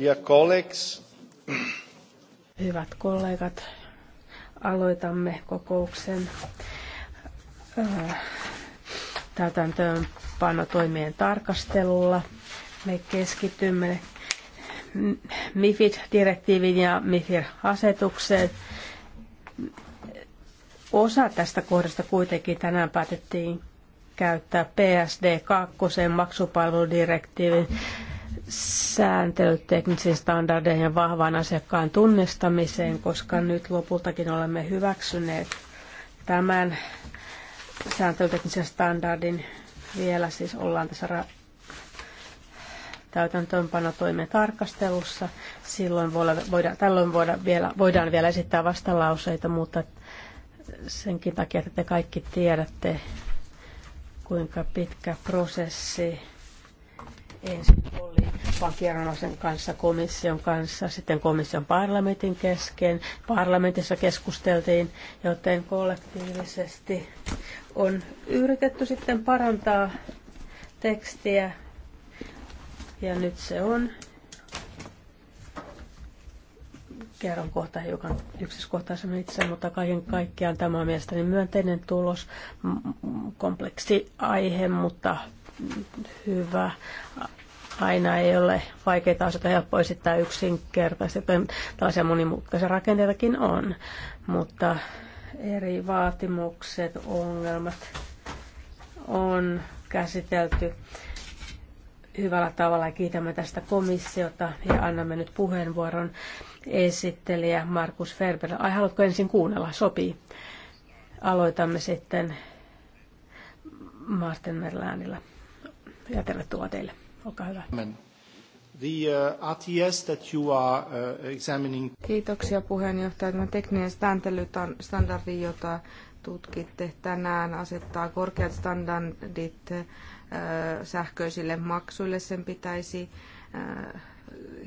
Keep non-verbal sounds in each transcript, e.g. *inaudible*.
Dear colleagues. Hyvät kollegat, aloitamme kokouksen äh, täytäntöönpanotoimien tarkastelulla. Me keskitymme MIFID-direktiivin ja MIFIR-asetukseen. Osa tästä kohdasta kuitenkin tänään päätettiin käyttää PSD2 maksupalveludirektiivin sääntelyteknisiin standardeihin ja vahvaan asiakkaan tunnistamiseen, koska nyt lopultakin olemme hyväksyneet tämän sääntelyteknisen standardin vielä, siis ollaan tässä ra- täytäntöönpanotoimen tarkastelussa. Silloin voida, tällöin voida vielä, voidaan vielä esittää vastalauseita, mutta senkin takia, että te kaikki tiedätte, kuinka pitkä prosessi Ensin oli pankkiarvoisen kanssa, komission kanssa, sitten komission parlamentin kesken. Parlamentissa keskusteltiin, joten kollektiivisesti on yritetty sitten parantaa tekstiä. Ja nyt se on. Kerron kohta hiukan yksityiskohtaisemmin itse, mutta kaiken kaikkiaan tämä on mielestäni myönteinen tulos, kompleksi aihe, mutta hyvä. Aina ei ole vaikeita asioita helppoa esittää yksinkertaisesti, joten tällaisia monimutkaisia rakenteitakin on, mutta eri vaatimukset, ongelmat on käsitelty hyvällä tavalla. Kiitämme tästä komissiota ja annamme nyt puheenvuoron esittelijä Markus Ferber. Ai, haluatko ensin kuunnella? Sopii. Aloitamme sitten Martin Merläänillä ja tervetuloa teille. Olkaa hyvä. The uh, RTS that you are uh, examining. Kiitoksia puheenjohtaja. Tämä tekninen standardi, jota tutkitte tänään, asettaa korkeat standardit uh, sähköisille maksuille. Sen pitäisi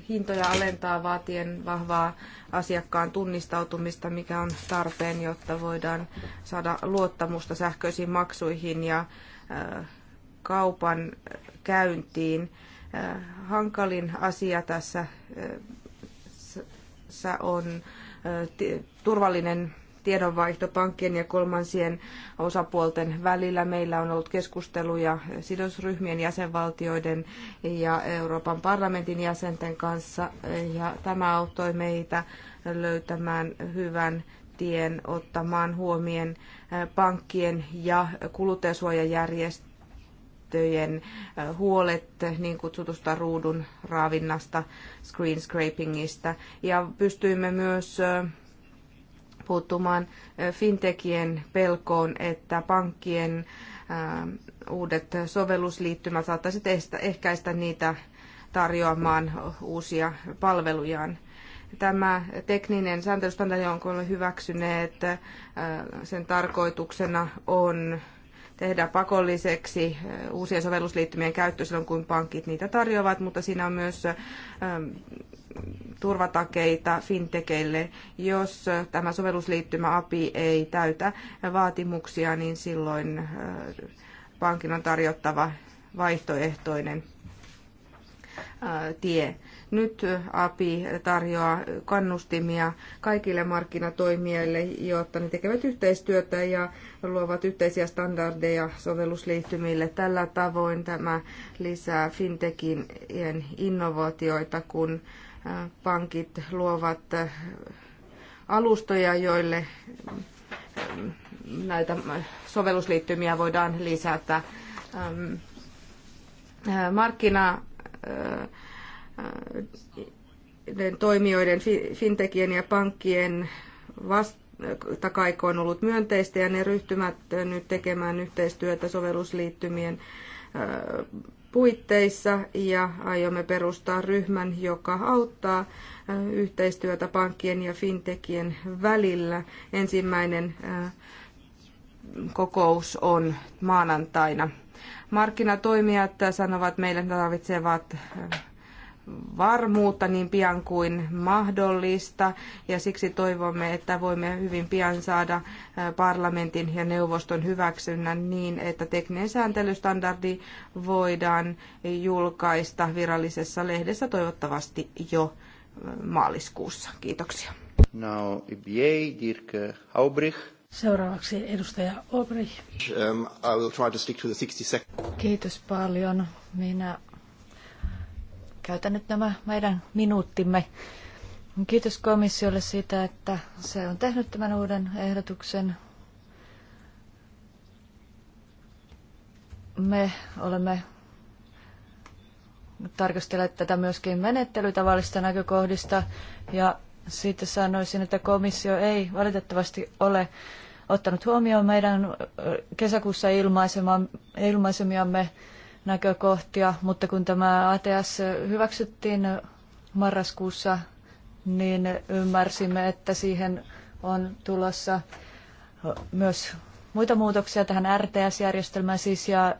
hintoja alentaa vaatien vahvaa asiakkaan tunnistautumista, mikä on tarpeen, jotta voidaan saada luottamusta sähköisiin maksuihin ja kaupan käyntiin. Äh, hankalin asia tässä äh, on äh, turvallinen tiedonvaihto pankkien ja kolmansien osapuolten välillä. Meillä on ollut keskusteluja sidosryhmien jäsenvaltioiden ja Euroopan parlamentin jäsenten kanssa ja tämä auttoi meitä löytämään hyvän tien ottamaan huomioon pankkien ja kuluttajasuojajärjestelmien järjestöjen huolet niin kutsutusta ruudun raavinnasta, screen scrapingista. Ja pystyimme myös puuttumaan fintekien pelkoon, että pankkien uudet sovellusliittymät saattaisivat ehkäistä niitä tarjoamaan uusia palvelujaan tämä tekninen sääntelystandardi, jonka olemme hyväksyneet, sen tarkoituksena on tehdä pakolliseksi uusien sovellusliittymien käyttö silloin, kun pankit niitä tarjoavat, mutta siinä on myös turvatakeita fintekeille. Jos tämä sovellusliittymä API ei täytä vaatimuksia, niin silloin pankin on tarjottava vaihtoehtoinen tie. Nyt API tarjoaa kannustimia kaikille markkinatoimijoille, jotta ne tekevät yhteistyötä ja luovat yhteisiä standardeja sovellusliittymille. Tällä tavoin tämä lisää fintekin innovaatioita, kun pankit luovat alustoja, joille näitä sovellusliittymiä voidaan lisätä. Markkina toimijoiden, fintekien ja pankkien vastakaiko on ollut myönteistä ja ne ryhtymät nyt tekemään yhteistyötä sovellusliittymien puitteissa ja aiomme perustaa ryhmän, joka auttaa yhteistyötä pankkien ja fintekien välillä. Ensimmäinen kokous on maanantaina. Markkinatoimijat sanovat meille tarvitsevat varmuutta niin pian kuin mahdollista ja siksi toivomme, että voimme hyvin pian saada parlamentin ja neuvoston hyväksynnän niin, että tekninen sääntelystandardi voidaan julkaista virallisessa lehdessä toivottavasti jo maaliskuussa. Kiitoksia. Now, EBA, Dirk Haubrich. Seuraavaksi edustaja Obrich. Um, I will try to stick to the 60 Kiitos paljon. Minä käytän nyt nämä meidän minuuttimme. Kiitos komissiolle siitä, että se on tehnyt tämän uuden ehdotuksen. Me olemme tarkastelleet tätä myöskin menettelytavallista näkökohdista ja siitä sanoisin, että komissio ei valitettavasti ole ottanut huomioon meidän kesäkuussa ilmaisemiamme näkökohtia, mutta kun tämä ATS hyväksyttiin marraskuussa, niin ymmärsimme, että siihen on tulossa myös muita muutoksia tähän RTS-järjestelmään siis ja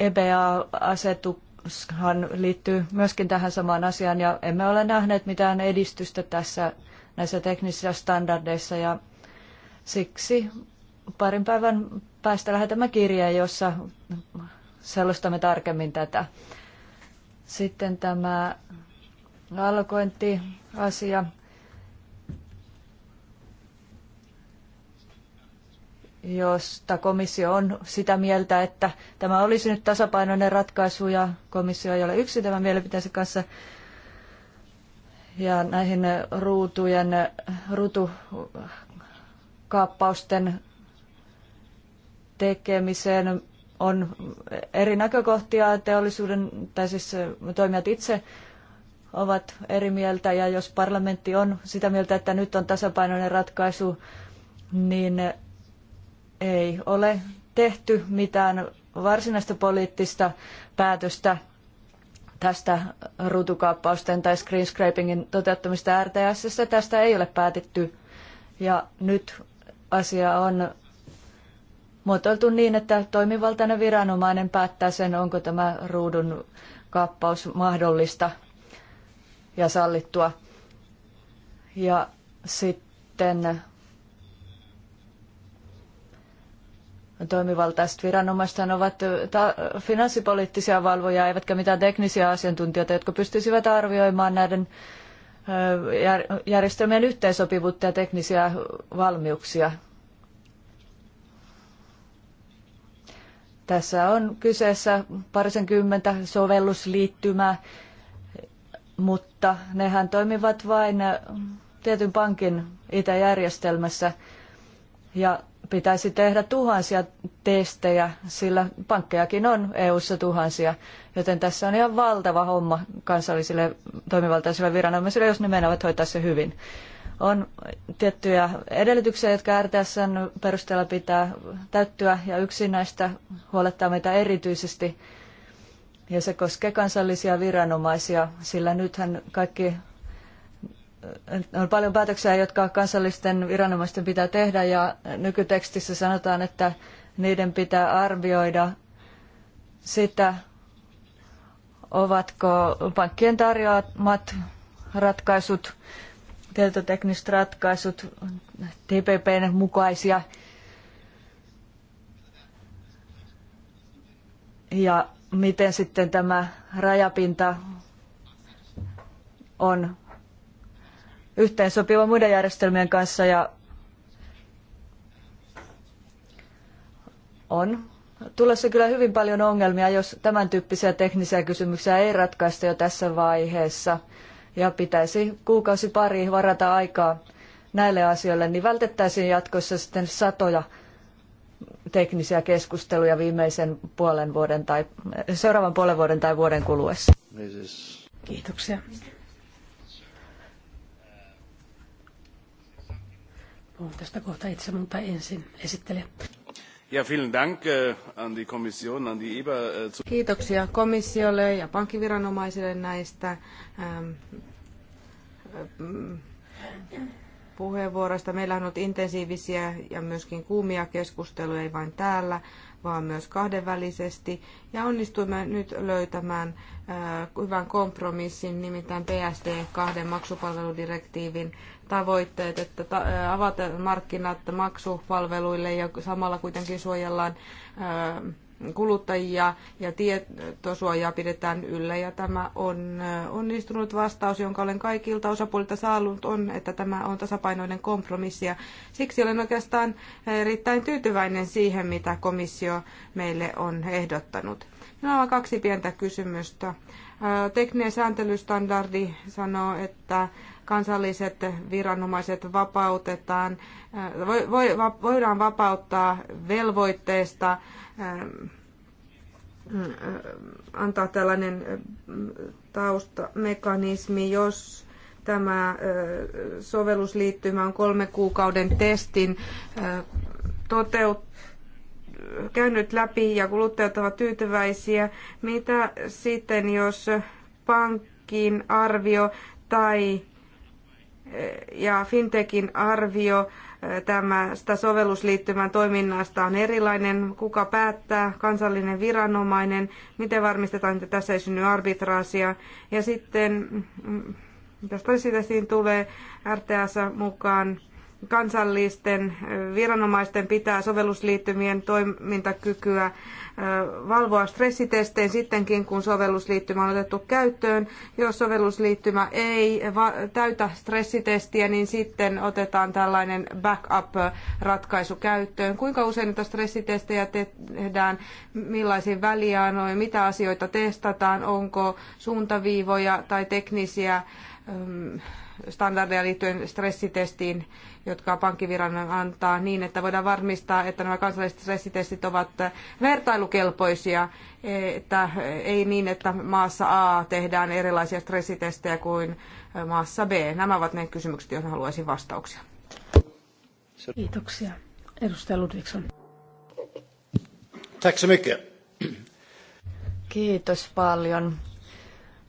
EBA-asetushan liittyy myöskin tähän samaan asiaan ja emme ole nähneet mitään edistystä tässä näissä teknisissä standardeissa ja siksi parin päivän päästä lähetämme kirjeen, jossa selostamme tarkemmin tätä. Sitten tämä asia, josta komissio on sitä mieltä, että tämä olisi nyt tasapainoinen ratkaisu ja komissio ei ole yksin tämän mielipiteensä kanssa. Ja näihin ruutujen, rutukaappausten tekemiseen on eri näkökohtia, teollisuuden tai siis toimijat itse ovat eri mieltä ja jos parlamentti on sitä mieltä, että nyt on tasapainoinen ratkaisu, niin ei ole tehty mitään varsinaista poliittista päätöstä tästä ruutukaappausten tai screen scrapingin toteuttamista RTSssä. Tästä ei ole päätetty ja nyt asia on muotoiltu niin, että toimivaltainen viranomainen päättää sen, onko tämä ruudun kaappaus mahdollista ja sallittua. Ja sitten toimivaltaiset viranomaiset ovat finanssipoliittisia valvoja, eivätkä mitään teknisiä asiantuntijoita, jotka pystyisivät arvioimaan näiden järjestelmien yhteensopivuutta ja teknisiä valmiuksia Tässä on kyseessä parisenkymmentä sovellusliittymää, mutta nehän toimivat vain äh, tietyn pankin itäjärjestelmässä ja pitäisi tehdä tuhansia testejä, sillä pankkejakin on EU-ssa tuhansia, joten tässä on ihan valtava homma kansallisille toimivaltaisille viranomaisille, jos ne menevät hoitaa se hyvin on tiettyjä edellytyksiä, jotka RTSn perusteella pitää täyttyä, ja yksi näistä huolettaa meitä erityisesti, ja se koskee kansallisia viranomaisia, sillä nythän kaikki on paljon päätöksiä, jotka kansallisten viranomaisten pitää tehdä, ja nykytekstissä sanotaan, että niiden pitää arvioida sitä, ovatko pankkien tarjoamat ratkaisut tietotekniset ratkaisut, TPPn mukaisia. Ja miten sitten tämä rajapinta on yhteensopiva muiden järjestelmien kanssa ja on tulossa kyllä hyvin paljon ongelmia, jos tämän tyyppisiä teknisiä kysymyksiä ei ratkaista jo tässä vaiheessa ja pitäisi kuukausi pari varata aikaa näille asioille, niin vältettäisiin jatkossa sitten satoja teknisiä keskusteluja viimeisen puolen vuoden tai seuraavan puolen vuoden tai vuoden kuluessa. Kiitoksia. Puhun tästä kohta itse, mutta ensin esittelen. Äh, äh, Kiitoksia komissiolle ja pankkiviranomaisille näistä ähm, ähm, puheenvuoroista. Meillä on ollut intensiivisiä ja myöskin kuumia keskusteluja, ei vain täällä, vaan myös kahdenvälisesti. Ja onnistuimme nyt löytämään äh, hyvän kompromissin, nimittäin PSD2 maksupalveludirektiivin tavoitteet, että äh, avata markkinat maksupalveluille ja samalla kuitenkin suojellaan äh, kuluttajia ja tietosuojaa pidetään yllä. Ja tämä on onnistunut vastaus, jonka olen kaikilta osapuolilta saanut, on, että tämä on tasapainoinen kompromissi. Ja siksi olen oikeastaan erittäin tyytyväinen siihen, mitä komissio meille on ehdottanut. Minulla on kaksi pientä kysymystä. Tekninen sääntelystandardi sanoo, että kansalliset viranomaiset vapautetaan, voidaan vapauttaa velvoitteesta Ähm, äh, antaa tällainen äh, taustamekanismi, jos tämä äh, sovellusliittymä on kolme kuukauden testin toteut, käynyt läpi ja kuluttajat ovat tyytyväisiä. Mitä sitten, jos pankin arvio tai ja fintekin arvio tämästä sovellusliittymän toiminnasta on erilainen, kuka päättää, kansallinen viranomainen, miten varmistetaan, että tässä ei synny arbitraasia. Ja sitten mm, tästä siinä tulee RTS mukaan kansallisten viranomaisten pitää sovellusliittymien toimintakykyä valvoa stressitestein sittenkin, kun sovellusliittymä on otettu käyttöön. Jos sovellusliittymä ei täytä stressitestiä, niin sitten otetaan tällainen backup-ratkaisu käyttöön. Kuinka usein niitä stressitestejä tehdään, millaisiin väliaanoihin, mitä asioita testataan, onko suuntaviivoja tai teknisiä standardeja liittyen stressitestiin, jotka pankkiviran antaa niin, että voidaan varmistaa, että nämä kansalliset stressitestit ovat vertailukelpoisia, että ei niin, että maassa A tehdään erilaisia stressitestejä kuin maassa B. Nämä ovat ne kysymykset, joihin haluaisin vastauksia. Kiitoksia. Edustaja Ludvigsson. Tack så mycket. Kiitos paljon.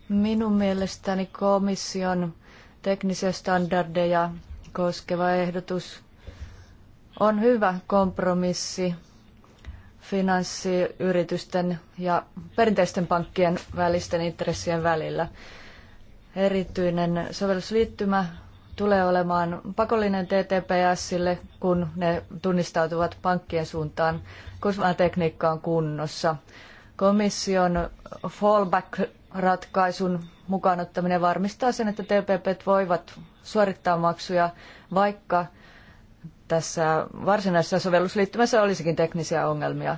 Minun mielestäni komission teknisiä standardeja koskeva ehdotus on hyvä kompromissi finanssiyritysten ja perinteisten pankkien välisten intressien välillä. Erityinen sovellusliittymä tulee olemaan pakollinen TTPSille, kun ne tunnistautuvat pankkien suuntaan, kun tekniikka on kunnossa. Komission fallback-ratkaisun ottaminen varmistaa sen, että TPP voivat suorittaa maksuja, vaikka tässä varsinaisessa sovellusliittymässä olisikin teknisiä ongelmia.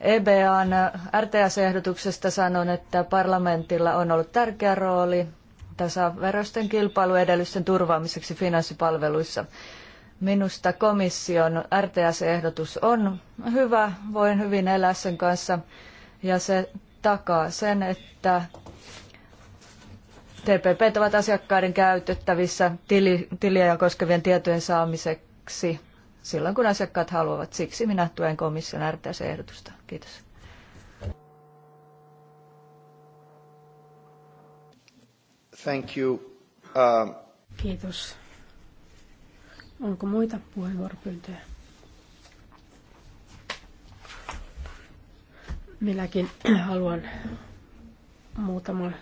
EBAn RTS-ehdotuksesta sanon, että parlamentilla on ollut tärkeä rooli tasaveroisten kilpailuedellysten turvaamiseksi finanssipalveluissa. Minusta komission RTS-ehdotus on hyvä, voin hyvin elää sen kanssa ja se takaa sen, että TPP ovat asiakkaiden käytettävissä tili, tiliä koskevien tietojen saamiseksi silloin, kun asiakkaat haluavat. Siksi minä tuen komission RTS-ehdotusta. Kiitos. Thank you. Uh... Kiitos. Onko muita puheenvuoropyyntöjä? Minäkin haluan muutaman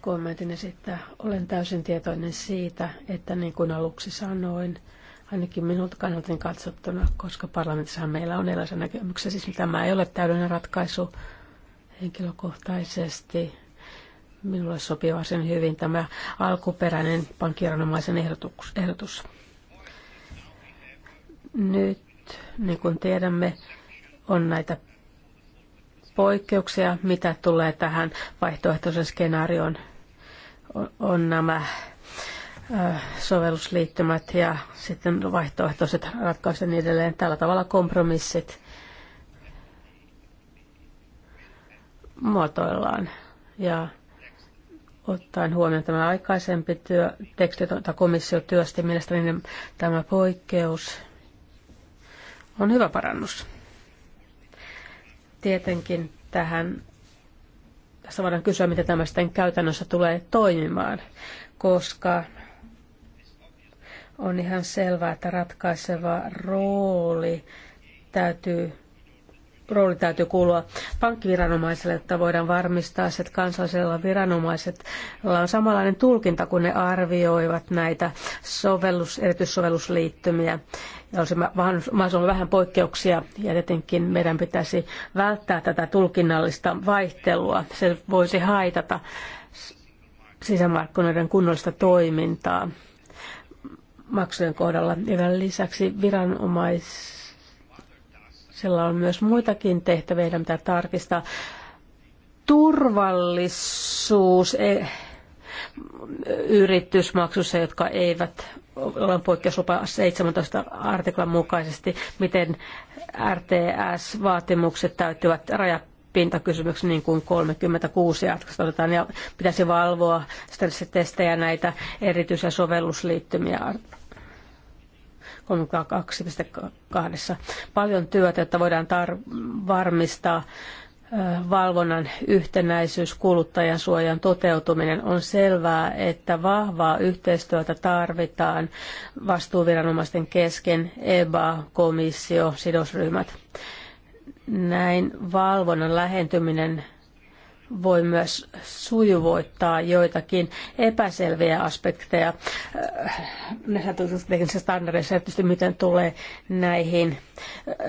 kommentin esittää. Olen täysin tietoinen siitä, että niin kuin aluksi sanoin, ainakin minulta kannalta katsottuna, koska parlamentissa meillä on erilaisia näkemyksiä, siis tämä ei ole täydellinen ratkaisu henkilökohtaisesti Minulle sopii varsin hyvin tämä alkuperäinen pankkiranomaisen ehdotus. ehdotus. Nyt, niin kuin tiedämme, on näitä poikkeuksia, mitä tulee tähän vaihtoehtoisen skenaarioon, on, on nämä sovellusliittymät ja sitten vaihtoehtoiset ratkaisut ja niin edelleen. Tällä tavalla kompromissit muotoillaan. Ja Ottaen huomioon tämä aikaisempi työ, teksti, jota komissio työsti, mielestäni niin tämä poikkeus on hyvä parannus. Tietenkin tähän tässä voidaan kysyä, miten tämä sitten käytännössä tulee toimimaan, koska on ihan selvää, että ratkaiseva rooli täytyy rooli täytyy kuulua pankkiviranomaiselle, että voidaan varmistaa, että kansallisella viranomaisella on samanlainen tulkinta, kun ne arvioivat näitä sovellus, erityissovellusliittymiä. Ja olisi mahdollisimman vähän poikkeuksia ja tietenkin meidän pitäisi välttää tätä tulkinnallista vaihtelua. Se voisi haitata sisämarkkinoiden kunnollista toimintaa maksujen kohdalla. Ja lisäksi viranomais sillä on myös muitakin tehtäviä, mitä tarkistaa. Turvallisuus e, yritysmaksussa, jotka eivät ole poikkeuslupa 17 artiklan mukaisesti, miten RTS-vaatimukset täyttyvät rajat pintakysymyksiä niin kuin 36 jatkossa otetaan ja pitäisi valvoa stressitestejä näitä erityisiä sovellusliittymiä 32.2. Paljon työtä, jotta voidaan varmistaa valvonnan yhtenäisyys, kuluttajan suojan toteutuminen. On selvää, että vahvaa yhteistyötä tarvitaan vastuuviranomaisten kesken, EBA, komissio, sidosryhmät. Näin valvonnan lähentyminen voi myös sujuvoittaa joitakin epäselviä aspekteja äh, näissä teknisissä standardeissa, tietysti miten tulee näihin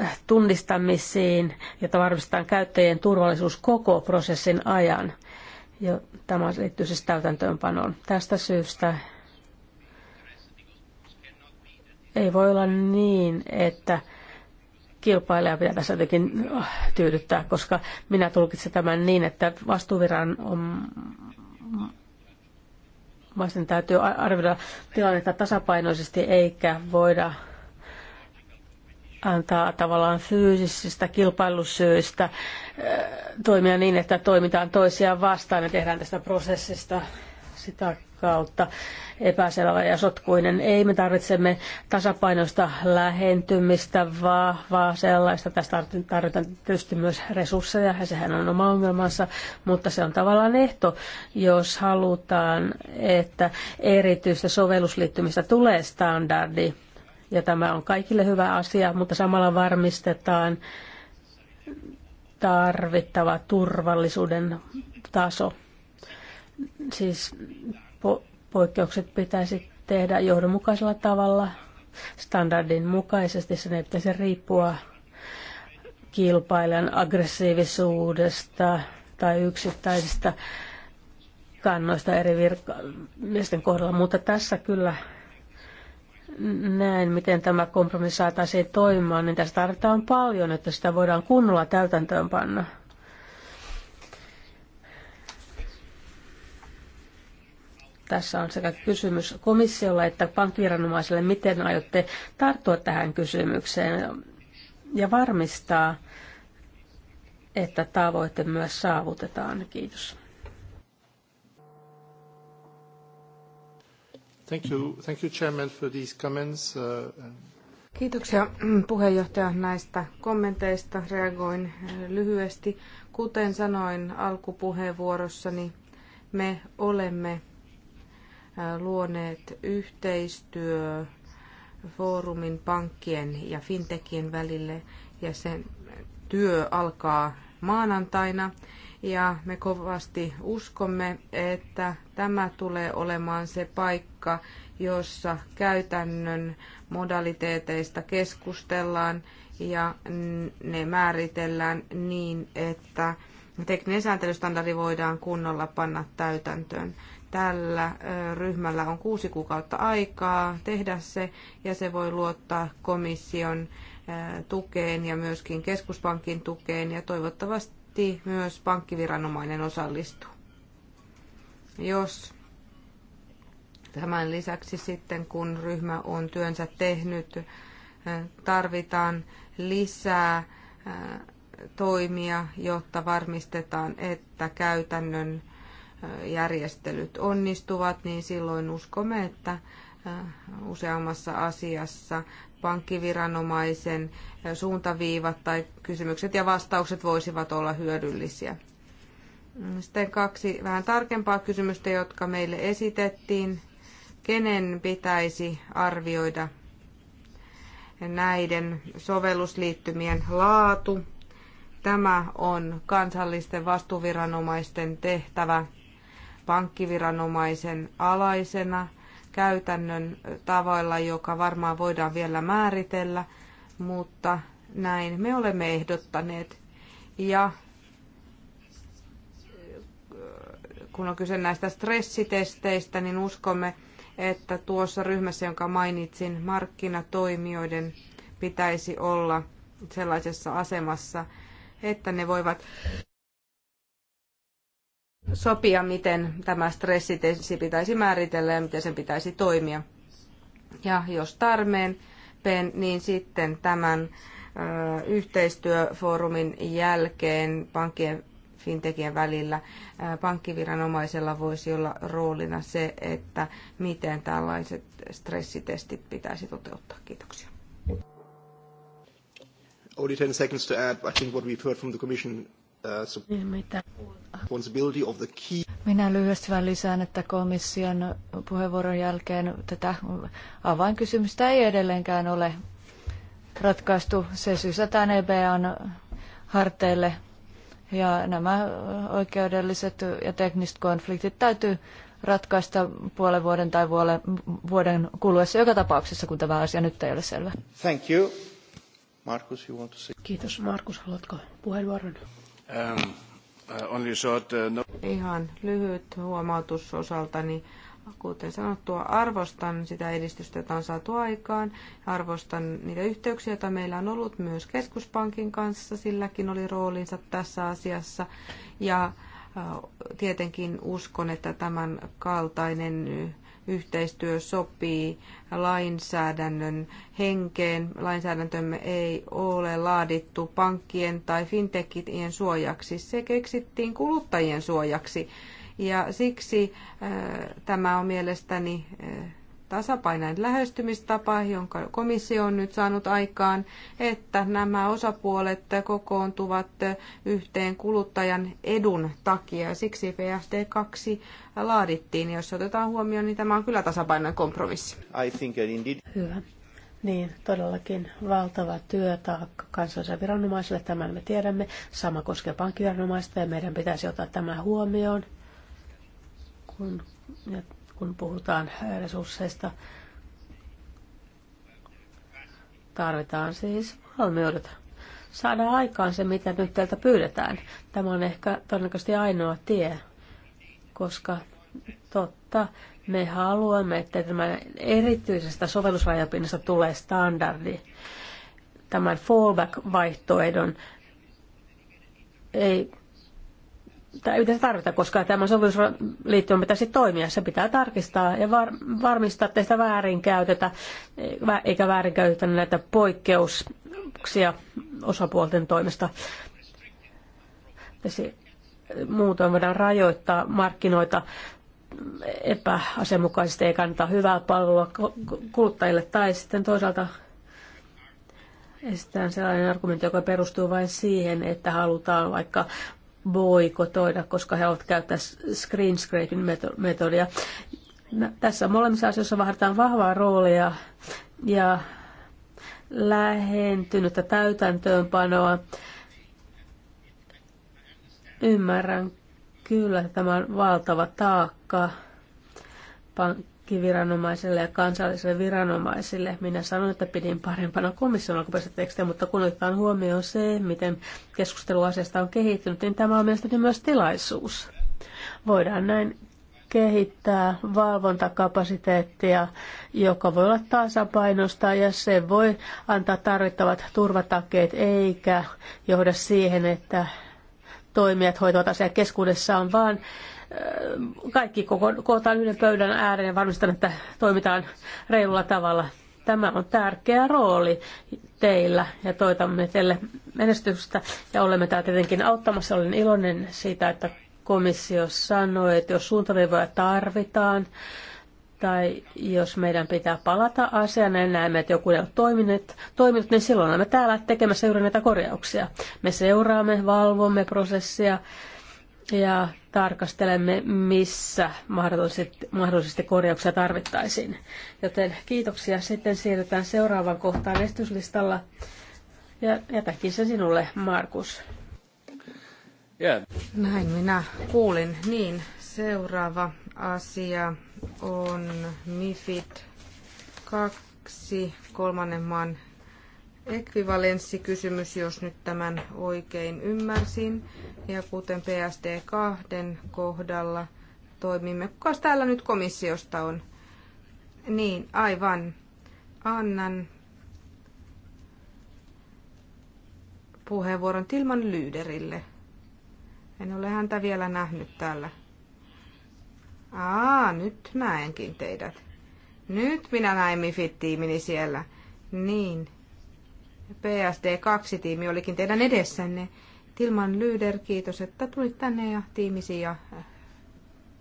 äh, tunnistamisiin, jotta varmistetaan käyttäjien turvallisuus koko prosessin ajan. Ja tämä liittyy siis täytäntöönpanoon. Tästä syystä ei voi olla niin, että kilpailija pitää tässä jotenkin oh, tyydyttää, koska minä tulkitsen tämän niin, että vastuuviran on vasten täytyy arvioida tilannetta tasapainoisesti eikä voida antaa tavallaan fyysisistä kilpailusyistä eh, toimia niin, että toimitaan toisiaan vastaan ja tehdään tästä prosessista sitä kautta epäselvä ja sotkuinen. Ei, me tarvitsemme tasapainoista lähentymistä, vahvaa sellaista. Tästä tarvitaan tietysti myös resursseja, ja sehän on oma ongelmansa, mutta se on tavallaan ehto, jos halutaan, että erityistä sovellusliittymistä tulee standardi. Ja tämä on kaikille hyvä asia, mutta samalla varmistetaan tarvittava turvallisuuden taso. Siis po- poikkeukset pitäisi tehdä johdonmukaisella tavalla, standardin mukaisesti. Sen ei pitäisi riippua kilpailijan aggressiivisuudesta tai yksittäisistä kannoista eri virkamiesten kohdalla, mutta tässä kyllä näen, miten tämä kompromissi saataisiin toimimaan, niin tässä tarvitaan paljon, että sitä voidaan kunnolla täytäntöön panna. Tässä on sekä kysymys komissiolle että pankkiviranomaisille, miten aiotte tarttua tähän kysymykseen ja varmistaa, että tavoite myös saavutetaan. Kiitos. Thank you. Thank you, Chairman, for these comments. Uh, Kiitoksia mm, puheenjohtaja näistä kommenteista. Reagoin äh, lyhyesti. Kuten sanoin alkupuheenvuorossani, me olemme luoneet yhteistyö foorumin pankkien ja fintekien välille ja sen työ alkaa maanantaina. Ja me kovasti uskomme, että tämä tulee olemaan se paikka, jossa käytännön modaliteeteista keskustellaan ja ne määritellään niin, että tekninen sääntelystandardi voidaan kunnolla panna täytäntöön. Tällä ryhmällä on kuusi kuukautta aikaa tehdä se ja se voi luottaa komission tukeen ja myöskin keskuspankin tukeen ja toivottavasti myös pankkiviranomainen osallistuu. Jos tämän lisäksi sitten kun ryhmä on työnsä tehnyt, tarvitaan lisää toimia, jotta varmistetaan, että käytännön järjestelyt onnistuvat, niin silloin uskomme, että useammassa asiassa pankkiviranomaisen suuntaviivat tai kysymykset ja vastaukset voisivat olla hyödyllisiä. Sitten kaksi vähän tarkempaa kysymystä, jotka meille esitettiin. Kenen pitäisi arvioida näiden sovellusliittymien laatu? Tämä on kansallisten vastuviranomaisten tehtävä pankkiviranomaisen alaisena käytännön tavoilla, joka varmaan voidaan vielä määritellä, mutta näin me olemme ehdottaneet. Ja äh, kun on kyse näistä stressitesteistä, niin uskomme, että tuossa ryhmässä, jonka mainitsin, markkinatoimijoiden pitäisi olla sellaisessa asemassa, että ne voivat sopia, miten tämä stressitesti pitäisi määritellä ja miten sen pitäisi toimia. Ja jos tarmeen, niin sitten tämän yhteistyöfoorumin jälkeen pankkien fintekien välillä pankkiviranomaisella voisi olla roolina se, että miten tällaiset stressitestit pitäisi toteuttaa. Kiitoksia. Only 10 seconds to add. I think what we've heard from the Commission Uh, niin, Minä lyhyesti vain lisään, että komission puheenvuoron jälkeen tätä avainkysymystä ei edelleenkään ole ratkaistu. Se sysätään EBAn harteille ja nämä oikeudelliset ja tekniset konfliktit täytyy ratkaista puolen vuoden tai vuole, vuoden kuluessa joka tapauksessa, kun tämä asia nyt ei ole selvä. Thank you. Markus, you want to say... Kiitos. Markus, haluatko puheenvuoron? Um, uh, uh, no- Ihan lyhyt huomautus osaltani. Kuten sanottua, arvostan sitä edistystä, jota on saatu aikaan. Arvostan niitä yhteyksiä, joita meillä on ollut myös keskuspankin kanssa. Silläkin oli roolinsa tässä asiassa. Ja uh, tietenkin uskon, että tämän kaltainen yhteistyö sopii lainsäädännön henkeen. Lainsäädäntömme ei ole laadittu pankkien tai fintechien suojaksi. Se keksittiin kuluttajien suojaksi. Ja siksi äh, tämä on mielestäni äh, tasapainoinen lähestymistapa, jonka komissio on nyt saanut aikaan, että nämä osapuolet kokoontuvat yhteen kuluttajan edun takia. Siksi psd e 2 laadittiin. Jos otetaan huomioon, niin tämä on kyllä tasapainoinen kompromissi. I think indeed... Hyvä. Niin, todellakin valtava työtaakka kansalliselle viranomaiselle, tämän me tiedämme. Sama koskee pankkiviranomaista ja meidän pitäisi ottaa tämä huomioon, kun kun puhutaan resursseista. Tarvitaan siis valmiudet saada aikaan se, mitä nyt teiltä pyydetään. Tämä on ehkä todennäköisesti ainoa tie, koska totta, me haluamme, että tämä erityisestä sovellusrajapinnasta tulee standardi. Tämän fallback-vaihtoehdon ei tai ei se koska tämä sopimusliittymä pitäisi toimia. Se pitää tarkistaa ja var, varmistaa, että sitä väärinkäytetä, eikä väärinkäytetä näitä poikkeuksia osapuolten toimesta. Pitäisi, muutoin voidaan rajoittaa markkinoita epäasianmukaisesti, ei kannata hyvää palvelua kuluttajille. Tai sitten toisaalta estetään sellainen argumentti, joka perustuu vain siihen, että halutaan vaikka boikotoida, koska he ovat käyttää screen scraping metodia. Tässä molemmissa asioissa vaaditaan vahvaa roolia ja lähentynyttä täytäntöönpanoa. Ymmärrän kyllä, että tämä on valtava taakka pankkiviranomaisille ja kansallisille viranomaisille. Minä sanoin, että pidin parempana komission alkuperäistä tekstiä, mutta kun otetaan huomioon se, miten keskustelu asiasta on kehittynyt, niin tämä on mielestäni myös tilaisuus. Voidaan näin kehittää valvontakapasiteettia, joka voi olla tasapainosta ja se voi antaa tarvittavat turvatakeet eikä johda siihen, että toimijat hoitavat asiaa keskuudessaan, vaan kaikki koko, kootaan yhden pöydän ääreen ja varmistetaan, että toimitaan reilulla tavalla. Tämä on tärkeä rooli teillä ja toitamme teille menestystä ja olemme täällä tietenkin auttamassa. Olen iloinen siitä, että komissio sanoi, että jos suuntaviivoja tarvitaan tai jos meidän pitää palata asiaan ja niin näemme, että joku ei ole toiminut, toiminut, niin silloin olemme täällä tekemässä juuri näitä korjauksia. Me seuraamme, valvomme prosessia ja tarkastelemme, missä mahdollisesti, mahdollisesti korjauksia tarvittaisiin. Joten kiitoksia. Sitten siirrytään seuraavaan kohtaan estyslistalla. Ja jätäkin se sinulle, Markus. Yeah. Näin minä kuulin. Niin, seuraava asia on MIFID 2, kolmannen maan ekvivalenssikysymys, jos nyt tämän oikein ymmärsin. Ja kuten PSD2 kohdalla toimimme. Kuka täällä nyt komissiosta on? Niin, aivan. Annan puheenvuoron Tilman Lyyderille. En ole häntä vielä nähnyt täällä. Aa, nyt näenkin teidät. Nyt minä näin Mifit-tiimini siellä. Niin. PSD2-tiimi olikin teidän edessänne. Tilman Lyder, kiitos, että tulit tänne ja tiimisi ja äh,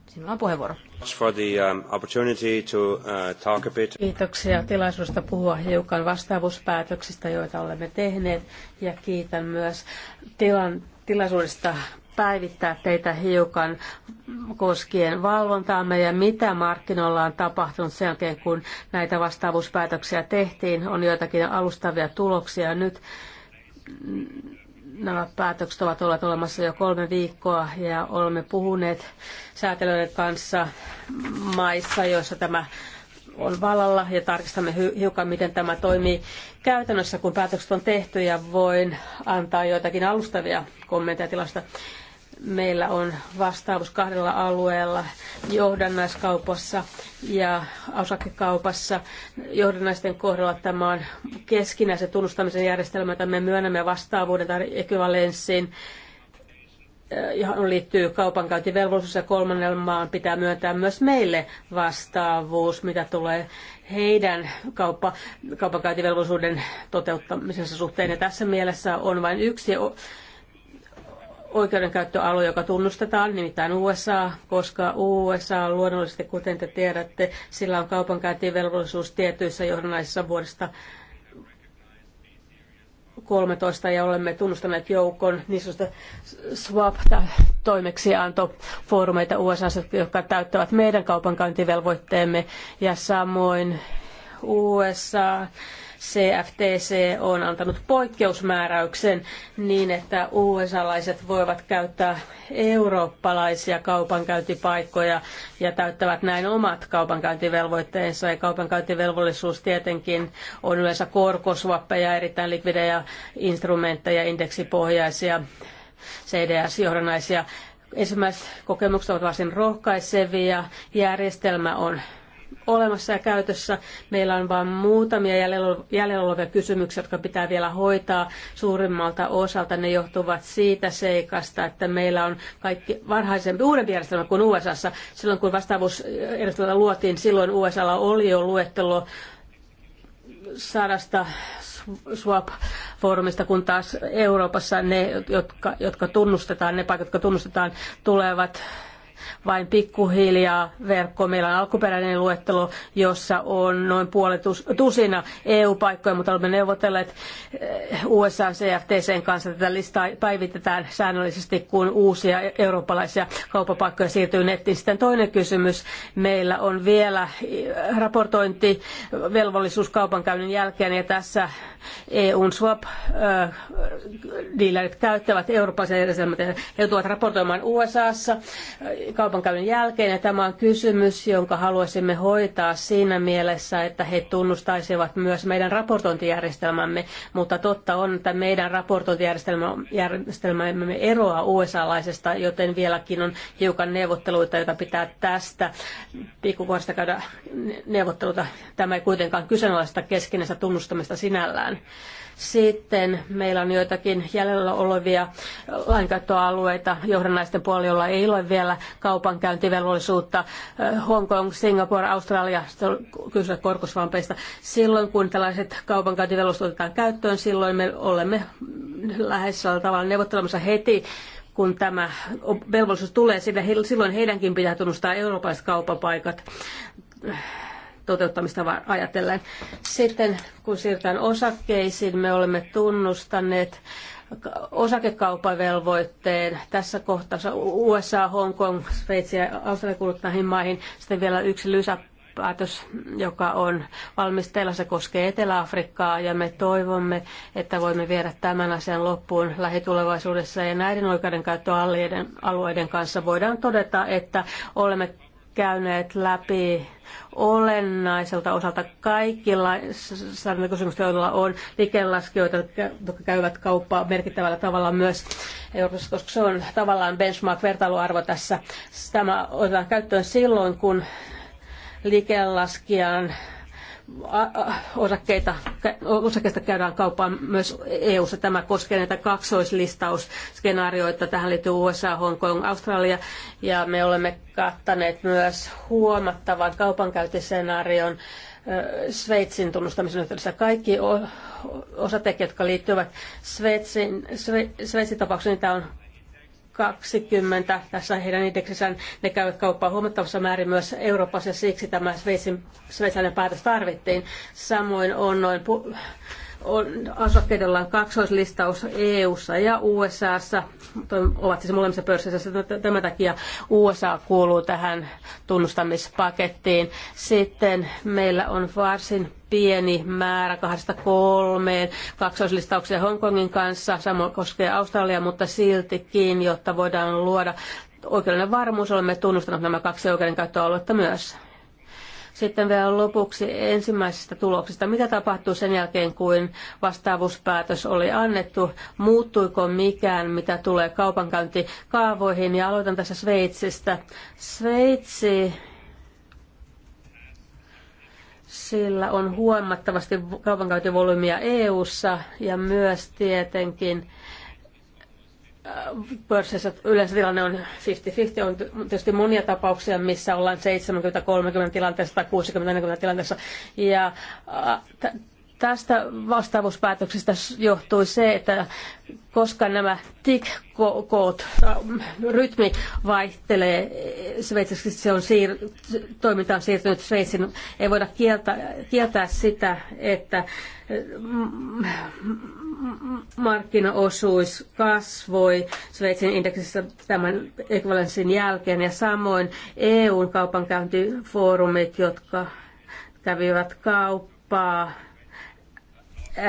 sinulla on puheenvuoro. For the, um, opportunity to, uh, talk a bit. Kiitoksia tilaisuudesta puhua hiukan vastaavuuspäätöksistä, joita olemme tehneet ja kiitän myös tilan, tilaisuudesta päivittää teitä hiukan koskien valvontaamme ja mitä markkinoilla on tapahtunut sen jälkeen, kun näitä vastaavuuspäätöksiä tehtiin. On joitakin alustavia tuloksia nyt. Nämä päätökset ovat olleet olemassa jo kolme viikkoa ja olemme puhuneet säätelöiden kanssa maissa, joissa tämä on vallalla ja tarkistamme hiukan, miten tämä toimii käytännössä, kun päätökset on tehty ja voin antaa joitakin alustavia kommentteja tilasta meillä on vastaavuus kahdella alueella, johdannaiskaupassa ja osakekaupassa. Johdannaisten kohdalla tämä on keskinäisen tunnustamisen järjestelmä, jota me myönnämme vastaavuuden tai ekvivalenssiin eh, johon liittyy kaupankäyntivelvollisuus ja kolmannella maan pitää myöntää myös meille vastaavuus, mitä tulee heidän kauppa, kaupankäyntivelvollisuuden toteuttamisensa suhteen. Ja tässä mielessä on vain yksi oikeudenkäyttöalue, joka tunnustetaan, nimittäin USA, koska USA on luonnollisesti, kuten te tiedätte, sillä on kaupankäyntivelvollisuus tietyissä johdannaisissa vuodesta 13 ja olemme tunnustaneet joukon niin sanotusta swap-toimeksiantofoorumeita USA, jotka täyttävät meidän kaupankäyntivelvoitteemme ja samoin USA CFTC on antanut poikkeusmääräyksen niin, että USA-laiset voivat käyttää eurooppalaisia kaupankäyntipaikkoja ja täyttävät näin omat kaupankäyntivelvoitteensa. Ja kaupankäyntivelvollisuus tietenkin on yleensä korkosvappeja, erittäin likvidejä instrumentteja, indeksipohjaisia CDS-johdannaisia ensimmäiset kokemukset ovat varsin rohkaisevia. Järjestelmä on olemassa ja käytössä. Meillä on vain muutamia jäljellä olevia kysymyksiä, jotka pitää vielä hoitaa suurimmalta osalta. Ne johtuvat siitä seikasta, että meillä on kaikki varhaisempi uudempi järjestelmä kuin USA. Silloin kun vastaavuusjärjestelmä luotiin, silloin USA oli jo luettelo sadasta swap-foorumista, kun taas Euroopassa ne, jotka, jotka tunnustetaan, ne paikat, jotka tunnustetaan, tulevat vain pikkuhiljaa verkko Meillä on alkuperäinen luettelo, jossa on noin puolet tusina EU-paikkoja, mutta olemme neuvotelleet eh, USA CFTC kanssa. Tätä listaa päivitetään säännöllisesti, kun uusia eurooppalaisia kauppapaikkoja siirtyy nettiin. Sitten toinen kysymys. Meillä on vielä eh, raportointi velvollisuus kaupankäynnin jälkeen ja tässä EUn swap-dealerit eh, käyttävät eurooppalaisia järjestelmiä. He joutuvat raportoimaan USAssa kaupankäynnin jälkeen, ja tämä on kysymys, jonka haluaisimme hoitaa siinä mielessä, että he tunnustaisivat myös meidän raportointijärjestelmämme, mutta totta on, että meidän raportointijärjestelmämme eroaa USA-laisesta, joten vieläkin on hiukan neuvotteluita, joita pitää tästä pikkuvuodesta käydä neuvotteluita. Tämä ei kuitenkaan kyseenalaista keskinäistä tunnustamista sinällään. Sitten meillä on joitakin jäljellä olevia lainkäyttöalueita johdannaisten puolella, joilla ei ole vielä kaupankäyntivelvollisuutta. Äh, Hongkong, Singapore, Australia, kysyä korkosvampeista. Silloin kun tällaiset kaupankäyntivelvollisuudet otetaan käyttöön, silloin me olemme lähes tavalla neuvottelemassa heti kun tämä velvollisuus tulee, sillä silloin heidänkin pitää tunnustaa eurooppalaiset kaupapaikat toteuttamista ajatellen. Sitten kun siirrytään osakkeisiin, me olemme tunnustaneet osakekaupavelvoitteen. Tässä kohtaa USA, Hong Kong, Sveitsi ja Australia kuuluvat näihin maihin. Sitten vielä yksi lysä päätös, joka on valmisteilla. Se koskee Etelä-Afrikkaa ja me toivomme, että voimme viedä tämän asian loppuun lähitulevaisuudessa. Ja näiden oikeudenkäyttöalueiden alueiden kanssa voidaan todeta, että olemme käyneet läpi olennaiselta osalta kaikilla lainsäädäntökysymykset, joilla on liikelaskijoita, jotka käyvät kauppaa merkittävällä tavalla myös Euroopassa, koska se on tavallaan benchmark-vertailuarvo tässä. Tämä otetaan käyttöön silloin, kun liikelaskijan osakkeita, osakkeista käydään kauppaan myös EU-ssa. Tämä koskee näitä kaksoislistausskenaarioita. Tähän liittyy USA, Hong Kong, Australia. Ja me olemme kattaneet myös huomattavan kaupankäyntiskenaarion Sveitsin tunnustamisen yhteydessä. Kaikki osatekijät, jotka liittyvät Sveitsin, Sveitsin tapaukseen, on 20 tässä heidän indeksissään. Ne käyvät kauppaa huomattavassa määrin myös Euroopassa ja siksi tämä Sveitsin, sveitsiläinen päätös tarvittiin. Samoin on noin pu- on, osakkeilla on kaksoislistaus EU-ssa ja USAssa, ovat siis molemmissa pörsseissä, tämän takia USA kuuluu tähän tunnustamispakettiin. Sitten meillä on varsin pieni määrä kahdesta kolmeen kaksoislistauksia Hongkongin kanssa, Sama koskee Australia, mutta siltikin, jotta voidaan luoda oikeudellinen varmuus, olemme tunnustaneet nämä kaksi oikeudenkäyttöaluetta myös. Sitten vielä lopuksi ensimmäisistä tuloksista. Mitä tapahtui sen jälkeen, kun vastaavuuspäätös oli annettu? Muuttuiko mikään, mitä tulee kaupankäyntikaavoihin? Ja aloitan tässä Sveitsistä. Sveitsi sillä on huomattavasti kaupankäyntivolyymiä EU-ssa ja myös tietenkin pörssissä yleensä tilanne on 50-50. On tietysti monia tapauksia, missä ollaan 70-30 tilanteessa tai 60-40 tilanteessa. Ja äh, Tästä vastaavuuspäätöksestä johtui se, että koska nämä tik-koot, äh, rytmi vaihtelee Sveitsissä, se on siir- toiminta on siirtynyt Sveitsin, ei voida kieltää, kieltää sitä, että äh, markkinaosuus kasvoi Sveitsin indeksissä tämän ekvivalenssin jälkeen ja samoin EUn kaupankäyntifoorumit, jotka kävivät kauppaa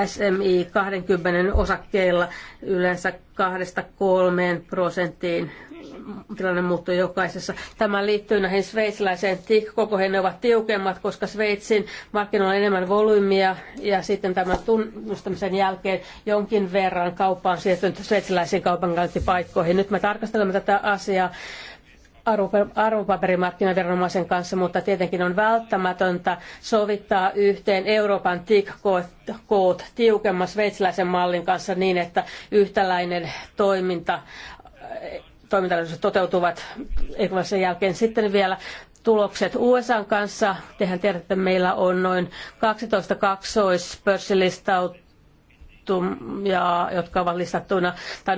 SMI 20 osakkeilla yleensä 2-3 prosenttiin tilanne muuttuu jokaisessa. Tämä liittyy näihin sveitsiläiseen TIC-kokoihin. Ne ovat tiukemmat, koska Sveitsin markkinoilla on enemmän volyymia ja sitten tämän tunnustamisen jälkeen jonkin verran kauppaan siirtynyt sveitsiläisiin kaupankäyntipaikkoihin. Nyt me tarkastelemme tätä asiaa arvopaperimarkkinaviranomaisen kanssa, mutta tietenkin on välttämätöntä sovittaa yhteen Euroopan TIC-koot tiukemman sveitsiläisen mallin kanssa niin, että yhtäläinen toiminta toimintaedellytykset toteutuvat sen jälkeen. Sitten vielä tulokset USAn kanssa. Tehän tiedätte, että meillä on noin 12 kaksoispörssilistautunut ja jotka ovat listattuna tai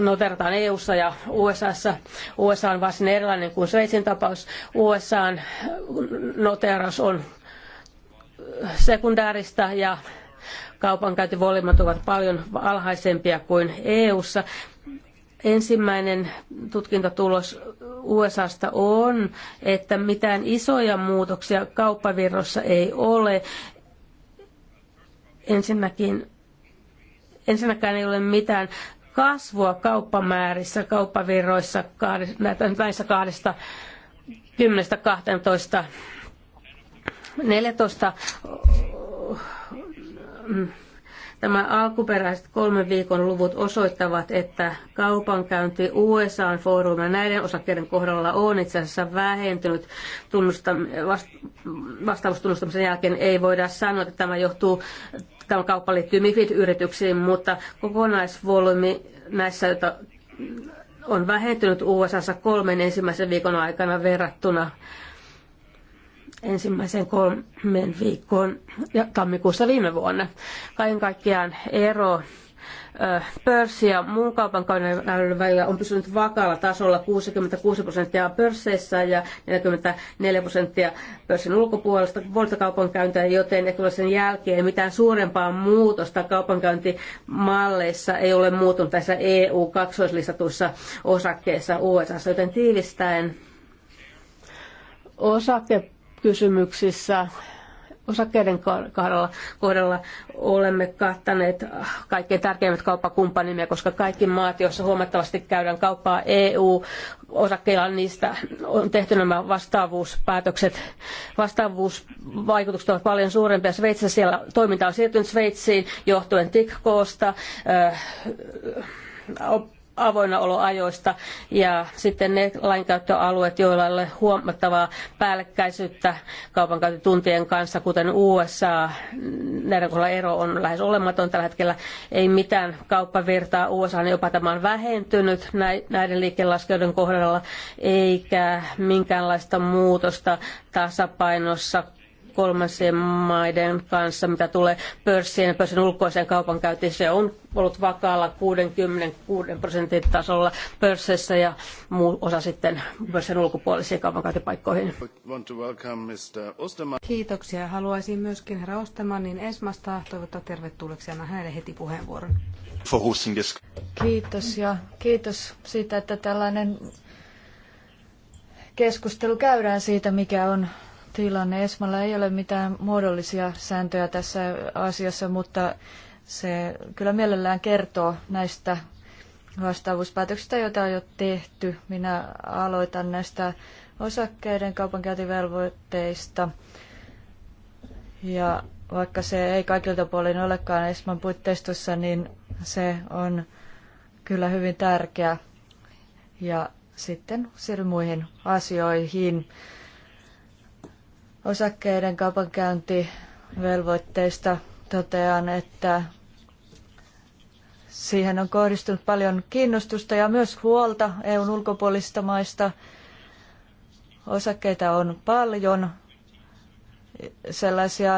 noterataan EU-ssa ja USAssa. USA on varsin erilainen kuin Sveitsin tapaus. USAn noteras on sekundääristä ja kaupankäyntivolyymat ovat paljon alhaisempia kuin EU:ssa. Ensimmäinen tutkintatulos USAsta on, että mitään isoja muutoksia kauppavirrossa ei ole. Ensinnäkin ensinnäkään ei ole mitään kasvua kauppamäärissä, kauppavirroissa näissä kahdesta 10 12 14 Tämä alkuperäiset kolmen viikon luvut osoittavat, että kaupankäynti USAn foorumilla näiden osakkeiden kohdalla on itse asiassa vähentynyt tunnusta, vastaavuustunnustamisen jälkeen. Ei voida sanoa, että tämä johtuu Tämä kauppa liittyy MIFID-yrityksiin, mutta kokonaisvolyymi näissä, joita on vähentynyt USAssa kolmen ensimmäisen viikon aikana verrattuna ensimmäiseen kolmen viikkoon ja tammikuussa viime vuonna. Kaiken kaikkiaan ero pörssi- ja muun kaupankäynnin välillä on pysynyt vakaalla tasolla 66 prosenttia pörsseissä ja 44 prosenttia pörssin ulkopuolesta puolesta kaupankäyntiä, joten ei sen jälkeen mitään suurempaa muutosta kaupankäyntimalleissa ei ole muutunut tässä EU-kaksoislistatuissa osakkeissa USA, joten tiivistäen osakekysymyksissä osakkeiden kohdalla, kohdalla olemme kattaneet kaikkein tärkeimmät kauppakumppanimme, koska kaikki maat, joissa huomattavasti käydään kauppaa EU-osakkeilla, niistä on tehty nämä vastaavuuspäätökset. Vastaavuusvaikutukset ovat paljon suurempia. Sveitsissä siellä toiminta on siirtynyt Sveitsiin johtuen TIKKOsta avoinnaoloajoista ja sitten ne lainkäyttöalueet, joilla ei ole huomattavaa päällekkäisyyttä kaupankäyntituntien kanssa, kuten USA, näiden kohdalla ero on lähes olematon tällä hetkellä, ei mitään kauppavirtaa USA, niin jopa tämä on vähentynyt näiden liikkeellaskeuden kohdalla, eikä minkäänlaista muutosta tasapainossa kolmansien maiden kanssa, mitä tulee pörssiin ja pörssin ulkoiseen kaupankäyntiin. Se on ollut vakaalla 66 prosentin tasolla pörssissä ja muu osa sitten pörssin ulkopuolisiin kaupankäyntipaikkoihin. Kiitoksia. Haluaisin myöskin herra Ostermanin Esmasta toivottaa tervetulleeksi ja hänelle heti puheenvuoron. Kiitos ja kiitos siitä, että tällainen keskustelu käydään siitä, mikä on tilanne. Esmalla ei ole mitään muodollisia sääntöjä tässä asiassa, mutta se kyllä mielellään kertoo näistä vastaavuuspäätöksistä, joita on jo tehty. Minä aloitan näistä osakkeiden kaupankäyntivelvoitteista. Ja vaikka se ei kaikilta puolin olekaan Esman puitteistossa, niin se on kyllä hyvin tärkeä. Ja sitten siirryn muihin asioihin osakkeiden kaupankäyntivelvoitteista totean, että siihen on kohdistunut paljon kiinnostusta ja myös huolta EUn ulkopuolisista maista. Osakkeita on paljon, sellaisia,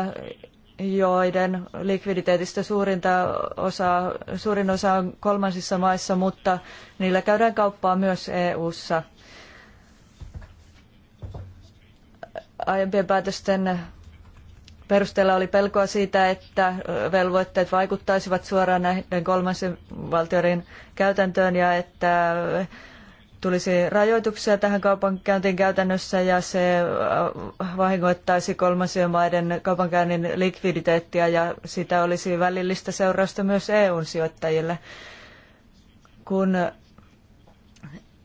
joiden likviditeetistä suurinta osa, suurin osa on kolmansissa maissa, mutta niillä käydään kauppaa myös EU:ssa. aiempien päätösten perusteella oli pelkoa siitä, että velvoitteet vaikuttaisivat suoraan näiden kolmansien valtioiden käytäntöön ja että tulisi rajoituksia tähän kaupankäyntiin käytännössä ja se vahingoittaisi kolmansien maiden kaupankäynnin likviditeettiä ja sitä olisi välillistä seurausta myös EUn sijoittajille. Kun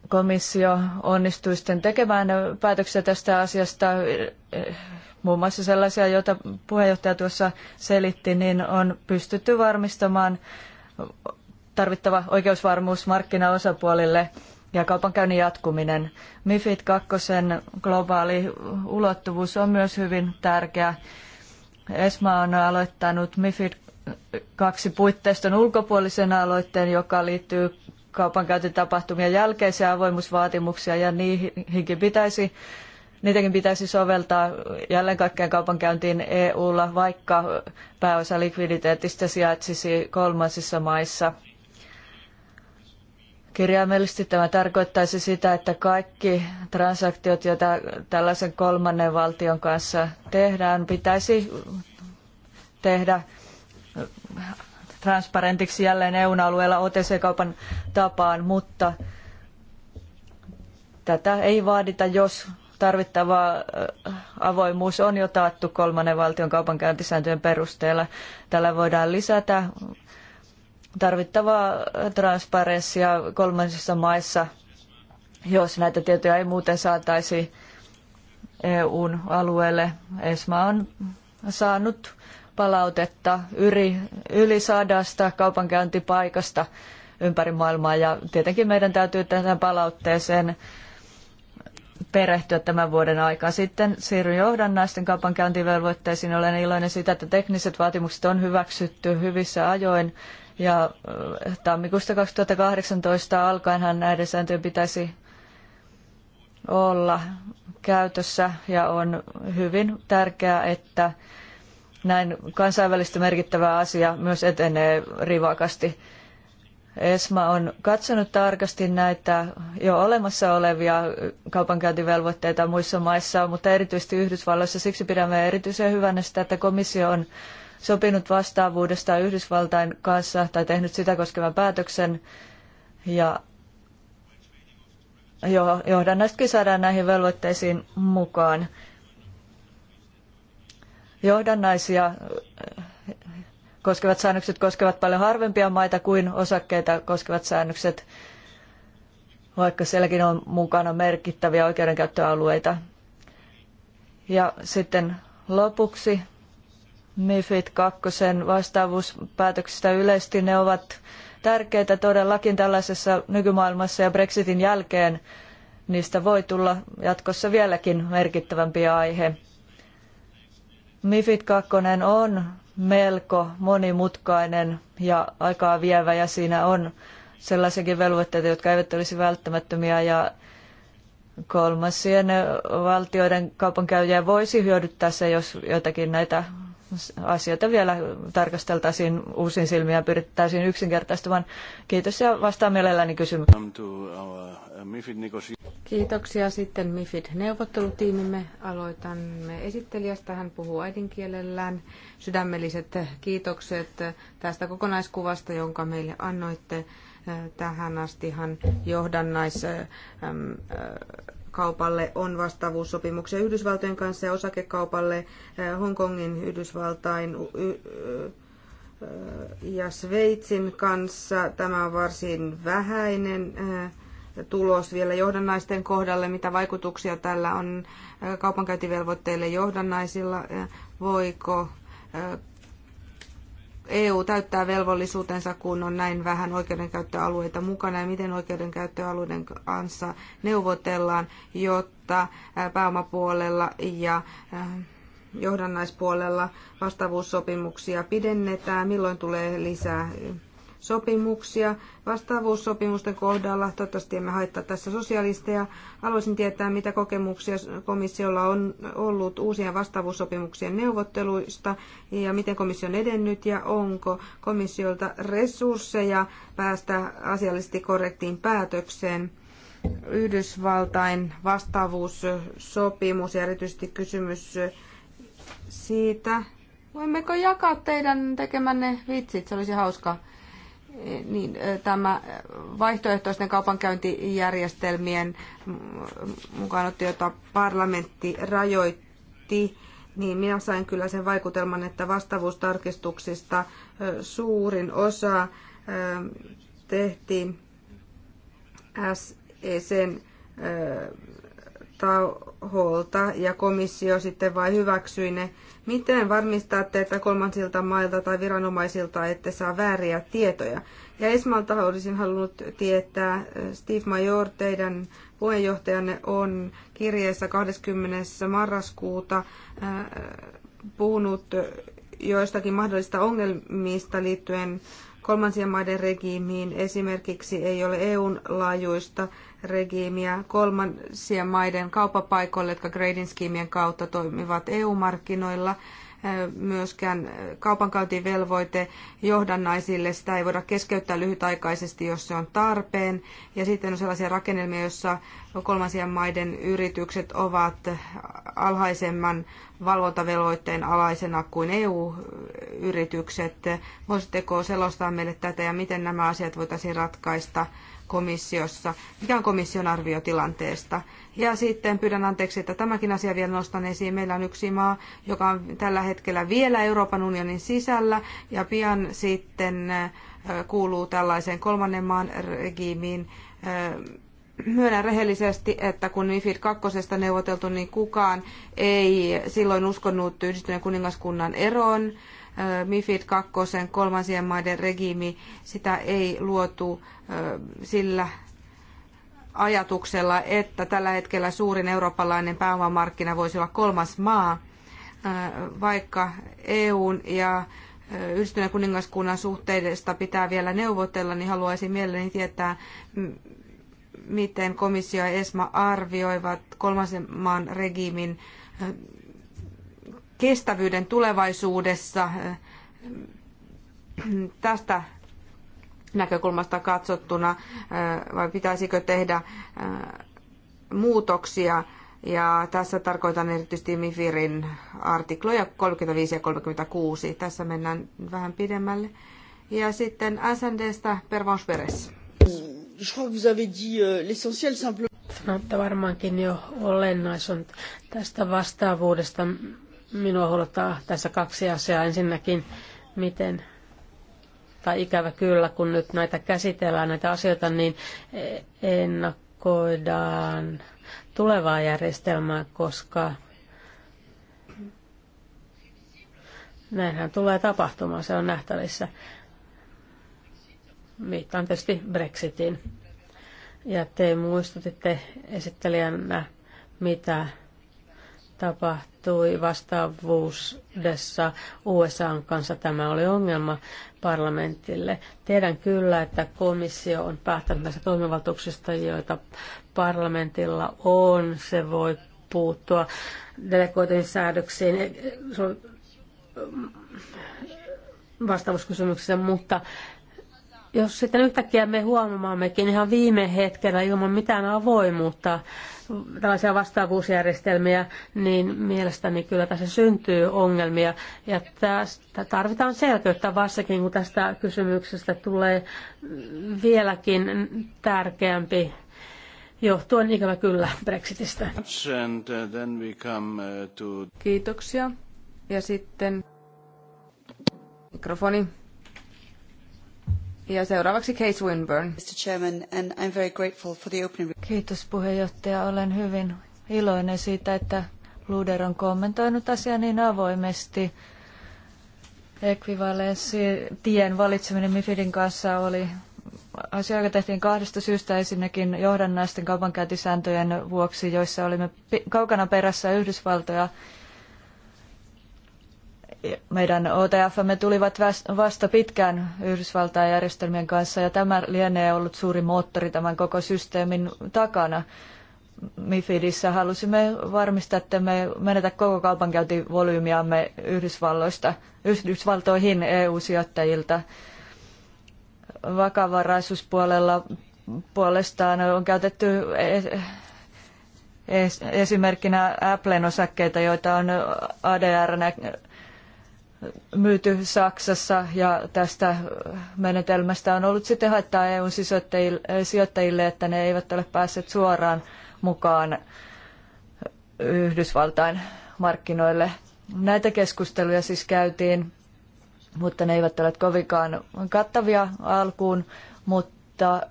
komissio onnistui sitten tekemään päätöksiä tästä asiasta, muun muassa sellaisia, joita puheenjohtaja tuossa selitti, niin on pystytty varmistamaan tarvittava oikeusvarmuus markkinaosapuolille ja kaupankäynnin jatkuminen. MIFID 2 globaali ulottuvuus on myös hyvin tärkeä. ESMA on aloittanut MIFID kaksi puitteiston ulkopuolisen aloitteen, joka liittyy kaupankäyntitapahtumien jälkeisiä avoimuusvaatimuksia ja niihinkin pitäisi Niitäkin pitäisi soveltaa jälleen kaikkeen kaupankäyntiin EUlla, vaikka pääosa likviditeetistä sijaitsisi kolmansissa maissa. Kirjaimellisesti tämä tarkoittaisi sitä, että kaikki transaktiot, joita tällaisen kolmannen valtion kanssa tehdään, pitäisi tehdä transparentiksi jälleen eu alueella OTC-kaupan tapaan, mutta tätä ei vaadita, jos tarvittava avoimuus on jo taattu kolmannen valtion kaupankäyntisääntöjen perusteella. Tällä voidaan lisätä tarvittavaa transparenssia kolmansissa maissa, jos näitä tietoja ei muuten saataisi EUn alueelle. ESMA on saanut palautetta yli, yli sadasta kaupankäyntipaikasta ympäri maailmaa ja tietenkin meidän täytyy tähän palautteeseen perehtyä tämän vuoden aikaa. Sitten siirryn johdannaisten kaupankäyntivelvoitteisiin. Olen iloinen siitä, että tekniset vaatimukset on hyväksytty hyvissä ajoin. Ja tammikuusta 2018 alkaenhan näiden sääntöjen pitäisi olla käytössä ja on hyvin tärkeää, että näin kansainvälisesti merkittävä asia myös etenee rivakasti. ESMA on katsonut tarkasti näitä jo olemassa olevia kaupankäyntivelvoitteita muissa maissa, mutta erityisesti Yhdysvalloissa. Siksi pidämme erityisen hyvänä sitä, että komissio on sopinut vastaavuudesta Yhdysvaltain kanssa tai tehnyt sitä koskevan päätöksen. Ja johdannaisetkin saadaan näihin velvoitteisiin mukaan. Johdannaisia koskevat säännökset koskevat paljon harvempia maita kuin osakkeita koskevat säännökset, vaikka sielläkin on mukana merkittäviä oikeudenkäyttöalueita. Ja sitten lopuksi MIFID 2 vastaavuuspäätöksistä yleisesti ne ovat tärkeitä todellakin tällaisessa nykymaailmassa ja Brexitin jälkeen niistä voi tulla jatkossa vieläkin merkittävämpi aihe. MIFID 2 on melko monimutkainen ja aikaa vievä ja siinä on sellaisiakin velvoitteita, jotka eivät olisi välttämättömiä ja kolmansien valtioiden kaupankäyjiä voisi hyödyttää se, jos jotakin näitä asioita vielä tarkasteltaisiin uusin silmiä ja pyrittäisiin yksinkertaistamaan. Kiitos ja vastaan mielelläni kysymyksiin. Uh, Kiitoksia sitten MIFID-neuvottelutiimimme. Aloitamme esittelijästä. Hän puhuu äidinkielellään. Sydämelliset kiitokset tästä kokonaiskuvasta, jonka meille annoitte. Tähän astihan johdannais kaupalle on vastaavuussopimuksia Yhdysvaltojen kanssa ja osakekaupalle eh, Hongkongin, Yhdysvaltain eh, ja Sveitsin kanssa. Tämä on varsin vähäinen eh, tulos vielä johdannaisten kohdalle, mitä vaikutuksia tällä on kaupankäyntivelvoitteille johdannaisilla, voiko EU täyttää velvollisuutensa, kun on näin vähän oikeudenkäyttöalueita mukana ja miten oikeudenkäyttöalueiden kanssa neuvotellaan, jotta pääomapuolella ja johdannaispuolella vastaavuussopimuksia pidennetään, milloin tulee lisää sopimuksia. Vastaavuussopimusten kohdalla, toivottavasti emme haittaa tässä sosialisteja, haluaisin tietää, mitä kokemuksia komissiolla on ollut uusien vastaavuussopimuksien neuvotteluista ja miten komissio on edennyt ja onko komissiolta resursseja päästä asiallisesti korrektiin päätökseen. Yhdysvaltain vastaavuussopimus ja erityisesti kysymys siitä, Voimmeko jakaa teidän tekemänne vitsit? Se olisi hauskaa niin tämä vaihtoehtoisten kaupankäyntijärjestelmien mukaanotto, jota parlamentti rajoitti, niin minä sain kyllä sen vaikutelman, että vastavuustarkistuksista suurin osa tehtiin SECn taholta ja komissio sitten vain hyväksyi ne. Miten varmistatte, että kolmansilta mailta tai viranomaisilta ette saa vääriä tietoja? Ja Esmalta olisin halunnut tietää, Steve Major, teidän puheenjohtajanne on kirjeessä 20. marraskuuta äh, puhunut joistakin mahdollisista ongelmista liittyen kolmansien maiden regiimiin. Esimerkiksi ei ole EUn laajuista regiimiä kolmansien maiden kauppapaikoille, jotka grading skiimien kautta toimivat EU-markkinoilla. Myöskään kaupankäyntivelvoite johdannaisille, sitä ei voida keskeyttää lyhytaikaisesti, jos se on tarpeen. Ja sitten on sellaisia rakennelmia, joissa kolmansien maiden yritykset ovat alhaisemman valvontavelvoitteen alaisena kuin EU-yritykset. Voisitteko selostaa meille tätä ja miten nämä asiat voitaisiin ratkaista? komissiossa. Mikä on komission arvio tilanteesta? Ja sitten pyydän anteeksi, että tämäkin asia vielä nostan esiin. Meillä on yksi maa, joka on tällä hetkellä vielä Euroopan unionin sisällä ja pian sitten kuuluu tällaiseen kolmannen maan regiimiin. Myönnän rehellisesti, että kun MIFID 2. neuvoteltu, niin kukaan ei silloin uskonut yhdistyneen kuningaskunnan eroon. MIFID 2, kolmansien maiden regiimi, sitä ei luotu sillä ajatuksella, että tällä hetkellä suurin eurooppalainen pääomamarkkina voisi olla kolmas maa, vaikka EUn ja Yhdistyneen kuningaskunnan suhteista pitää vielä neuvotella, niin haluaisin mielelläni tietää, miten komissio ja ESMA arvioivat kolmasen maan regiimin kestävyyden tulevaisuudessa tästä näkökulmasta katsottuna, vai pitäisikö tehdä muutoksia. Ja tässä tarkoitan erityisesti MIFIRin artikloja 35 ja 36. Tässä mennään vähän pidemmälle. Ja sitten SNDstä Pervans Peres. Je euh, Sanoitte varmaankin jo olennaisen tästä vastaavuudesta, Minua huolettaa tässä kaksi asiaa. Ensinnäkin, miten tai ikävä kyllä, kun nyt näitä käsitellään, näitä asioita, niin ennakoidaan tulevaa järjestelmää, koska näinhän tulee tapahtumaan, se on nähtävissä. Viittaan tietysti Brexitiin. Ja te muistutitte esittelijänä, mitä tapahtui vastaavuudessa USAn kanssa. Tämä oli ongelma parlamentille. Tiedän kyllä, että komissio on päättänyt näistä toimivaltuuksista, joita parlamentilla on. Se voi puuttua delegoitujen säädöksiin mm, vastaavuuskysymyksissä, mutta jos sitten yhtäkkiä me huomaammekin ihan viime hetkellä ilman mitään avoimuutta, tällaisia vastaavuusjärjestelmiä, niin mielestäni kyllä tässä syntyy ongelmia. Ja tästä tarvitaan selkeyttä varsinkin, kun tästä kysymyksestä tulee vieläkin tärkeämpi johtuen ikävä kyllä Brexitistä. Uh, uh, Kiitoksia. Ja sitten mikrofoni. Ja seuraavaksi Case Winburn. Mr. Chairman, and I'm very grateful for the opening... Kiitos puheenjohtaja. Olen hyvin iloinen siitä, että Luder on kommentoinut asiaa niin avoimesti. tien valitseminen Mifidin kanssa oli asia, joka tehtiin kahdesta syystä. Ensinnäkin johdannaisten kaupankäyntisääntöjen vuoksi, joissa olimme kaukana perässä Yhdysvaltoja meidän OTFmme tulivat vasta pitkään Yhdysvaltain järjestelmien kanssa ja tämä lienee ollut suuri moottori tämän koko systeemin takana. MIFIDissä halusimme varmistaa, että me menetä koko kaupankäyntivolyymiamme Yhdysvalloista, Yhdysvaltoihin EU-sijoittajilta. Vakavaraisuuspuolella puolestaan on käytetty esimerkkinä Applen osakkeita, joita on ADR myyty Saksassa ja tästä menetelmästä on ollut sitten haittaa EUn sijoittajille, että ne eivät ole päässeet suoraan mukaan Yhdysvaltain markkinoille. Näitä keskusteluja siis käytiin, mutta ne eivät ole kovinkaan kattavia alkuun, mutta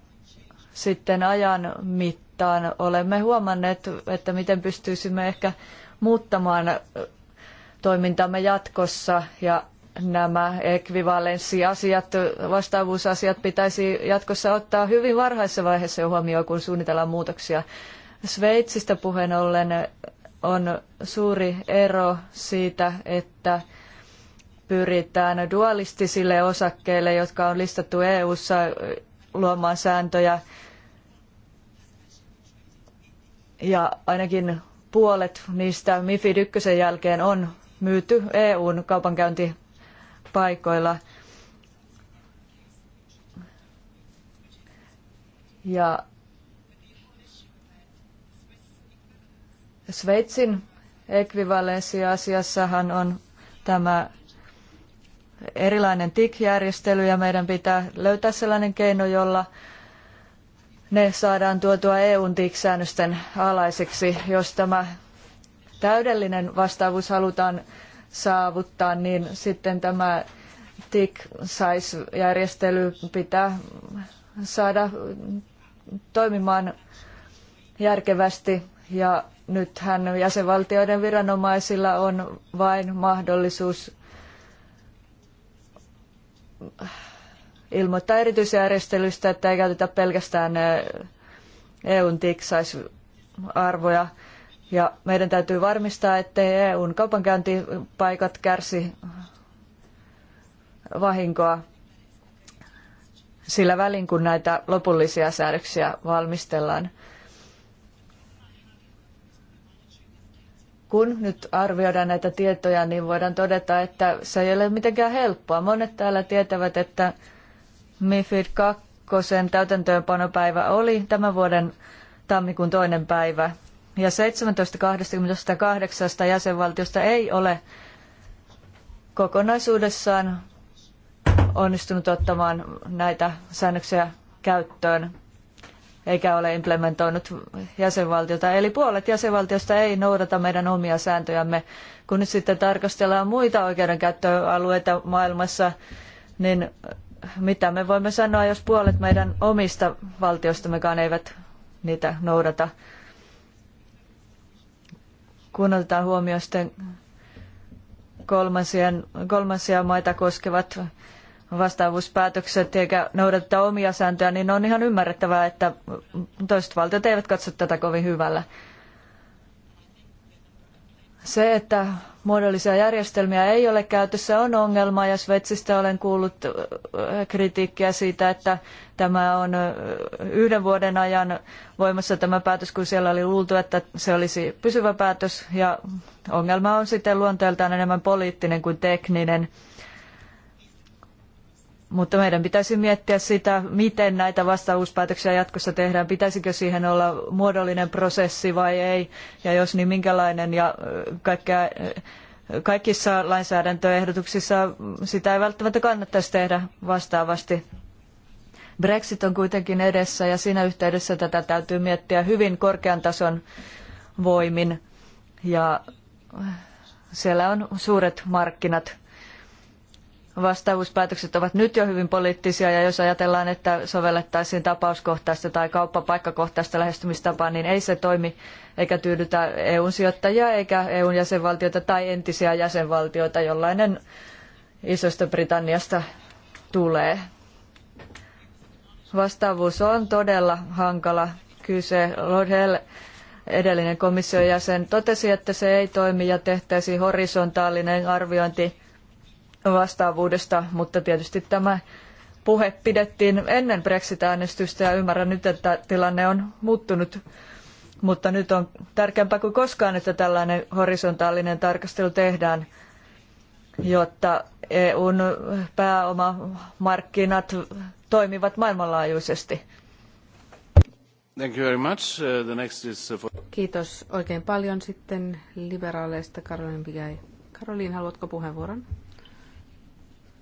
sitten ajan mittaan olemme huomanneet, että miten pystyisimme ehkä muuttamaan toimintamme jatkossa ja nämä ekvivalenssiasiat, vastaavuusasiat pitäisi jatkossa ottaa hyvin varhaisessa vaiheessa huomioon, kun suunnitellaan muutoksia. Sveitsistä puheen ollen on suuri ero siitä, että pyritään dualistisille osakkeille, jotka on listattu EU-ssa luomaan sääntöjä. Ja ainakin puolet niistä MIFID 1 jälkeen on myyty EUn kaupankäyntipaikoilla. Ja Sveitsin asiassahan on tämä erilainen tic järjestely ja meidän pitää löytää sellainen keino, jolla ne saadaan tuotua EUn tic säännösten alaisiksi, jos tämä täydellinen vastaavuus halutaan saavuttaa, niin sitten tämä tick size järjestely pitää saada toimimaan järkevästi ja nythän jäsenvaltioiden viranomaisilla on vain mahdollisuus ilmoittaa erityisjärjestelystä, että ei käytetä pelkästään EUn eh, e size arvoja ja meidän täytyy varmistaa, ettei EUn kaupankäyntipaikat kärsi vahinkoa sillä välin, kun näitä lopullisia säädöksiä valmistellaan. Kun nyt arvioidaan näitä tietoja, niin voidaan todeta, että se ei ole mitenkään helppoa. Monet täällä tietävät, että MIFID 2 täytäntöönpanopäivä oli tämän vuoden tammikuun toinen päivä ja 17.28 jäsenvaltiosta ei ole kokonaisuudessaan onnistunut ottamaan näitä säännöksiä käyttöön eikä ole implementoinut jäsenvaltiota. Eli puolet jäsenvaltiosta ei noudata meidän omia sääntöjämme. Kun nyt sitten tarkastellaan muita oikeudenkäyttöalueita maailmassa, niin mitä me voimme sanoa, jos puolet meidän omista valtioistammekaan eivät niitä noudata kun otetaan huomioon sitten kolmansien, kolmansia maita koskevat vastaavuuspäätökset eikä noudateta omia sääntöjä, niin on ihan ymmärrettävää, että toiset valtiot eivät katso tätä kovin hyvällä. Se, että muodollisia järjestelmiä ei ole käytössä, on ongelma ja Sveitsistä olen kuullut kritiikkiä siitä, että tämä on yhden vuoden ajan voimassa tämä päätös, kun siellä oli luultu, että se olisi pysyvä päätös ja ongelma on sitten luonteeltaan enemmän poliittinen kuin tekninen. Mutta meidän pitäisi miettiä sitä, miten näitä vastaavuuspäätöksiä jatkossa tehdään. Pitäisikö siihen olla muodollinen prosessi vai ei, ja jos niin minkälainen. Ja kaikkea, kaikissa lainsäädäntöehdotuksissa sitä ei välttämättä kannattaisi tehdä vastaavasti. Brexit on kuitenkin edessä ja siinä yhteydessä tätä täytyy miettiä hyvin korkean tason voimin. Ja siellä on suuret markkinat vastaavuuspäätökset ovat nyt jo hyvin poliittisia ja jos ajatellaan, että sovellettaisiin tapauskohtaista tai kauppapaikkakohtaista lähestymistapaa, niin ei se toimi eikä tyydytä EUn sijoittajia eikä EUn jäsenvaltioita tai entisiä jäsenvaltioita, jollainen isosta Britanniasta tulee. Vastaavuus on todella hankala kyse. Lord Hell, edellinen komission jäsen, totesi, että se ei toimi ja tehtäisiin horisontaalinen arviointi vastaavuudesta, mutta tietysti tämä puhe pidettiin ennen Brexit-äänestystä ja ymmärrän nyt, että tilanne on muuttunut. Mutta nyt on tärkeämpää kuin koskaan, että tällainen horisontaalinen tarkastelu tehdään, jotta EUn pääomamarkkinat toimivat maailmanlaajuisesti. Thank you very much. Uh, the next is uh, for... Kiitos oikein paljon sitten liberaaleista. Karolin Pigai. Karolin, haluatko puheenvuoron?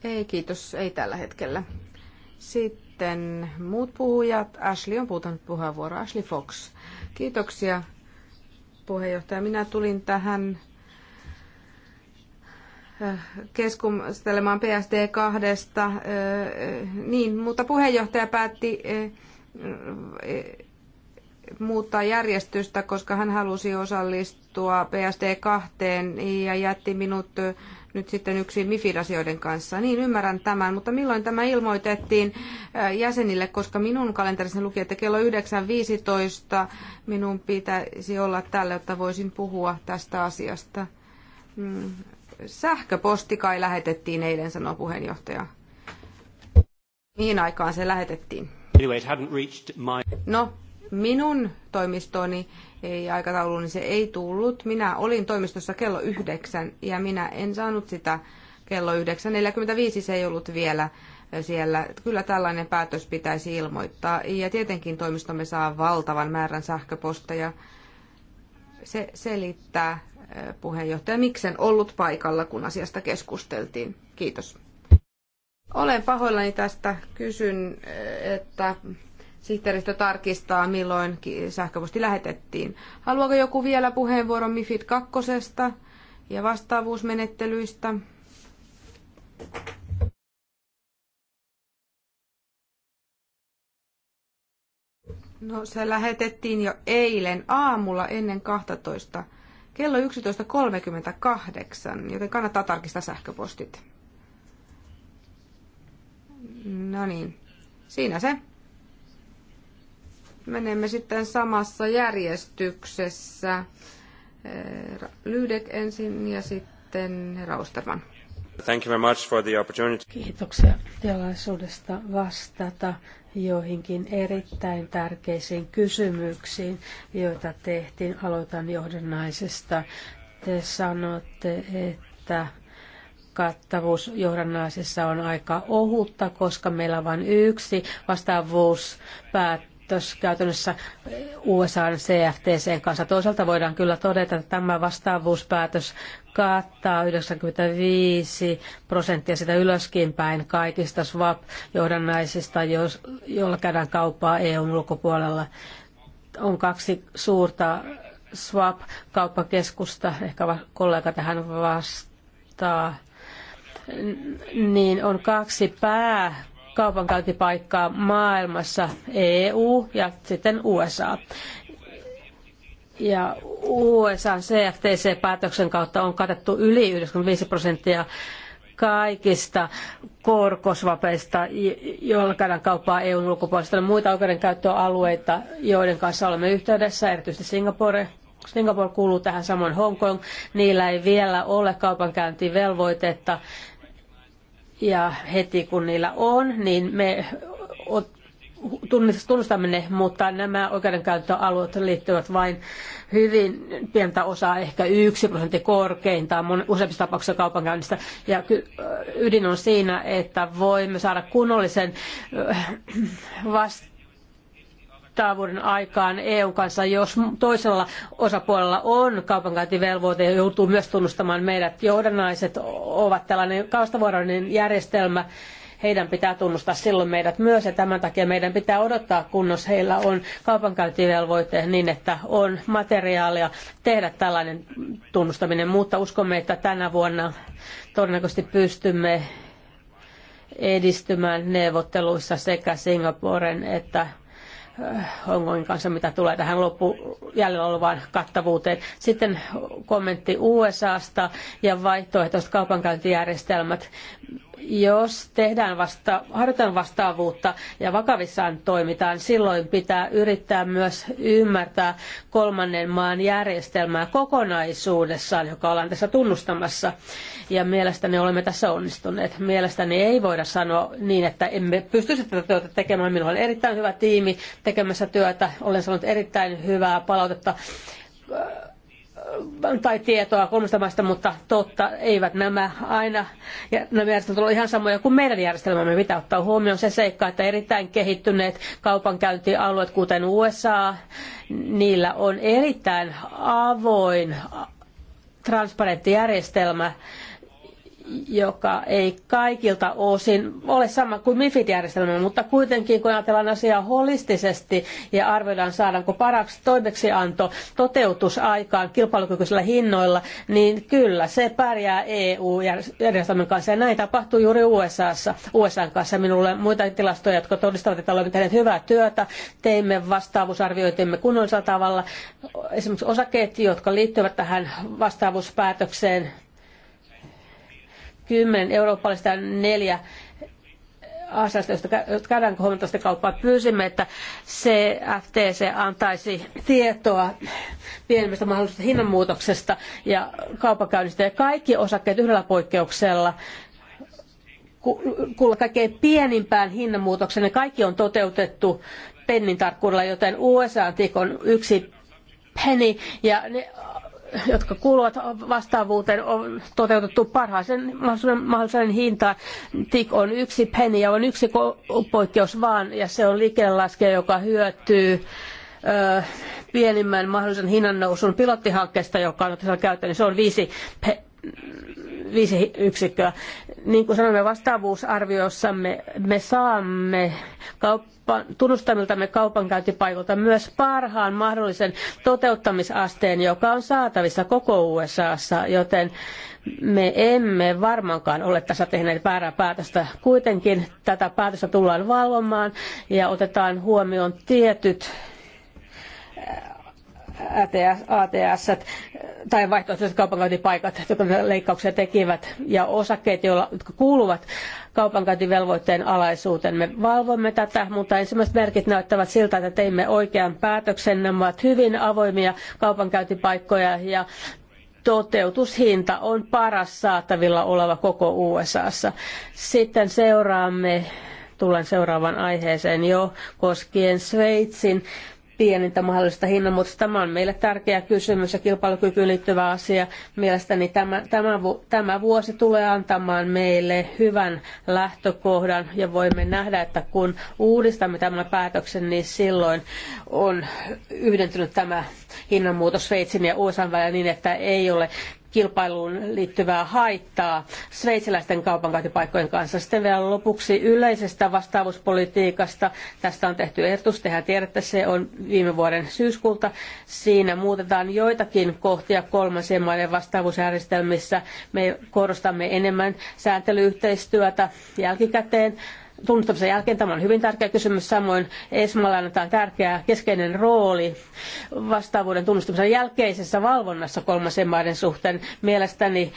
Ei, kiitos. Ei tällä hetkellä. Sitten muut puhujat. Ashley on puhutanut puheenvuoroa. Ashley Fox. Kiitoksia puheenjohtaja. Minä tulin tähän äh, keskustelemaan PSD2. Äh, äh, niin, mutta puheenjohtaja päätti muuttaa järjestystä, koska hän halusi osallistua PSD2 ja jätti minut nyt sitten yksi MIFID-asioiden kanssa. Niin, ymmärrän tämän, mutta milloin tämä ilmoitettiin äh, jäsenille, koska minun kalenterissani luki, että kello 9.15 minun pitäisi olla tälle, että voisin puhua tästä asiasta. Mm. Sähköposti kai lähetettiin eilen, sanoi puheenjohtaja. Mihin aikaan se lähetettiin? No, minun toimistoni ei aikatauluun, niin se ei tullut. Minä olin toimistossa kello yhdeksän ja minä en saanut sitä kello 45 se ei ollut vielä äh, siellä. Kyllä tällainen päätös pitäisi ilmoittaa. Ja tietenkin toimistomme saa valtavan määrän sähköposteja. Se selittää äh, puheenjohtaja, miksen ollut paikalla, kun asiasta keskusteltiin. Kiitos. Olen pahoillani tästä. Kysyn, äh, että Sihteeristö tarkistaa, milloin sähköposti lähetettiin. Haluaako joku vielä puheenvuoron MIFID 2 ja vastaavuusmenettelyistä? No se lähetettiin jo eilen aamulla ennen 12 kello 11.38, joten kannattaa tarkistaa sähköpostit. No niin, siinä se menemme sitten samassa järjestyksessä. Lyydek ensin ja sitten herra Osterman. Thank you very much for the opportunity. Kiitoksia tilaisuudesta vastata joihinkin erittäin tärkeisiin kysymyksiin, joita tehtiin. Aloitan johdannaisesta. Te sanotte, että kattavuus johdannaisessa on aika ohutta, koska meillä on vain yksi vastaavuus päättyy tässä käytännössä USA CFTCn kanssa. Toisaalta voidaan kyllä todeta, että tämä vastaavuuspäätös kattaa 95 prosenttia sitä ylöskin päin kaikista swap-johdannaisista, joilla käydään kauppaa EUn ulkopuolella. On kaksi suurta swap-kauppakeskusta, ehkä kollega tähän vastaa, niin on kaksi pää kaupankäyntipaikkaa maailmassa EU ja sitten USA. Ja USA CFTC-päätöksen kautta on katettu yli 95 prosenttia kaikista korkosvapeista, joilla käydään kauppaa EUn ulkopuolista. On muita oikeudenkäyttöalueita, joiden kanssa olemme yhteydessä, erityisesti Singapore, Singapore kuuluu tähän samoin Hongkong. Niillä ei vielä ole kaupankäyntivelvoitetta ja heti kun niillä on, niin me tunnustamme ne, mutta nämä oikeudenkäyttöalueet liittyvät vain hyvin pientä osaa, ehkä yksi prosentti korkeintaan useimmissa tapauksissa kaupankäynnistä. Ja ydin on siinä, että voimme saada kunnollisen vast- vuoden aikaan EU kanssa, jos toisella osapuolella on kaupankäyntivelvoite ja joutuu myös tunnustamaan meidät johdannaiset, ovat tällainen kaustavuoroinen järjestelmä, heidän pitää tunnustaa silloin meidät myös ja tämän takia meidän pitää odottaa, kunnes heillä on kaupankäyntivelvoite niin, että on materiaalia tehdä tällainen tunnustaminen, mutta uskomme, että tänä vuonna todennäköisesti pystymme edistymään neuvotteluissa sekä Singaporen että Hongkongin äh, kanssa, mitä tulee tähän loppu jäljellä olevaan kattavuuteen. Sitten kommentti USAsta ja vaihtoehtoiset kaupankäyntijärjestelmät jos tehdään vasta, harjoitetaan vastaavuutta ja vakavissaan toimitaan, silloin pitää yrittää myös ymmärtää kolmannen maan järjestelmää kokonaisuudessaan, joka ollaan tässä tunnustamassa. Ja mielestäni olemme tässä onnistuneet. Mielestäni ei voida sanoa niin, että emme pystyisi tätä työtä tekemään. Minulla on erittäin hyvä tiimi tekemässä työtä. Olen saanut erittäin hyvää palautetta Äh, tai tietoa kolmesta maista, mutta totta, eivät nämä aina, ja nämä järjestelmät ovat ihan samoja kuin meidän järjestelmämme. Pitää ottaa huomioon se seikka, että erittäin kehittyneet kaupankäyntialueet, kuten USA, niillä on erittäin avoin, transparentti järjestelmä, joka ei kaikilta osin ole sama kuin MIFID-järjestelmä, mutta kuitenkin kun ajatellaan asiaa holistisesti ja arvioidaan saadaanko paraksi toimeksianto toteutus aikaan kilpailukykyisillä hinnoilla, niin kyllä se pärjää EU-järjestelmän kanssa ja näin tapahtuu juuri USAssa, USAn kanssa. Minulla on muita tilastoja, jotka todistavat, että olemme tehneet hyvää työtä, teimme vastaavuusarviointimme kunnollisella tavalla. Esimerkiksi osakkeet, jotka liittyvät tähän vastaavuuspäätökseen, kymmenen eurooppalaista ja neljä asiasta, josta käydään huomattavasti kauppaa, pyysimme, että CFTC antaisi tietoa pienemmistä mahdollisesta hinnanmuutoksesta ja kaupankäynnistä. Ja kaikki osakkeet yhdellä poikkeuksella kuulla kaikkein pienimpään hinnanmuutoksen. Ne kaikki on toteutettu pennin tarkkuudella, joten USA-tikon yksi penny ja ne jotka kuuluvat vastaavuuteen, on toteutettu parhaaseen mahdollisen hintaan. TIK on yksi penni ja on yksi poikkeus vaan, ja se on liikelaskija, joka hyötyy pienimmän mahdollisen hinnannousun pilottihankkeesta, joka on otettu käyttöön, niin se on viisi pe- viisi yksikköä. Niin kuin sanomme vastaavuusarviossamme, me saamme kauppa, tunnustamiltamme kaupankäyntipaikalta myös parhaan mahdollisen toteuttamisasteen, joka on saatavissa koko USAssa, joten me emme varmaankaan ole tässä tehneet väärää päätöstä. Kuitenkin tätä päätöstä tullaan valvomaan ja otetaan huomioon tietyt ATS, ATS tai vaihtoehtoiset kaupankäyntipaikat, jotka leikkauksia tekivät, ja osakkeet, jotka kuuluvat kaupankäyntivelvoitteen alaisuuteen. Me valvomme tätä, mutta ensimmäiset merkit näyttävät siltä, että teimme oikean päätöksen. Nämä ovat hyvin avoimia kaupankäyntipaikkoja ja toteutushinta on paras saatavilla oleva koko USAssa. Sitten seuraamme, tulen seuraavaan aiheeseen jo, koskien Sveitsin pienintä mahdollista hinnanmuutosta. Tämä on meille tärkeä kysymys ja kilpailukykyyn liittyvä asia. Mielestäni tämä, tämä, tämä vuosi tulee antamaan meille hyvän lähtökohdan ja voimme nähdä, että kun uudistamme tämän päätöksen, niin silloin on yhdentynyt tämä hinnanmuutos Sveitsin ja USA välillä niin, että ei ole kilpailuun liittyvää haittaa sveitsiläisten kaupankäyntipaikkojen kanssa. Sitten vielä lopuksi yleisestä vastaavuuspolitiikasta. Tästä on tehty ehdotus, tehän tiedätte, se on viime vuoden syyskuulta. Siinä muutetaan joitakin kohtia kolmansien maiden vastaavuusjärjestelmissä. Me korostamme enemmän sääntelyyhteistyötä jälkikäteen tunnustamisen jälkeen. Tämä on hyvin tärkeä kysymys. Samoin ESMAlla annetaan tärkeä keskeinen rooli vastaavuuden tunnustamisen jälkeisessä valvonnassa kolmansien maiden suhteen. Mielestäni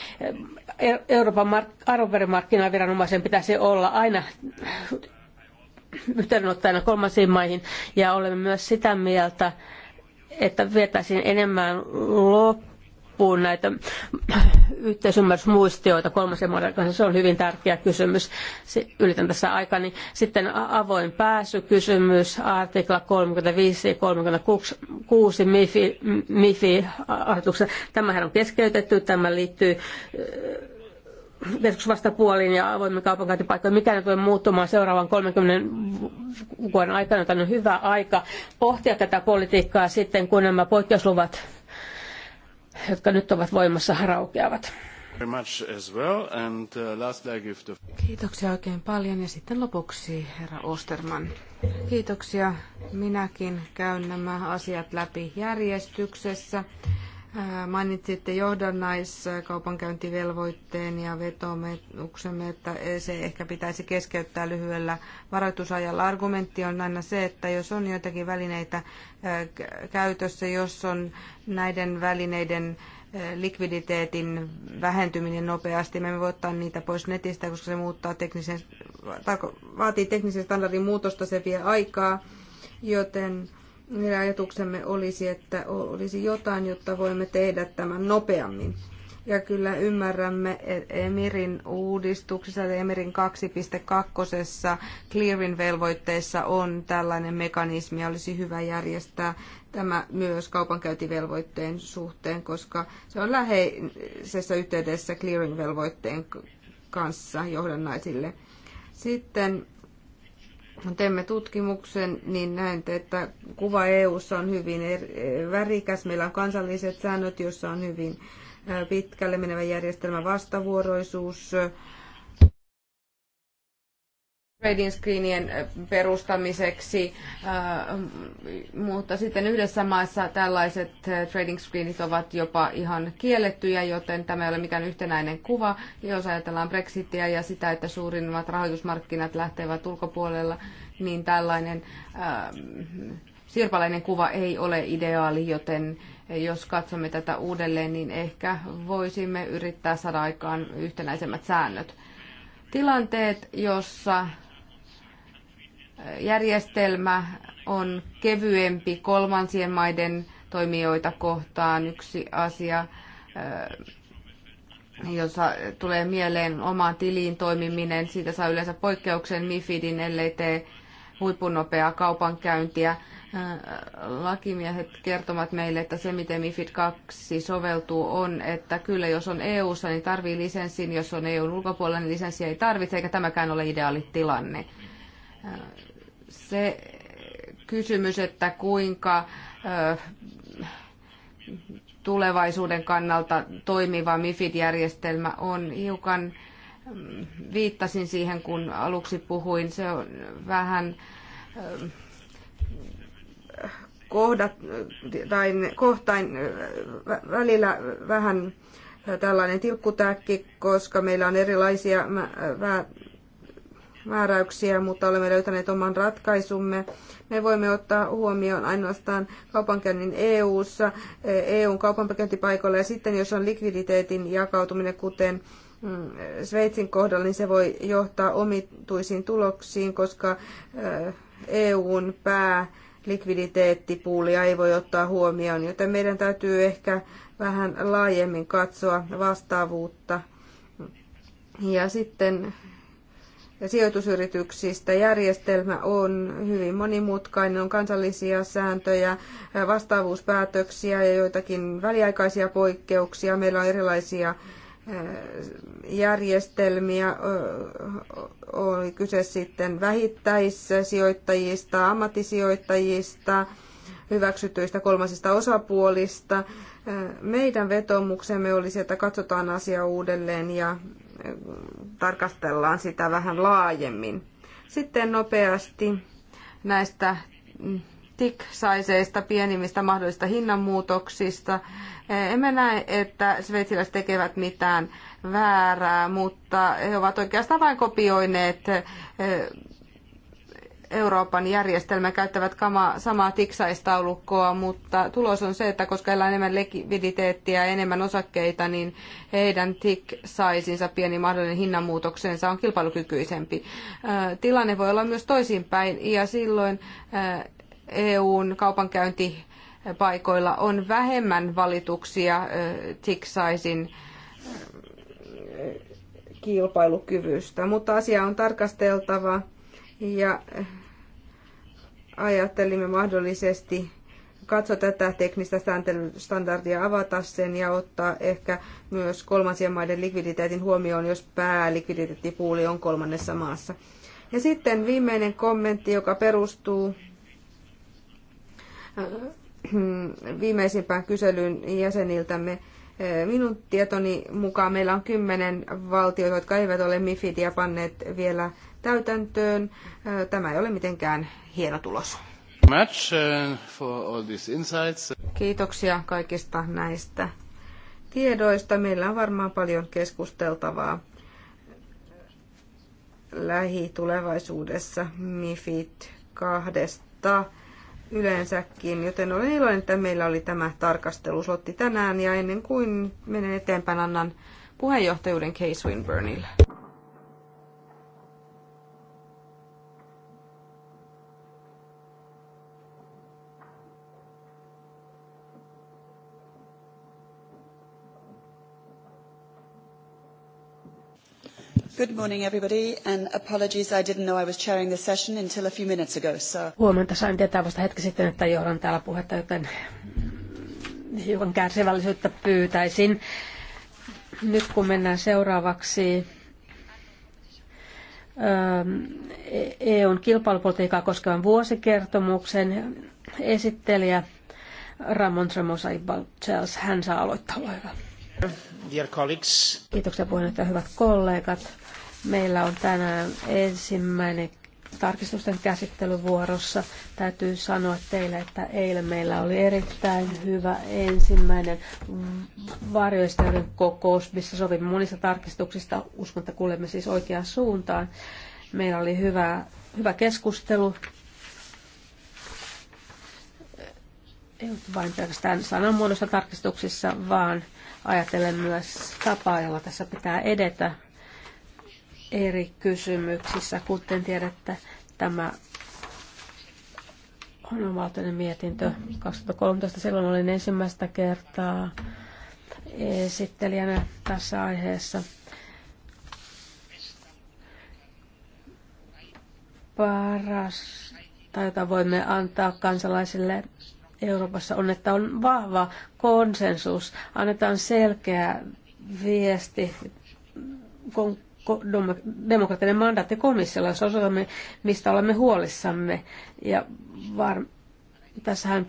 eh, Euroopan mark- arvopaperimarkkinaviranomaisen pitäisi olla aina yhteydenottajana kolmansiin maihin ja olemme myös sitä mieltä, että vietäisiin enemmän loppuun loppuun näitä yhteisymmärrysmuistioita kolmasen maiden kanssa. Se on hyvin tärkeä kysymys. Ylitän tässä aikani. Sitten avoin pääsykysymys, artikla 35 ja 36 MIFI, MIFI Tämähän on keskeytetty. Tämä liittyy äh, keskusvastapuoliin ja avoimen kaupankäyntipaikkoihin. Mikä ei tulee muuttumaan seuraavan 30 vuoden aikana, tämä on hyvä aika pohtia tätä politiikkaa sitten, kun nämä poikkeusluvat jotka nyt ovat voimassa, raukeavat. Uh, Kiitoksia oikein paljon ja sitten lopuksi herra Osterman. Kiitoksia. Minäkin käyn nämä asiat läpi järjestyksessä. Mainitsitte johdannaiskaupankäyntivelvoitteen ja vetomuksemme, että se ehkä pitäisi keskeyttää lyhyellä varoitusajalla. Argumentti on aina se, että jos on joitakin välineitä käytössä, jos on näiden välineiden likviditeetin vähentyminen nopeasti. Me emme voi ottaa niitä pois netistä, koska se muuttaa teknisen, vaatii teknisen standardin muutosta, se vie aikaa, joten meidän ajatuksemme olisi, että olisi jotain, jotta voimme tehdä tämän nopeammin. Ja kyllä ymmärrämme Emirin uudistuksessa, Emirin 2.2. Clearin velvoitteessa on tällainen mekanismi, ja olisi hyvä järjestää tämä myös kaupankäytivelvoitteen suhteen, koska se on läheisessä yhteydessä Clearin velvoitteen kanssa johdannaisille. Sitten teemme tutkimuksen, niin näette, että kuva EU:ssa on hyvin er-, värikäs. Meillä on kansalliset säännöt, joissa on hyvin pitkälle menevä järjestelmä vastavuoroisuus, trading screenien äh, perustamiseksi, äh, mutta sitten yhdessä maassa tällaiset äh, trading screenit ovat jopa ihan kiellettyjä, joten tämä ei ole mikään yhtenäinen kuva. Jos ajatellaan brexitia ja sitä, että suurimmat rahoitusmarkkinat lähtevät ulkopuolella, niin tällainen sirpaleinen kuva ei ole ideaali, joten jos katsomme tätä uudelleen, niin ehkä voisimme yrittää saada aikaan yhtenäisemmät säännöt. Tilanteet, jossa järjestelmä on kevyempi kolmansien maiden toimijoita kohtaan. Yksi asia, äh, jossa tulee mieleen omaan tiliin toimiminen, siitä saa yleensä poikkeuksen MIFIDin, ellei tee huippunopeaa kaupankäyntiä. Äh, lakimiehet kertovat meille, että se miten MIFID 2 soveltuu on, että kyllä jos on EU-ssa, niin tarvii lisenssin, jos on EUn ulkopuolella, niin lisenssiä ei tarvitse, eikä tämäkään ole ideaali tilanne. Äh, se kysymys, että kuinka tulevaisuuden kannalta toimiva MIFID-järjestelmä on hiukan, mm, viittasin siihen kun aluksi puhuin, se on vähän kohdat, tai kohtain välillä vähän tällainen tilkkutäkki, koska meillä on erilaisia määräyksiä, mutta olemme löytäneet oman ratkaisumme. Me voimme ottaa huomioon ainoastaan kaupankäynnin EU-ssa, EUn eh, e kaupankäyntipaikoilla ja sitten jos on likviditeetin jakautuminen, kuten mm, Sveitsin kohdalla, niin se voi johtaa omituisiin tuloksiin, koska EUn eh, e pää likviditeettipuulia ei voi ottaa huomioon, joten meidän täytyy ehkä vähän laajemmin katsoa vastaavuutta. Ja sitten sijoitusyrityksistä. Järjestelmä on hyvin monimutkainen, on kansallisia sääntöjä, vastaavuuspäätöksiä ja joitakin väliaikaisia poikkeuksia. Meillä on erilaisia eh, järjestelmiä, eh, oli kyse sitten vähittäissijoittajista, ammattisijoittajista, hyväksytyistä kolmasista osapuolista. Eh, meidän vetomuksemme olisi, että katsotaan asia uudelleen ja tarkastellaan sitä vähän laajemmin. Sitten nopeasti näistä tick-saiseista pienimmistä mahdollisista hinnanmuutoksista. Emme näe, että sveitsiläiset tekevät mitään väärää, mutta he ovat oikeastaan vain kopioineet Euroopan järjestelmä käyttävät kama, samaa tiksaistaulukkoa, mutta tulos on se, että koska heillä on enemmän likviditeettiä ja enemmän osakkeita, niin heidän tiksaisinsa pieni mahdollinen hinnanmuutoksensa on kilpailukykyisempi. Tilanne voi olla myös toisinpäin ja silloin EUn kaupankäynti paikoilla on vähemmän valituksia tiksaisin kilpailukyvystä, mutta asia on tarkasteltava ja ajattelimme mahdollisesti katsoa tätä teknistä standardia, avata sen ja ottaa ehkä myös kolmansien maiden likviditeetin huomioon, jos päälikviditeettipuuli on kolmannessa maassa. Ja sitten viimeinen kommentti, joka perustuu äh, *clears throat* viimeisimpään kyselyyn jäseniltämme. Äh, minun tietoni mukaan meillä on kymmenen valtiota, jotka eivät ole MIFIDia panneet vielä täytäntöön. Tämä ei ole mitenkään hieno tulos. Kiitoksia kaikista näistä tiedoista. Meillä on varmaan paljon keskusteltavaa lähitulevaisuudessa MIFID kahdesta yleensäkin, joten olen iloinen, että meillä oli tämä tarkastelusotti tänään ja ennen kuin menen eteenpäin, annan puheenjohtajuuden Case Winburnille. Good morning everybody and apologies I didn't know I was chairing session until a few minutes ago. So. Huomenta sain tietää vasta hetki sitten, että johdan täällä puhetta, joten hiukan kärsivällisyyttä pyytäisin. Nyt kun mennään seuraavaksi ähm, EUn e kilpailupolitiikkaa koskevan vuosikertomuksen esittelijä Ramon Tremosa Chels. Hän saa aloittaa, ole hyvä. Dear colleagues. Kiitoksia puheenjohtaja, hyvät kollegat. Meillä on tänään ensimmäinen tarkistusten käsittelyvuorossa. Täytyy sanoa teille, että eilen meillä oli erittäin hyvä ensimmäinen varjoistajan kokous, missä sovimme monista tarkistuksista. Uskon, että kuulemme siis oikeaan suuntaan. Meillä oli hyvä, hyvä keskustelu. Ei ollut vain pelkästään sananmuodossa tarkistuksissa, vaan ajatellen myös tapaa, jolla tässä pitää edetä eri kysymyksissä. Kuten tiedätte, tämä on omaltainen mietintö. 2013 silloin olin ensimmäistä kertaa esittelijänä tässä aiheessa. Paras jota voimme antaa kansalaisille Euroopassa on, että on vahva konsensus. Annetaan selkeä viesti, kun demokraattinen mandaatti komissiolla, jos osoitamme, mistä olemme huolissamme. Ja var, tässähän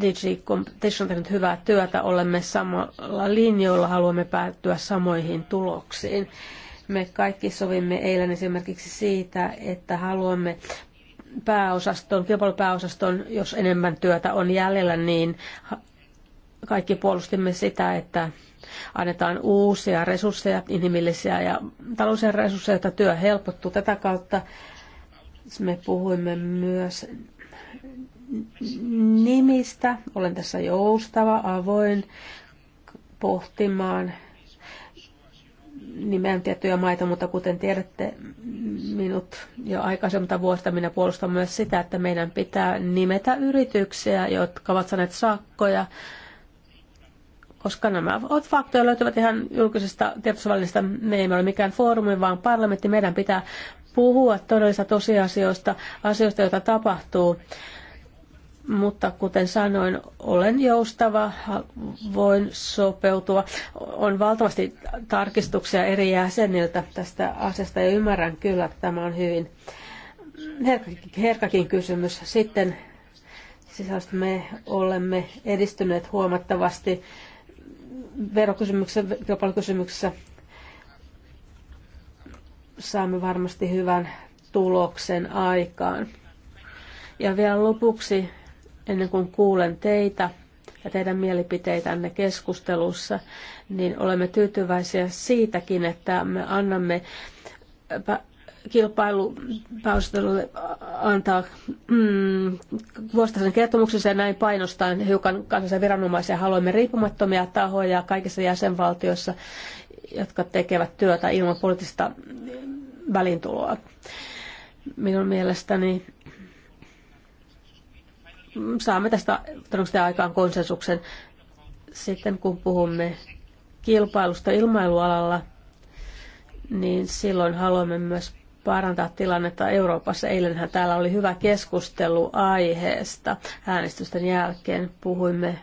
DG Competition on tehnyt hyvää työtä, olemme samalla linjoilla, haluamme päättyä samoihin tuloksiin. Me kaikki sovimme eilen esimerkiksi siitä, että haluamme pääosaston, kilpailupääosaston, jos enemmän työtä on jäljellä, niin kaikki puolustimme sitä, että annetaan uusia resursseja, inhimillisiä ja taloudellisia resursseja, että työ helpottuu. Tätä kautta me puhuimme myös nimistä. Olen tässä joustava, avoin pohtimaan nimeän tiettyjä maita, mutta kuten tiedätte minut jo aikaisemmalta vuodesta minä puolustan myös sitä, että meidän pitää nimetä yrityksiä, jotka ovat saaneet sakkoja koska nämä ovat faktoja löytyvät ihan julkisesta tiedotusvälineestä. Me emme ole mikään foorumi, vaan parlamentti. Meidän pitää puhua todellisista tosiasioista, asioista, joita tapahtuu. Mutta kuten sanoin, olen joustava, voin sopeutua. On valtavasti tarkistuksia eri jäseniltä tästä asiasta ja ymmärrän kyllä, että tämä on hyvin herkäkin kysymys. Sitten sisällöstä me olemme edistyneet huomattavasti verokysymyksessä, kilpailukysymyksessä saamme varmasti hyvän tuloksen aikaan. Ja vielä lopuksi, ennen kuin kuulen teitä ja teidän mielipiteitänne keskustelussa, niin olemme tyytyväisiä siitäkin, että me annamme kilpailupalveluille antaa mm, vuosittaisen kertomuksensa ja näin painostaa hiukan kansallisia viranomaisia. Haluamme riippumattomia tahoja kaikissa jäsenvaltioissa, jotka tekevät työtä ilman poliittista välintuloa. Minun mielestäni saamme tästä todennäköisesti aikaan konsensuksen sitten, kun puhumme kilpailusta ilmailualalla, niin silloin haluamme myös parantaa tilannetta Euroopassa. Eilenhän täällä oli hyvä keskustelu aiheesta. Äänestysten jälkeen puhuimme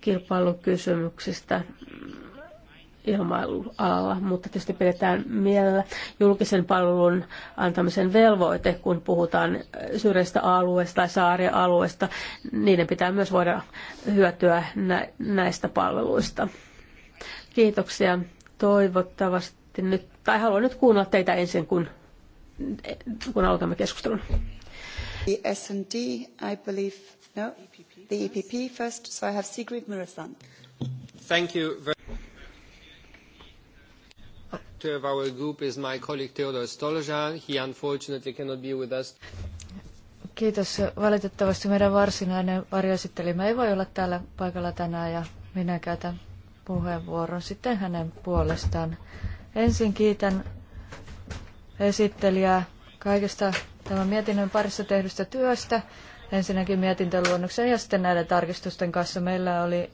kilpailukysymyksistä ilmailualalla, mutta tietysti pidetään mielellä julkisen palvelun antamisen velvoite, kun puhutaan syrjäisestä alueesta tai saarialueesta. Niiden pitää myös voida hyötyä näistä palveluista. Kiitoksia. Toivottavasti nyt, tai haluan nyt kuunnella teitä ensin, kun, kun aloitamme keskustelun. The S&D, I believe, no, the EPP first, so I have Sigrid Murasan. Thank you very much. of our group is my colleague Theodor Stolja. He unfortunately cannot be with us. Kiitos. Valitettavasti meidän varsinainen varjoesittelijämme ei voi olla täällä paikalla tänään ja minä käytän puheenvuoron sitten hänen puolestaan. Ensin kiitän esittelijää kaikesta tämän mietinnön parissa tehdystä työstä. Ensinnäkin mietintöluonnoksen ja sitten näiden tarkistusten kanssa meillä oli,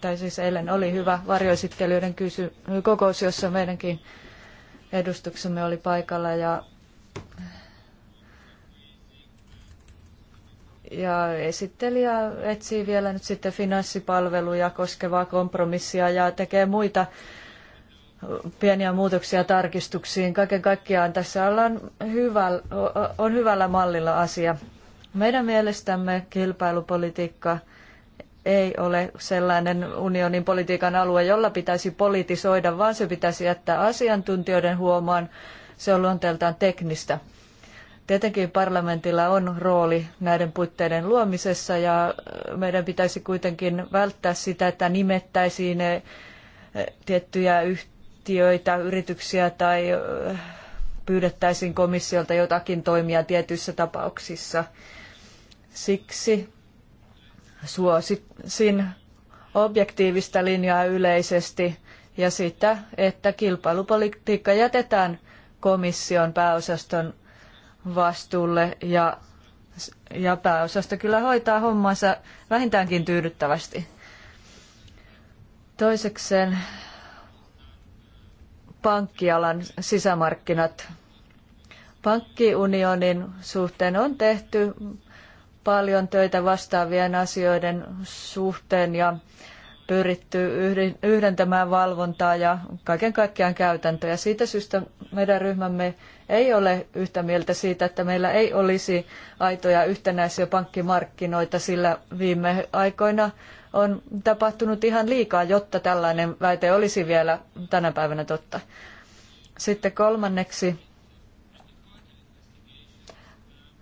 tai siis eilen oli hyvä varjoesittelijöiden kysy- kokous, jossa meidänkin edustuksemme oli paikalla ja ja esittelijä etsii vielä nyt sitten finanssipalveluja koskevaa kompromissia ja tekee muita pieniä muutoksia tarkistuksiin. Kaiken kaikkiaan tässä ollaan hyvä, on hyvällä mallilla asia. Meidän mielestämme kilpailupolitiikka ei ole sellainen unionin politiikan alue, jolla pitäisi politisoida, vaan se pitäisi jättää asiantuntijoiden huomaan. Se on luonteeltaan teknistä. Tietenkin parlamentilla on rooli näiden puitteiden luomisessa ja meidän pitäisi kuitenkin välttää sitä, että nimettäisiin ne eh, tiettyjä yhteyksiä yhtiöitä, yrityksiä tai pyydettäisiin komissiolta jotakin toimia tietyissä tapauksissa. Siksi suosisin objektiivista linjaa yleisesti ja sitä, että kilpailupolitiikka jätetään komission pääosaston vastuulle ja, ja pääosasto kyllä hoitaa hommansa vähintäänkin tyydyttävästi. Toisekseen pankkialan sisämarkkinat. Pankkiunionin suhteen on tehty paljon töitä vastaavien asioiden suhteen ja pyritty yhdentämään valvontaa ja kaiken kaikkiaan käytäntöjä. Siitä syystä meidän ryhmämme ei ole yhtä mieltä siitä, että meillä ei olisi aitoja yhtenäisiä pankkimarkkinoita, sillä viime aikoina on tapahtunut ihan liikaa, jotta tällainen väite olisi vielä tänä päivänä totta. Sitten kolmanneksi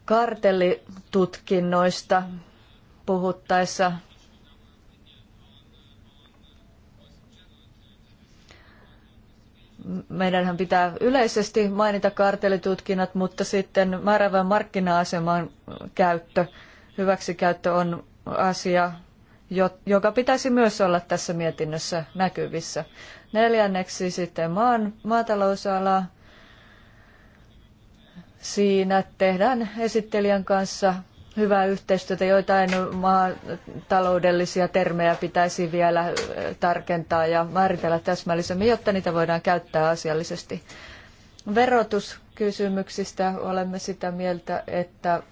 kartellitutkinnoista puhuttaessa meidänhän pitää yleisesti mainita kartelitutkinnat, mutta sitten määrävän markkina-aseman käyttö, hyväksikäyttö on asia, joka pitäisi myös olla tässä mietinnössä näkyvissä. Neljänneksi sitten maan, maatalousala. Siinä tehdään esittelijän kanssa hyvää yhteistyötä. Joitain maataloudellisia termejä pitäisi vielä tarkentaa ja määritellä täsmällisemmin, jotta niitä voidaan käyttää asiallisesti. Verotuskysymyksistä olemme sitä mieltä, että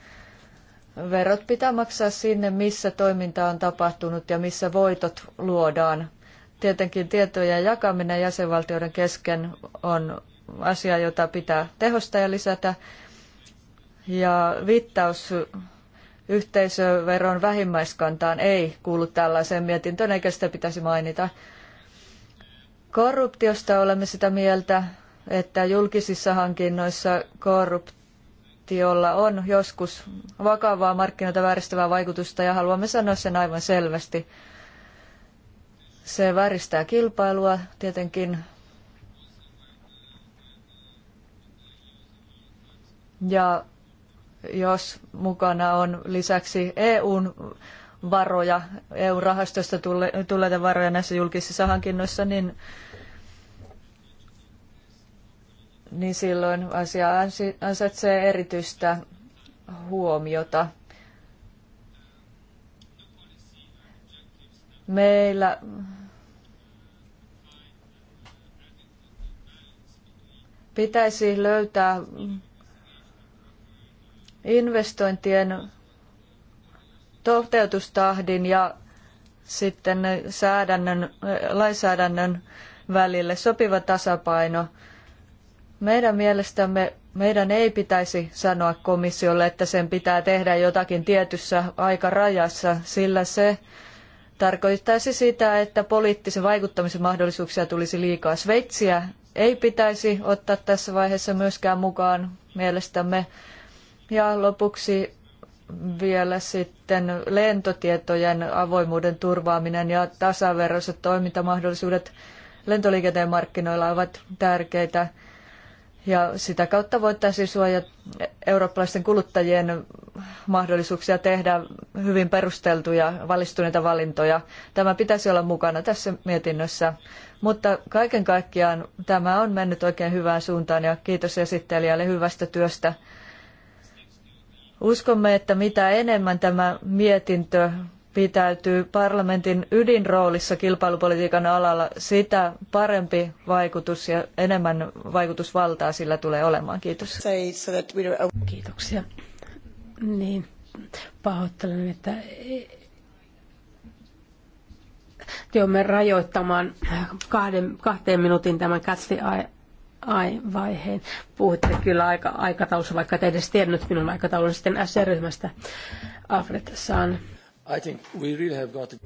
Verot pitää maksaa sinne, missä toiminta on tapahtunut ja missä voitot luodaan. Tietenkin tietojen jakaminen jäsenvaltioiden kesken on asia, jota pitää tehostaa ja lisätä. Ja viittaus yhteisöveron vähimmäiskantaan ei kuulu tällaiseen mietintöön, eikä sitä pitäisi mainita. Korruptiosta olemme sitä mieltä, että julkisissa hankinnoissa korruptio jolla on joskus vakavaa markkinoita vääristävää vaikutusta ja haluamme sanoa sen aivan selvästi. Se vääristää kilpailua tietenkin ja jos mukana on lisäksi EUn varoja, EU-rahastosta tulleita varoja näissä julkisissa hankinnoissa, niin niin silloin asia ansaitsee erityistä huomiota. Meillä pitäisi löytää investointien toteutustahdin ja sitten säädännön, lainsäädännön välille sopiva tasapaino. Meidän mielestämme meidän ei pitäisi sanoa komissiolle, että sen pitää tehdä jotakin tietyssä aikarajassa, sillä se tarkoittaisi sitä, että poliittisen vaikuttamisen mahdollisuuksia tulisi liikaa. Sveitsiä ei pitäisi ottaa tässä vaiheessa myöskään mukaan mielestämme. Ja lopuksi vielä sitten lentotietojen avoimuuden turvaaminen ja tasaveroiset toimintamahdollisuudet lentoliikenteen markkinoilla ovat tärkeitä ja sitä kautta voitaisiin suojata eurooppalaisten kuluttajien mahdollisuuksia tehdä hyvin perusteltuja valistuneita valintoja. Tämä pitäisi olla mukana tässä mietinnössä. Mutta kaiken kaikkiaan tämä on mennyt oikein hyvään suuntaan ja kiitos esittelijälle hyvästä työstä. Uskomme, että mitä enemmän tämä mietintö pitäytyy parlamentin ydinroolissa kilpailupolitiikan alalla, sitä parempi vaikutus ja enemmän vaikutusvaltaa sillä tulee olemaan. Kiitos. Kiitoksia. Niin, pahoittelen, että joudumme rajoittamaan kahden, kahteen minuutin tämän katsi ai, vaiheen. Puhutte kyllä aika, aikataulussa, vaikka et edes tiennyt minun aikataulun sitten S-ryhmästä. Alfred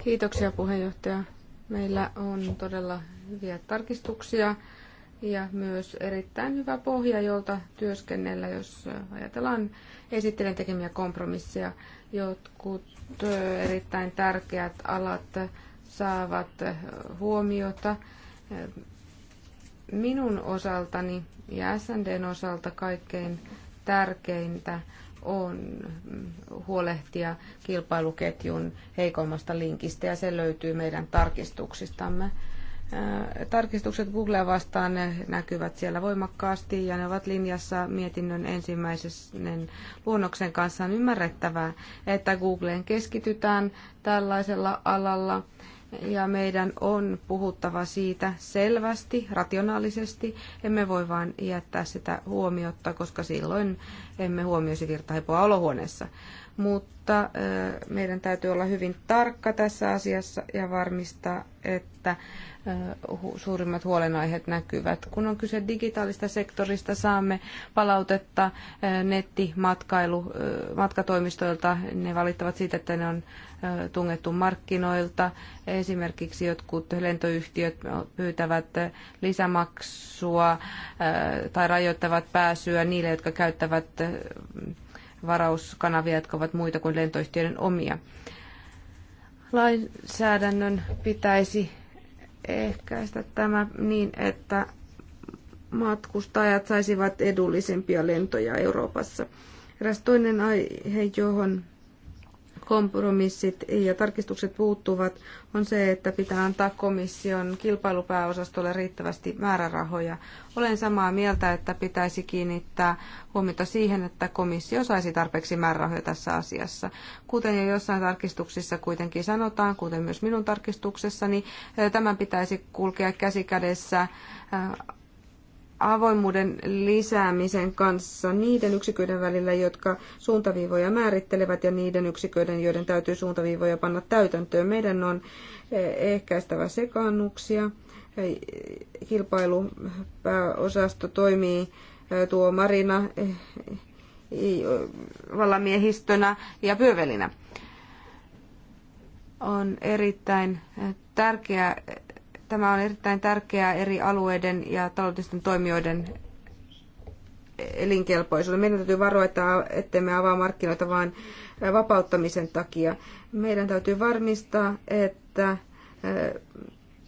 Kiitoksia puheenjohtaja. Meillä on todella hyviä tarkistuksia ja myös erittäin hyvä pohja, jolta työskennellä, jos ajatellaan esittelen tekemiä kompromisseja. Jotkut erittäin tärkeät alat saavat huomiota. Minun osaltani ja SNDn osalta kaikkein tärkeintä on huolehtia kilpailuketjun heikoimmasta linkistä ja se löytyy meidän tarkistuksistamme. Tarkistukset Googlea vastaan ne näkyvät siellä voimakkaasti ja ne ovat linjassa mietinnön ensimmäisen luonnoksen kanssa. On ymmärrettävää, että Googleen keskitytään tällaisella alalla ja meidän on puhuttava siitä selvästi, rationaalisesti. Emme voi vain jättää sitä huomiotta, koska silloin emme huomioisi virtahepoa olohuoneessa mutta meidän täytyy olla hyvin tarkka tässä asiassa ja varmistaa, että suurimmat huolenaiheet näkyvät. Kun on kyse digitaalista sektorista, saamme palautetta nettimatkailu, matkatoimistoilta. Ne valittavat siitä, että ne on tungettu markkinoilta. Esimerkiksi jotkut lentoyhtiöt pyytävät lisämaksua tai rajoittavat pääsyä niille, jotka käyttävät varauskanavia, jotka ovat muita kuin lentoyhtiöiden omia. Lainsäädännön pitäisi ehkäistä tämä niin, että matkustajat saisivat edullisempia lentoja Euroopassa. Eräs toinen aihe, johon kompromissit ja tarkistukset puuttuvat, on se, että pitää antaa komission kilpailupääosastolle riittävästi määrärahoja. Olen samaa mieltä, että pitäisi kiinnittää huomiota siihen, että komissio saisi tarpeeksi määrärahoja tässä asiassa. Kuten jo jossain tarkistuksissa kuitenkin sanotaan, kuten myös minun tarkistuksessani, tämän pitäisi kulkea käsi kädessä avoimuuden lisäämisen kanssa niiden yksiköiden välillä, jotka suuntaviivoja määrittelevät ja niiden yksiköiden, joiden täytyy suuntaviivoja panna täytäntöön. Meidän on eh, ehkäistävä sekaannuksia. Eh, kilpailupääosasto toimii eh, tuo Marina vallamiehistönä ja pyövelinä. On erittäin tärkeää, Tämä on erittäin tärkeää eri alueiden ja taloudellisten toimijoiden elinkelpoisuudelle. Meidän täytyy varoa, että ettei me avaa markkinoita vain vapauttamisen takia. Meidän täytyy varmistaa, että eh,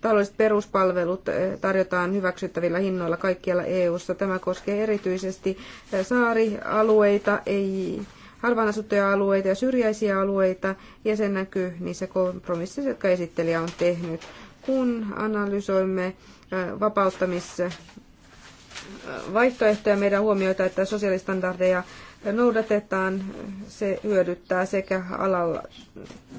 taloudelliset peruspalvelut eh, tarjotaan hyväksyttävillä hinnoilla kaikkialla EU-ssa. Tämä koskee erityisesti eh, saarialueita, ei harvaan asuttuja alueita ja syrjäisiä alueita, ja sen näkyy niissä kompromisseissa, jotka esittelijä on tehnyt kun analysoimme vapauttamisvaihtoehtoja, meidän huomioita, että sosiaalistandardeja noudatetaan, se hyödyttää sekä alalla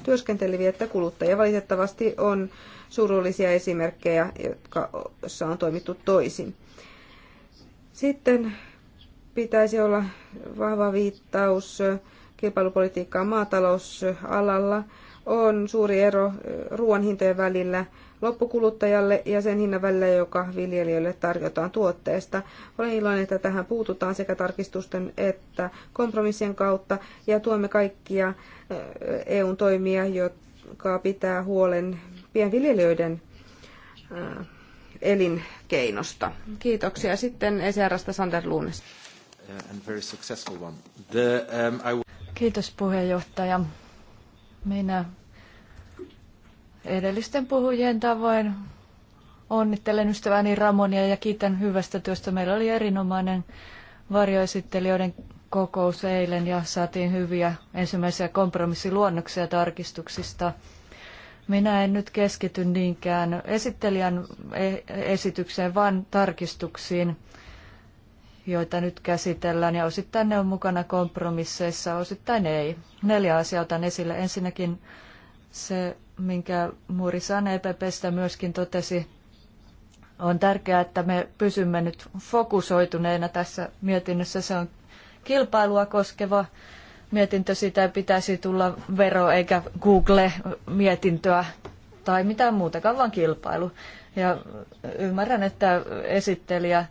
työskenteleviä että kuluttajia. Valitettavasti on surullisia esimerkkejä, jotka, joissa on toimittu toisin. Sitten pitäisi olla vahva viittaus kilpailupolitiikkaan maatalousalalla. On suuri ero ruoan hintojen välillä loppukuluttajalle ja sen hinnan välillä, joka viljelijöille tarjotaan tuotteesta. Olen iloinen, että tähän puututaan sekä tarkistusten että kompromissien kautta ja tuomme kaikkia eh, EUn toimia, jotka pitää huolen pienviljelijöiden eh, elinkeinosta. Kiitoksia. Sitten ECRstä Sander Luunes. Um, Kiitos puheenjohtaja. Minä Edellisten puhujien tavoin onnittelen ystäväni Ramonia ja kiitän hyvästä työstä. Meillä oli erinomainen varjoesittelijöiden kokous eilen ja saatiin hyviä ensimmäisiä kompromissiluonnoksia tarkistuksista. Minä en nyt keskity niinkään esittelijän e- esitykseen, vaan tarkistuksiin, joita nyt käsitellään, ja osittain ne on mukana kompromisseissa, osittain ei. Neljä asiaa otan esille. Ensinnäkin se minkä Murisan EPPstä myöskin totesi, on tärkeää, että me pysymme nyt fokusoituneena tässä mietinnössä. Se on kilpailua koskeva mietintö, siitä ei pitäisi tulla vero eikä Google-mietintöä tai mitään muutakaan, vaan kilpailu. Ja ymmärrän, että esittelijä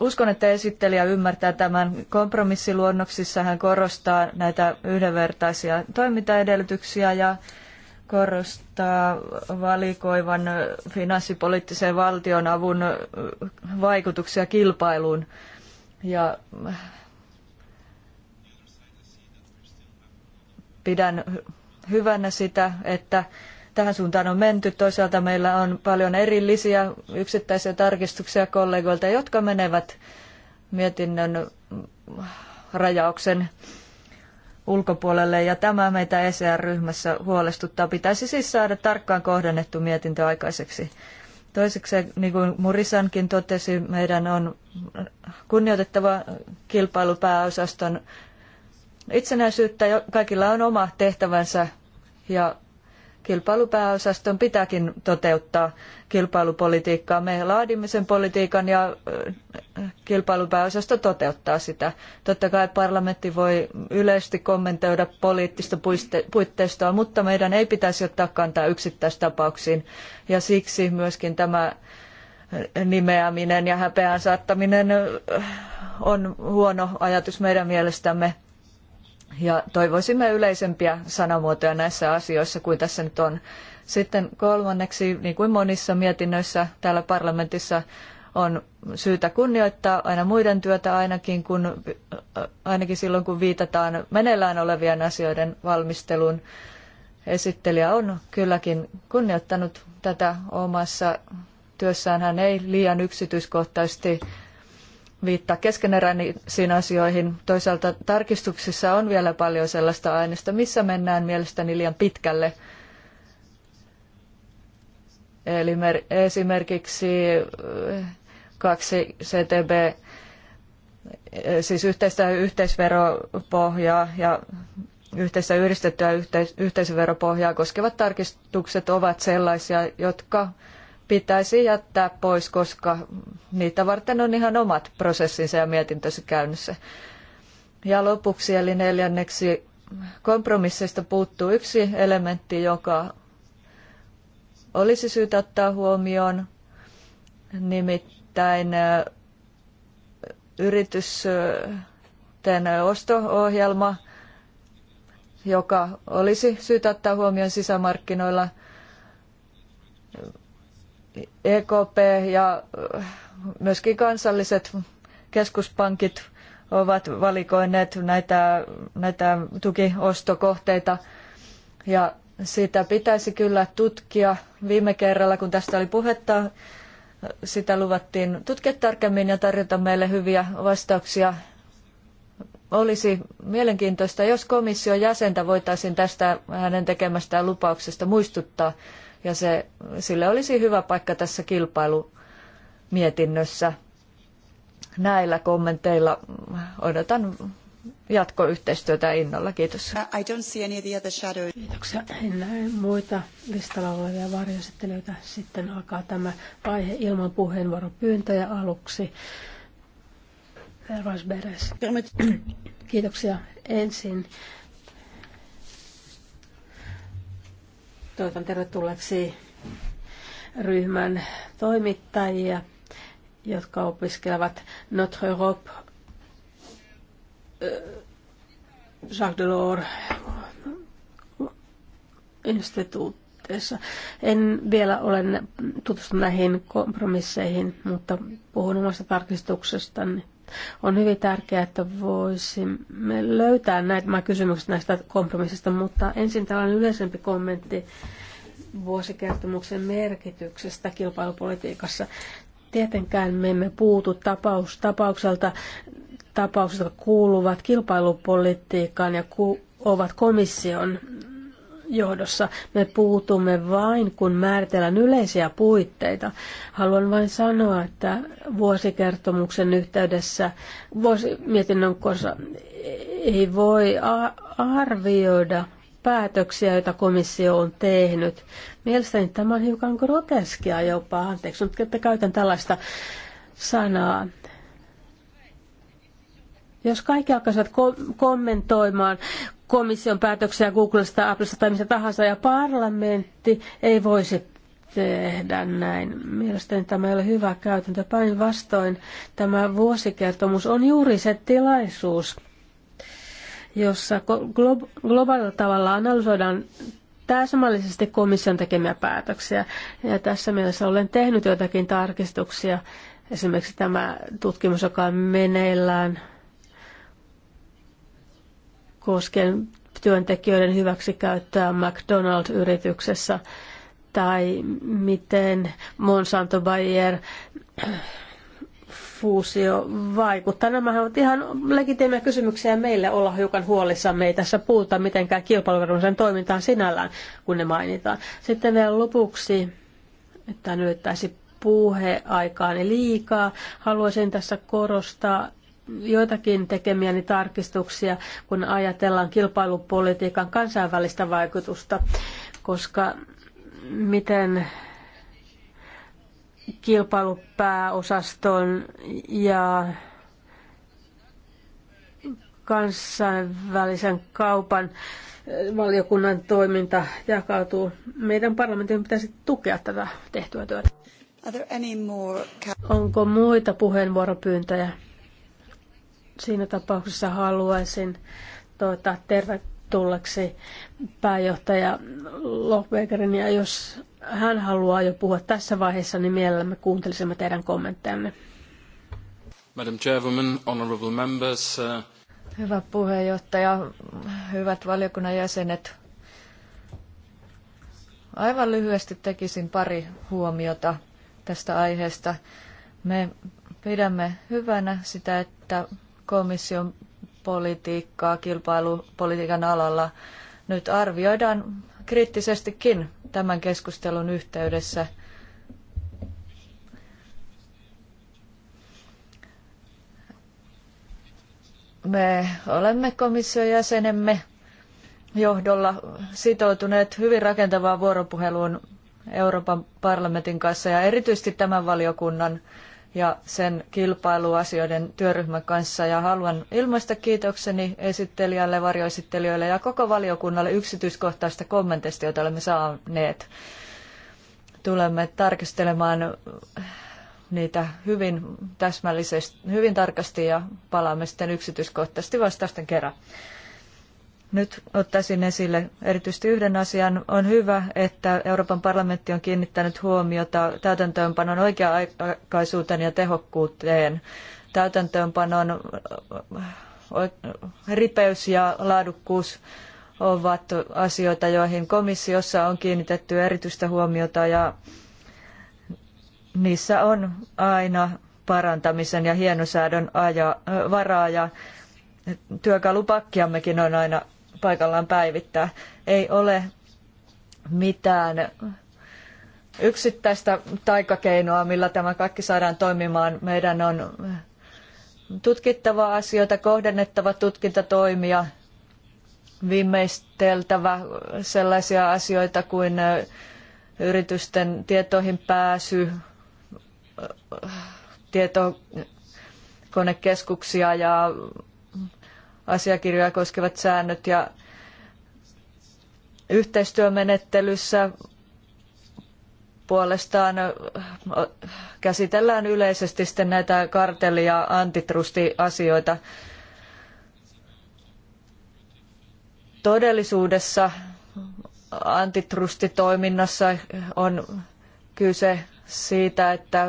uskon, että esittelijä ymmärtää tämän. Kompromissiluonnoksissa hän korostaa näitä yhdenvertaisia toimintaedellytyksiä ja korostaa valikoivan finanssipoliittisen valtion avun vaikutuksia kilpailuun. Ja pidän hyvänä sitä, että tähän suuntaan on menty. Toisaalta meillä on paljon erillisiä yksittäisiä tarkistuksia kollegoilta, jotka menevät mietinnön rajauksen ulkopuolelle ja tämä meitä ECR-ryhmässä huolestuttaa. Pitäisi siis saada tarkkaan kohdennettu mietintö aikaiseksi. Toiseksi, niin kuin Murisankin totesi, meidän on kunnioitettava kilpailupääosaston itsenäisyyttä. Kaikilla on oma tehtävänsä ja kilpailupääosaston pitääkin toteuttaa kilpailupolitiikkaa. Me laadimme sen politiikan ja äh, kilpailupääosasto toteuttaa sitä. Totta kai parlamentti voi yleisesti kommentoida poliittista puitteistoa, mutta meidän ei pitäisi ottaa kantaa yksittäistapauksiin. Ja siksi myöskin tämä äh, nimeäminen ja häpeään saattaminen äh, on huono ajatus meidän mielestämme. Ja toivoisimme yleisempiä sanamuotoja näissä asioissa kuin tässä nyt on. Sitten kolmanneksi, niin kuin monissa mietinnöissä täällä parlamentissa on syytä kunnioittaa aina muiden työtä ainakin, kun, ainakin silloin, kun viitataan meneillään olevien asioiden valmisteluun. Esittelijä on kylläkin kunnioittanut tätä omassa työssään. Hän ei liian yksityiskohtaisesti viittaa keskeneräisiin asioihin. Toisaalta tarkistuksissa on vielä paljon sellaista aineesta, missä mennään mielestäni liian pitkälle. Eli esimerkiksi eh, kaksi CTB, eh, siis yhteistä yhteisveropohjaa ja yhteistä yhdistettyä yhteis- yhteisöveropohjaa koskevat tarkistukset ovat sellaisia, jotka pitäisi jättää pois, koska niitä varten on ihan omat prosessinsa ja mietintönsä käynnissä. Ja lopuksi eli neljänneksi kompromisseista puuttuu yksi elementti, joka olisi syytä ottaa huomioon, nimittäin yritysten osto-ohjelma, joka olisi syytä ottaa huomioon sisämarkkinoilla – EKP ja äh, myöskin kansalliset keskuspankit ovat valikoineet näitä, näitä tukiostokohteita ja sitä pitäisi kyllä tutkia. Viime kerralla, kun tästä oli puhetta, sitä luvattiin tutkia tarkemmin ja tarjota meille hyviä vastauksia. Olisi mielenkiintoista, jos komission jäsentä voitaisiin tästä hänen tekemästään lupauksesta muistuttaa ja se, sille olisi hyvä paikka tässä kilpailumietinnössä. Näillä kommenteilla odotan jatkoyhteistyötä innolla. Kiitos. I don't see any of the other shadows. Kiitoksia. En näe muita listalla olevia varjoesittelyitä. Sitten alkaa tämä vaihe ilman puheenvuoropyyntöjä aluksi. Pervas Beres. Kiitoksia ensin Toivotan tervetulleeksi ryhmän toimittajia, jotka opiskelevat Notre Europe eh, Jacques Delors instituutteissa. En vielä ole tutustunut näihin kompromisseihin, mutta puhun omasta tarkistuksestani on hyvin tärkeää, että voisimme löytää näitä kysymyksiä näistä kompromissista, mutta ensin tällainen yleisempi kommentti vuosikertomuksen merkityksestä kilpailupolitiikassa. Tietenkään me emme puutu tapaus, tapaukselta tapaukset, kuuluvat kilpailupolitiikkaan ja ku, ovat komission johdossa. Me puutumme vain, kun määritellään yleisiä puitteita. Haluan vain sanoa, että vuosikertomuksen yhteydessä, vuosimietinnön kanssa ei voi arvioida päätöksiä, joita komissio on tehnyt. Mielestäni tämä on hiukan groteskia jopa. Anteeksi mutta käytän tällaista sanaa jos kaikki alkaisivat kommentoimaan komission päätöksiä Googlesta, Applesta tai mistä tahansa, ja parlamentti ei voisi tehdä näin. Mielestäni tämä ei ole hyvä käytäntö. Päinvastoin tämä vuosikertomus on juuri se tilaisuus, jossa globaalilla tavalla analysoidaan täsmällisesti komission tekemiä päätöksiä. Ja tässä mielessä olen tehnyt joitakin tarkistuksia. Esimerkiksi tämä tutkimus, joka on meneillään koskien työntekijöiden hyväksikäyttöä McDonald-yrityksessä tai miten Monsanto Bayer fuusio vaikuttaa. Nämä ovat ihan legitiimejä kysymyksiä meille olla hiukan Me Ei tässä puhuta mitenkään kilpailuverotuksen toimintaan sinällään, kun ne mainitaan. Sitten vielä lopuksi, että nyt puheaikaani liikaa, haluaisin tässä korostaa joitakin tekemiäni tarkistuksia, kun ajatellaan kilpailupolitiikan kansainvälistä vaikutusta, koska miten kilpailupääosaston ja kansainvälisen kaupan valiokunnan toiminta jakautuu. Meidän parlamentin pitäisi tukea tätä tehtyä työtä. Onko muita puheenvuoropyyntöjä? siinä tapauksessa haluaisin tuota, tervetulleeksi pääjohtaja Lohbegerin ja jos hän haluaa jo puhua tässä vaiheessa, niin mielellämme kuuntelisimme teidän kommenttejanne. Madam Chairwoman, honorable members. Uh, Hyvä puheenjohtaja, hyvät valiokunnan jäsenet. Aivan lyhyesti tekisin pari huomiota tästä aiheesta. Me pidämme hyvänä sitä, että komission politiikkaa kilpailupolitiikan alalla nyt arvioidaan kriittisestikin tämän keskustelun yhteydessä. Me olemme komission jäsenemme johdolla sitoutuneet hyvin rakentavaan vuoropuheluun Euroopan parlamentin kanssa ja erityisesti tämän valiokunnan ja sen kilpailuasioiden työryhmän kanssa ja haluan ilmaista kiitokseni esittelijälle, varjoesittelijöille ja koko valiokunnalle yksityiskohtaista kommenteista, joita olemme saaneet. Tulemme tarkistelemaan niitä hyvin täsmällisesti, hyvin tarkasti ja palaamme sitten yksityiskohtaisesti vastausten kerran. Nyt ottaisin esille erityisesti yhden asian. On hyvä, että Euroopan parlamentti on kiinnittänyt huomiota täytäntöönpanon oikea-aikaisuuteen ja tehokkuuteen. Täytäntöönpanon äh, ripeys ja laadukkuus ovat asioita, joihin komissiossa on kiinnitetty erityistä huomiota ja niissä on aina parantamisen ja hienosäädön aja, äh, varaa ja työkalupakkiammekin on aina paikallaan päivittää. Ei ole mitään yksittäistä taikakeinoa, millä tämä kaikki saadaan toimimaan. Meidän on tutkittava asioita, kohdennettava tutkintatoimia, viimeisteltävä sellaisia asioita kuin yritysten tietoihin pääsy, tietokonekeskuksia ja asiakirjoja koskevat säännöt ja yhteistyömenettelyssä puolestaan käsitellään yleisesti sitten näitä kartelli- ja antitrustiasioita. Todellisuudessa antitrustitoiminnassa on kyse siitä, että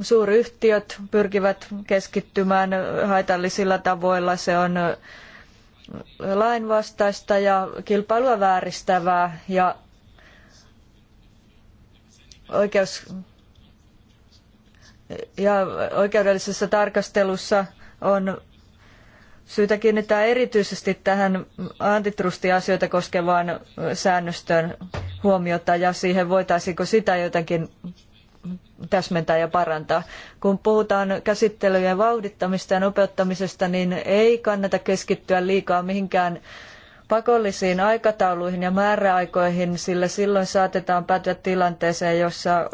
suuryhtiöt pyrkivät keskittymään haitallisilla tavoilla. Se on lainvastaista ja kilpailua vääristävää ja oikeus ja oikeudellisessa tarkastelussa on syytä kiinnittää erityisesti tähän antitrustiasioita koskevaan säännöstöön huomiota ja siihen voitaisiinko sitä jotenkin täsmentää ja parantaa. Kun puhutaan käsittelyjen vauhdittamista ja nopeuttamisesta, niin ei kannata keskittyä liikaa mihinkään pakollisiin aikatauluihin ja määräaikoihin, sillä silloin saatetaan päätyä tilanteeseen, jossa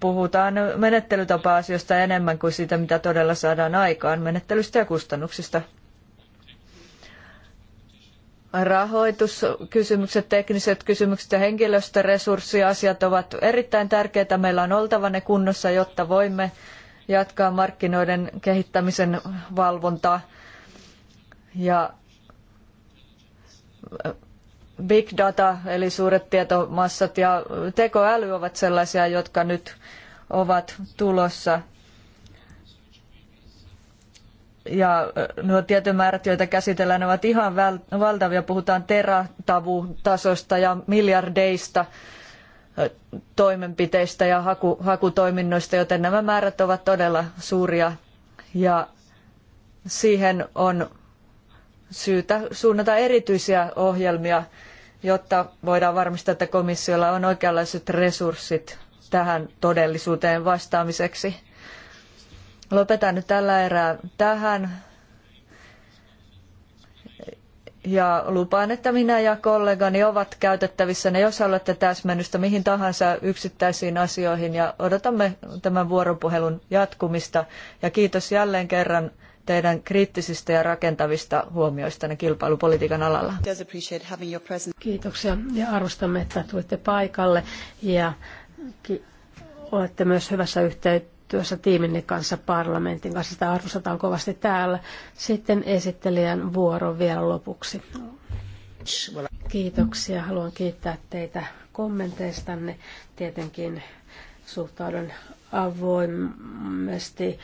puhutaan menettelytapa-asioista enemmän kuin siitä, mitä todella saadaan aikaan menettelystä ja kustannuksista rahoituskysymykset, tekniset kysymykset ja henkilöstöresurssiasiat ovat erittäin tärkeitä. Meillä on oltava ne kunnossa, jotta voimme jatkaa markkinoiden kehittämisen valvontaa. Ja äh, big data eli suuret tietomassat ja tekoäly ovat sellaisia, jotka nyt ovat tulossa ja nuo määrät, joita käsitellään, ovat ihan valtavia. Puhutaan teratavutasosta ja miljardeista toimenpiteistä ja haku, hakutoiminnoista, joten nämä määrät ovat todella suuria ja siihen on syytä suunnata erityisiä ohjelmia, jotta voidaan varmistaa, että komissiolla on oikeanlaiset resurssit tähän todellisuuteen vastaamiseksi. Lopetan nyt tällä erää tähän. Ja lupaan, että minä ja kollegani ovat käytettävissä, ne jos haluatte täsmennystä mihin tahansa yksittäisiin asioihin ja odotamme tämän vuoropuhelun jatkumista. Ja kiitos jälleen kerran teidän kriittisistä ja rakentavista huomioistanne kilpailupolitiikan alalla. Kiitoksia ja arvostamme, että tulitte paikalle ja olette myös hyvässä yhteydessä työssä tiiminne kanssa parlamentin kanssa. Sitä arvostetaan kovasti täällä. Sitten esittelijän vuoro vielä lopuksi. Kiitoksia. Haluan kiittää teitä kommenteistanne. Tietenkin suhtaudun avoimesti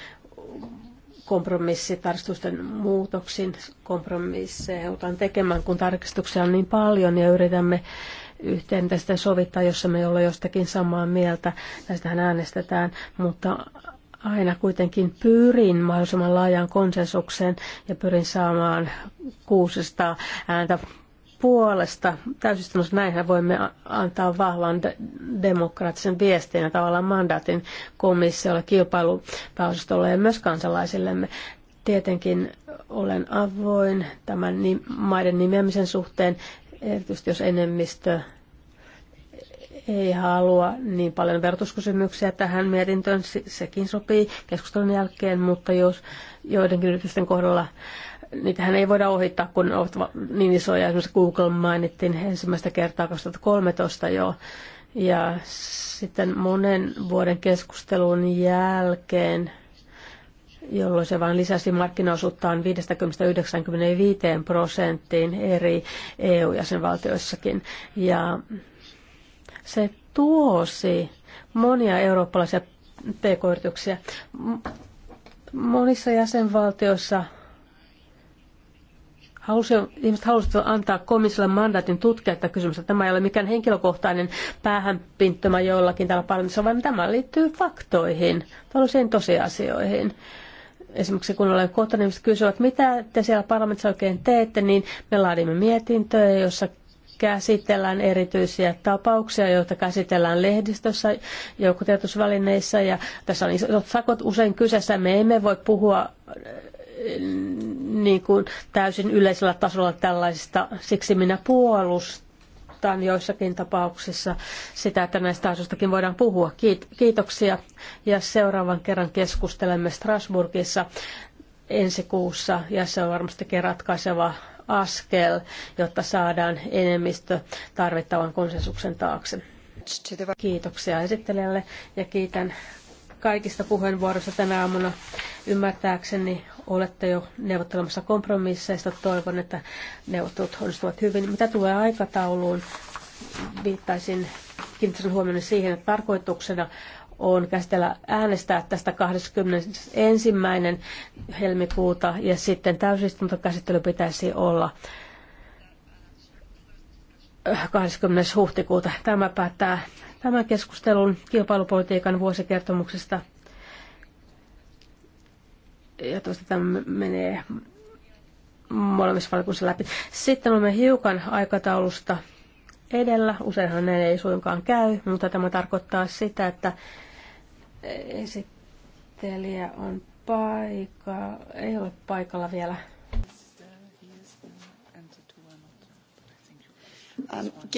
kompromissitarkistusten muutoksiin. Kompromisseja joudutaan tekemään, kun tarkistuksia on niin paljon ja yritämme yhteen, mitä sovittaa, sovitaan, jos me ollaan jostakin samaa mieltä. Tästähän äänestetään, mutta aina kuitenkin pyrin mahdollisimman laajan konsensukseen ja pyrin saamaan 600 ääntä puolesta täysistunnossa näinhän voimme antaa vahvan de- demokraattisen viestin ja tavallaan mandaatin komissiolle, kilpailupääosastolle ja myös kansalaisillemme. Tietenkin olen avoin tämän maiden nimeämisen suhteen erityisesti jos enemmistö ei halua niin paljon vertuskysymyksiä tähän mietintöön, sekin sopii keskustelun jälkeen, mutta jos joidenkin yritysten kohdalla niitähän ei voida ohittaa, kun ovat niin isoja. Esimerkiksi Google mainittiin ensimmäistä kertaa 2013 jo. Ja sitten monen vuoden keskustelun jälkeen jolloin se vain lisäsi markkinaosuuttaan 50-95 prosenttiin eri EU-jäsenvaltioissakin. Ja se tuosi monia eurooppalaisia pk-yrityksiä. Monissa jäsenvaltioissa halusi, ihmiset halusivat antaa komissiolle mandaatin tutkia tätä kysymystä. Tämä ei ole mikään henkilökohtainen päähänpinttymä jollakin täällä parlamentissa, vaan tämä liittyy faktoihin, tosiasioihin esimerkiksi kun olen kotona, ihmiset niin kysyvät, mitä te siellä parlamentissa oikein teette, niin me laadimme mietintöjä, jossa käsitellään erityisiä tapauksia, joita käsitellään lehdistössä, joukkotiedotusvälineissä ja tässä on isot sakot usein kyseessä. Me emme voi puhua äh, niin kuin täysin yleisellä tasolla tällaisista, siksi minä puolustan tarkoittaa joissakin tapauksissa sitä, että näistä asioistakin voidaan puhua. Kiitoksia ja seuraavan kerran keskustelemme Strasbourgissa ensi kuussa ja se on varmastikin ratkaiseva askel, jotta saadaan enemmistö tarvittavan konsensuksen taakse. Kiitoksia esittelijälle ja kiitän kaikista puheenvuoroista tänä aamuna. Ymmärtääkseni olette jo neuvottelemassa kompromisseista. Toivon, että neuvottelut onnistuvat hyvin. Mitä tulee aikatauluun, viittaisin, kiinnittäisin huomioon siihen, että tarkoituksena on käsitellä äänestää tästä 21. helmikuuta ja sitten täysistuntokäsittely pitäisi olla 20. huhtikuuta. Tämä päättää tämän keskustelun kilpailupolitiikan vuosikertomuksesta. Ja tuosta tämä menee molemmissa valiokunnissa läpi. Sitten olemme hiukan aikataulusta edellä. Useinhan ne ei suinkaan käy, mutta tämä tarkoittaa sitä, että esittelijä on paikka, ei ole paikalla vielä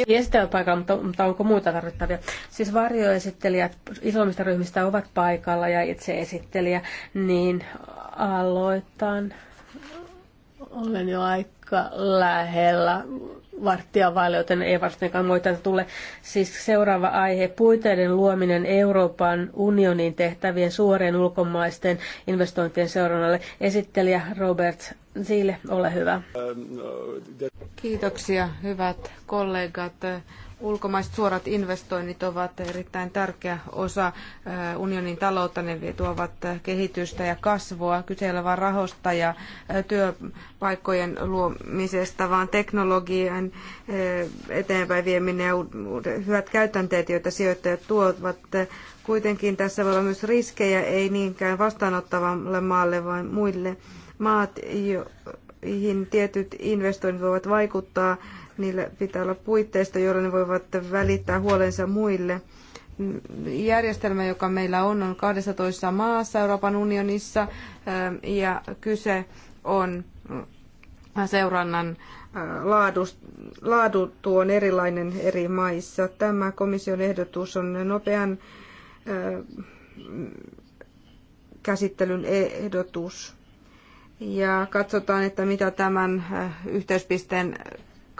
Viestejä paikalla, mutta, mutta onko muita tarvittavia? Siis varjoesittelijät isommista ryhmistä ovat paikalla ja itse esittelijä, niin aloitan olen jo aika lähellä varttia vaille, joten ei varsinkaan voi tätä tule. Siis seuraava aihe, puiteiden luominen Euroopan unionin tehtävien suorien ulkomaisten investointien seurannalle. Esittelijä Robert Siile, ole hyvä. Kiitoksia, hyvät kollegat ulkomaiset suorat investoinnit ovat erittäin tärkeä osa eh, unionin taloutta. Ne tuovat eh, kehitystä ja kasvua. Kyse ei ole vain rahosta ja eh, työpaikkojen luomisesta, vaan teknologian eteenpäin vieminen ja hyvät käytänteet, joita sijoittajat tuovat. Kuitenkin tässä voi olla myös riskejä, ei niinkään vastaanottavalle maalle, vaan muille maat, joihin tietyt investoinnit voivat vaikuttaa Niillä pitää olla puitteista, joilla ne voivat välittää huolensa muille. Järjestelmä, joka meillä on, on 12 maassa Euroopan unionissa ja kyse on seurannan laadus, laaduttu on erilainen eri maissa. Tämä komission ehdotus on nopean käsittelyn ehdotus. Ja katsotaan, että mitä tämän yhteispisteen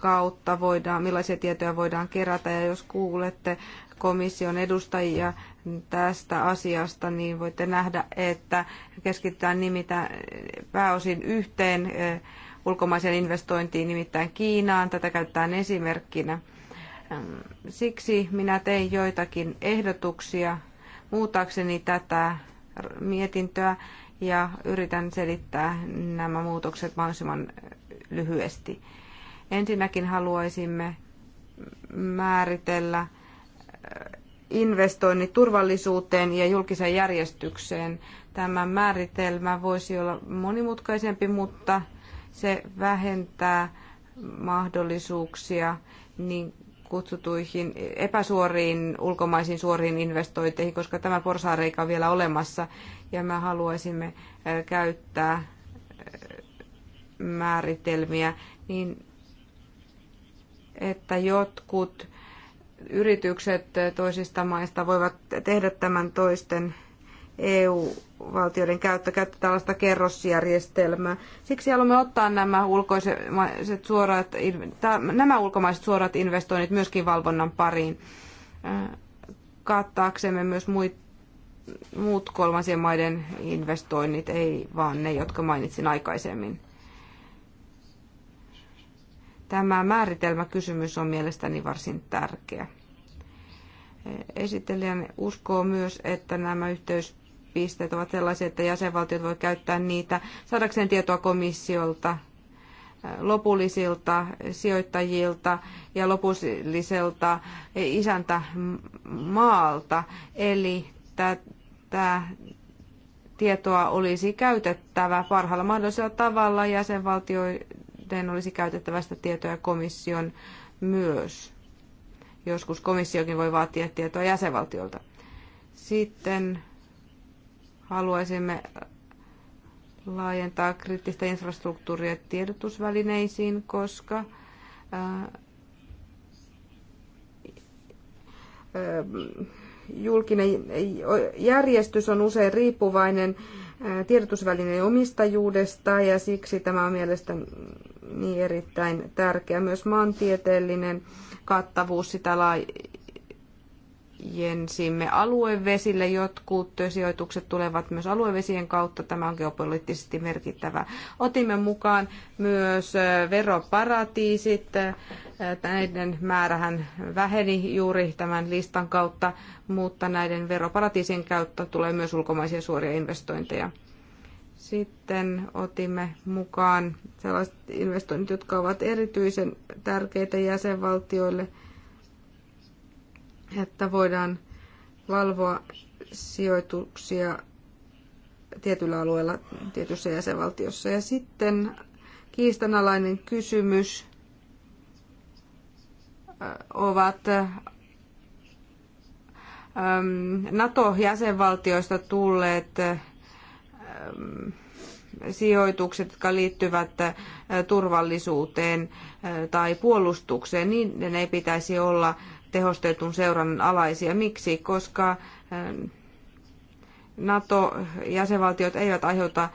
kautta voidaan, millaisia tietoja voidaan kerätä ja jos kuulette komission edustajia tästä asiasta, niin voitte nähdä, että keskitytään nimitä pääosin yhteen eh, ulkomaiseen investointiin, nimittäin Kiinaan. Tätä käytetään esimerkkinä. Ehm, siksi minä tein joitakin ehdotuksia muutaakseni tätä mietintöä ja yritän selittää nämä muutokset mahdollisimman lyhyesti. Ensinnäkin haluaisimme määritellä äh, investoinnit turvallisuuteen ja julkiseen järjestykseen. Tämä määritelmä voisi olla monimutkaisempi, mutta se vähentää mahdollisuuksia niin kutsutuihin epäsuoriin ulkomaisiin suoriin investointeihin, koska tämä porsaareika on vielä olemassa ja me haluaisimme äh, käyttää äh, määritelmiä niin, että jotkut yritykset toisista maista voivat tehdä tämän toisten EU-valtioiden käyttö, käyttää tällaista kerrosjärjestelmää. Siksi haluamme ottaa nämä, ulkoiset suorat, nämä ulkomaiset suorat investoinnit myöskin valvonnan pariin, kattaaksemme myös muit, muut kolmansien maiden investoinnit, ei vaan ne, jotka mainitsin aikaisemmin. Tämä määritelmäkysymys on mielestäni varsin tärkeä. Esittelijän uskoo myös, että nämä yhteyspisteet ovat sellaisia, että jäsenvaltiot voivat käyttää niitä saadakseen tietoa komissiolta, lopullisilta sijoittajilta ja lopulliselta isäntämaalta. Eli tätä tietoa olisi käytettävä parhaalla mahdollisella tavalla jäsenvaltioiden suhteen olisi käytettävästä tietoja komission myös. Joskus komissiokin voi vaatia tietoa jäsenvaltiolta. Sitten haluaisimme laajentaa kriittistä infrastruktuuria tiedotusvälineisiin, koska julkinen järjestys on usein riippuvainen tiedotusvälineen omistajuudesta ja siksi tämä on mielestäni erittäin tärkeä myös maantieteellinen kattavuus sitä laajemmin jensimme aluevesille. Jotkut sijoitukset tulevat myös aluevesien kautta. Tämä on geopoliittisesti merkittävä. Otimme mukaan myös veroparatiisit. Näiden määrähän väheni juuri tämän listan kautta, mutta näiden veroparatiisien käyttö tulee myös ulkomaisia suoria investointeja. Sitten otimme mukaan sellaiset investoinnit, jotka ovat erityisen tärkeitä jäsenvaltioille – että voidaan valvoa sijoituksia tietyllä alueella tietyssä jäsenvaltiossa. Ja sitten kiistanalainen kysymys ovat NATO-jäsenvaltioista tulleet sijoitukset, jotka liittyvät turvallisuuteen tai puolustukseen, ne ei pitäisi olla tehostetun seurannan alaisia. Miksi? Koska ähm, NATO-jäsenvaltiot eivät aiheuta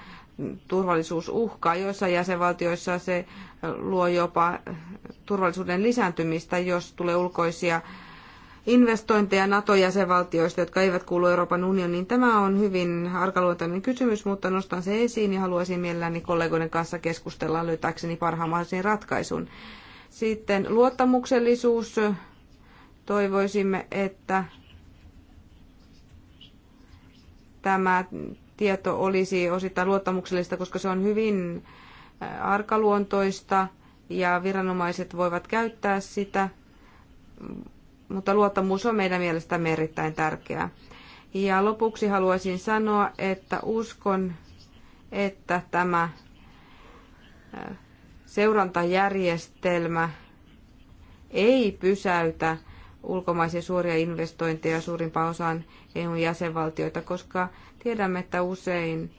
turvallisuusuhkaa. Joissain jäsenvaltioissa se äh, luo jopa äh, turvallisuuden lisääntymistä, jos tulee ulkoisia investointeja NATO-jäsenvaltioista, jotka eivät kuulu Euroopan unioniin. Tämä on hyvin arkaluontoinen kysymys, mutta nostan se esiin ja haluaisin mielelläni kollegoiden kanssa keskustella löytääkseni parhaan mahdollisen ratkaisun. Sitten luottamuksellisuus, Toivoisimme, että tämä tieto olisi osittain luottamuksellista, koska se on hyvin äh, arkaluontoista ja viranomaiset voivat käyttää sitä, mutta luottamus on meidän mielestämme erittäin tärkeää. Ja lopuksi haluaisin sanoa, että uskon, että tämä äh, seurantajärjestelmä ei pysäytä ulkomaisia suoria investointeja suurimpaan osaan EUn jäsenvaltioita, koska tiedämme, että usein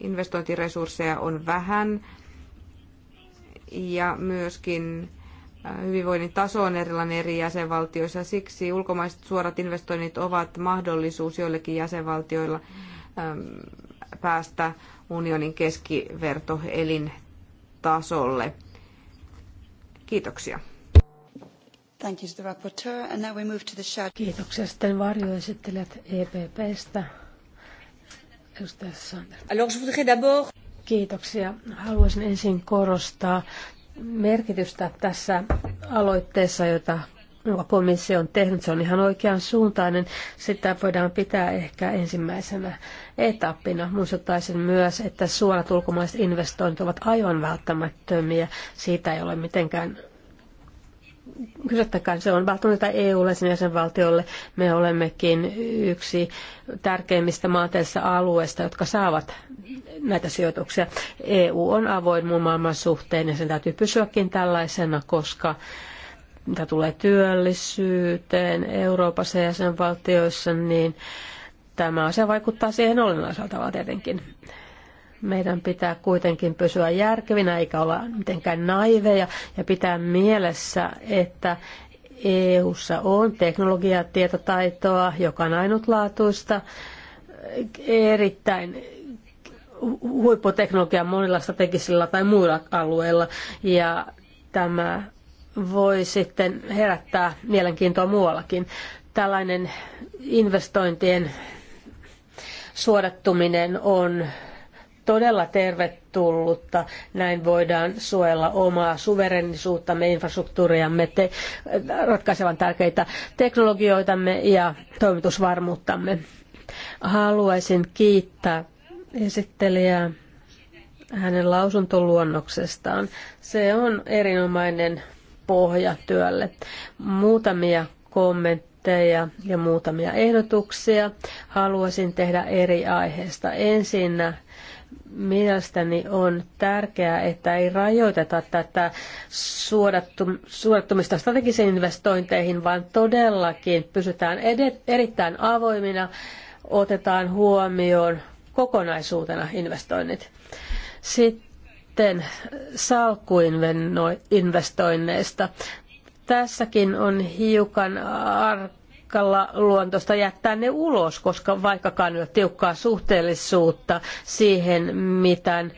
investointiresursseja on vähän ja myöskin hyvinvoinnin taso on erilainen eri jäsenvaltioissa. Siksi ulkomaiset suorat investoinnit ovat mahdollisuus joillekin jäsenvaltioilla päästä unionin keskivertoelintasolle. Kiitoksia. Thank you to the rapporteur. And now we move to the shadow. Kiitoksia sitten varjoesittelijät EPPstä. Edustaja Sander. Alors, je voudrais d'abord... Kiitoksia. Haluaisin ensin korostaa merkitystä tässä aloitteessa, jota jonka komissio on tehnyt, se on ihan oikean suuntainen. Sitä voidaan pitää ehkä ensimmäisenä etappina. Muistuttaisin myös, että suorat ulkomaiset investoinnit ovat aivan välttämättömiä. Siitä ei ole mitenkään Kysyttäkään, se on valtuudelta EUlle sen jäsenvaltiolle. Me olemmekin yksi tärkeimmistä maanteellisista alueista, jotka saavat näitä sijoituksia. EU on avoin muun maailman suhteen ja sen täytyy pysyäkin tällaisena, koska mitä tulee työllisyyteen Euroopassa ja jäsenvaltioissa, niin tämä asia vaikuttaa siihen olennaiselta tavalla tietenkin meidän pitää kuitenkin pysyä järkevinä eikä olla mitenkään naiveja ja pitää mielessä, että EU:ssa on teknologiaa, tietotaitoa, joka on ainutlaatuista, erittäin huipputeknologiaa monilla strategisilla tai muilla alueilla ja tämä voi sitten herättää mielenkiintoa muuallakin. Tällainen investointien suodattuminen on todella tervetullutta. Näin voidaan suojella omaa suverenisuuttamme, infrastruktuuriamme, te, ratkaisevan tärkeitä teknologioitamme ja toimitusvarmuuttamme. Haluaisin kiittää esittelijää hänen lausuntoluonnoksestaan. Se on erinomainen pohja työlle. Muutamia kommentteja ja muutamia ehdotuksia haluaisin tehdä eri aiheista. Ensinnä mielestäni on tärkeää, että ei rajoiteta tätä suodattumista strategisiin investointeihin, vaan todellakin pysytään erittäin avoimina, otetaan huomioon kokonaisuutena investoinnit. Sitten salkkuinvestoinneista. Tässäkin on hiukan ar- tarkalla luontosta jättää ne ulos, koska vaikkakaan ei ole tiukkaa suhteellisuutta siihen, miten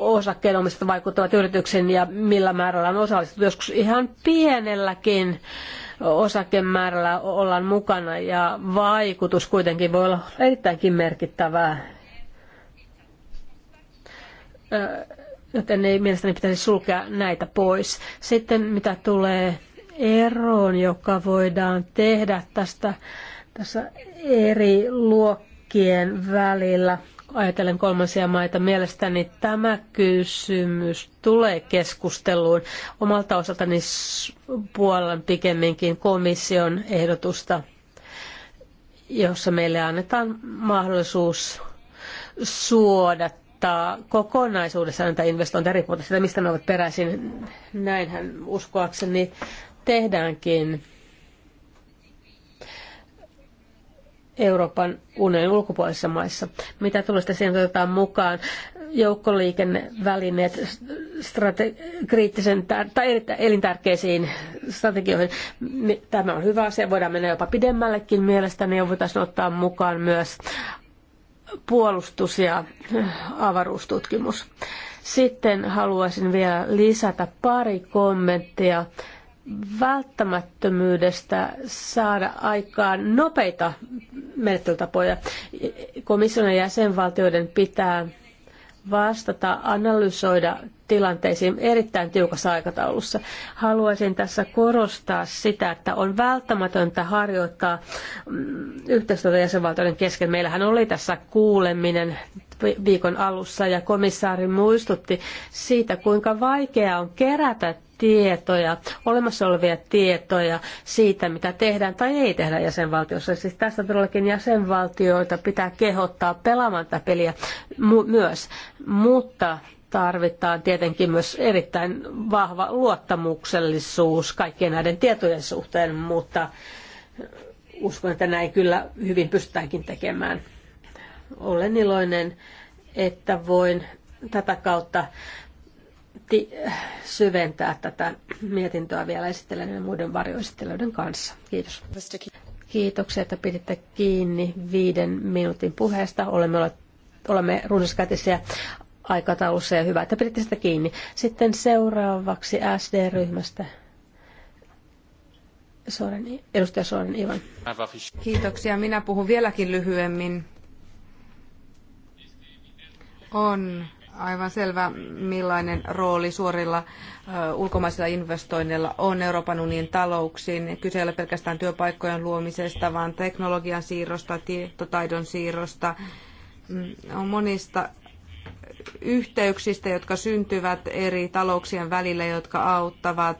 osakkeenomistajat vaikuttavat yrityksen ja millä määrällä on osallistuttu. Joskus ihan pienelläkin osakemäärällä ollaan mukana ja vaikutus kuitenkin voi olla erittäinkin merkittävää. Joten ei mielestäni pitäisi sulkea näitä pois. Sitten mitä tulee eroon, joka voidaan tehdä tästä, tässä eri luokkien välillä. Ajatellen kolmansia maita, mielestäni tämä kysymys tulee keskusteluun omalta osaltani puolen pikemminkin komission ehdotusta, jossa meille annetaan mahdollisuus suodattaa kokonaisuudessaan näitä investointeja, riippumatta siitä, mistä ne ovat peräisin. Näinhän uskoakseni tehdäänkin Euroopan unionin ulkopuolisissa maissa. Mitä tulosta siihen, otetaan mukaan joukkoliikennevälineet strate- kriittisen tai elintärkeisiin strategioihin. Niin tämä on hyvä asia. Voidaan mennä jopa pidemmällekin mielestäni ja voitaisiin ottaa mukaan myös puolustus ja avaruustutkimus. Sitten haluaisin vielä lisätä pari kommenttia välttämättömyydestä saada aikaan nopeita menettelytapoja. Komission ja jäsenvaltioiden pitää vastata, analysoida tilanteisiin erittäin tiukassa aikataulussa. Haluaisin tässä korostaa sitä, että on välttämätöntä harjoittaa mm, yhteistyötä jäsenvaltioiden kesken. Meillähän oli tässä kuuleminen viikon alussa ja komissaari muistutti siitä, kuinka vaikeaa on kerätä tietoja, olemassa olevia tietoja siitä, mitä tehdään tai ei tehdä jäsenvaltiossa. Siis tästä todellakin jäsenvaltioita pitää kehottaa pelaamaan tätä peliä myös, mutta tarvitaan tietenkin myös erittäin vahva luottamuksellisuus kaikkien näiden tietojen suhteen, mutta uskon, että näin kyllä hyvin pystytäänkin tekemään. Olen iloinen, että voin tätä kautta ti- äh, syventää tätä mietintöä vielä esittelen muiden varjoesittelyiden kanssa. Kiitos. Kiitoksia, että piditte kiinni viiden minuutin puheesta. Olemme, ole, olemme runsaskätisiä aikataulussa ja hyvä, että piditte sitä kiinni. Sitten seuraavaksi SD-ryhmästä. Soren, edustaja Soren Ivan. Kiitoksia. Minä puhun vieläkin lyhyemmin. On aivan selvä, millainen rooli suorilla ulkomaisilla investoinneilla on Euroopan unionin talouksiin. Kyse ei ole pelkästään työpaikkojen luomisesta, vaan teknologian siirrosta, tietotaidon siirrosta. Mm, on monista yhteyksistä, jotka syntyvät eri talouksien välillä, jotka auttavat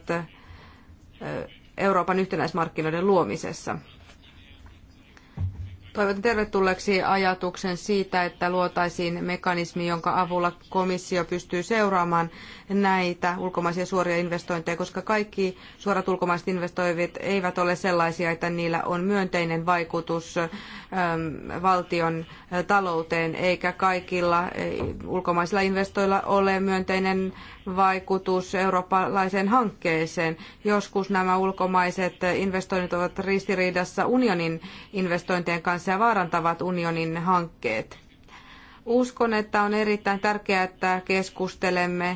Euroopan yhtenäismarkkinoiden luomisessa. Toivon tervetulleeksi ajatuksen siitä, että luotaisiin mekanismi, jonka avulla komissio pystyy seuraamaan näitä ulkomaisia suoria investointeja, koska kaikki suorat ulkomaiset investoivat eivät ole sellaisia, että niillä on myönteinen vaikutus ähm, valtion äh, talouteen, eikä kaikilla äh, ulkomaisilla investoilla ole myönteinen vaikutus eurooppalaiseen hankkeeseen. Joskus nämä ulkomaiset investoinnit ovat ristiriidassa unionin investointien kanssa ja vaarantavat unionin hankkeet. Uskon, että on erittäin tärkeää, että keskustelemme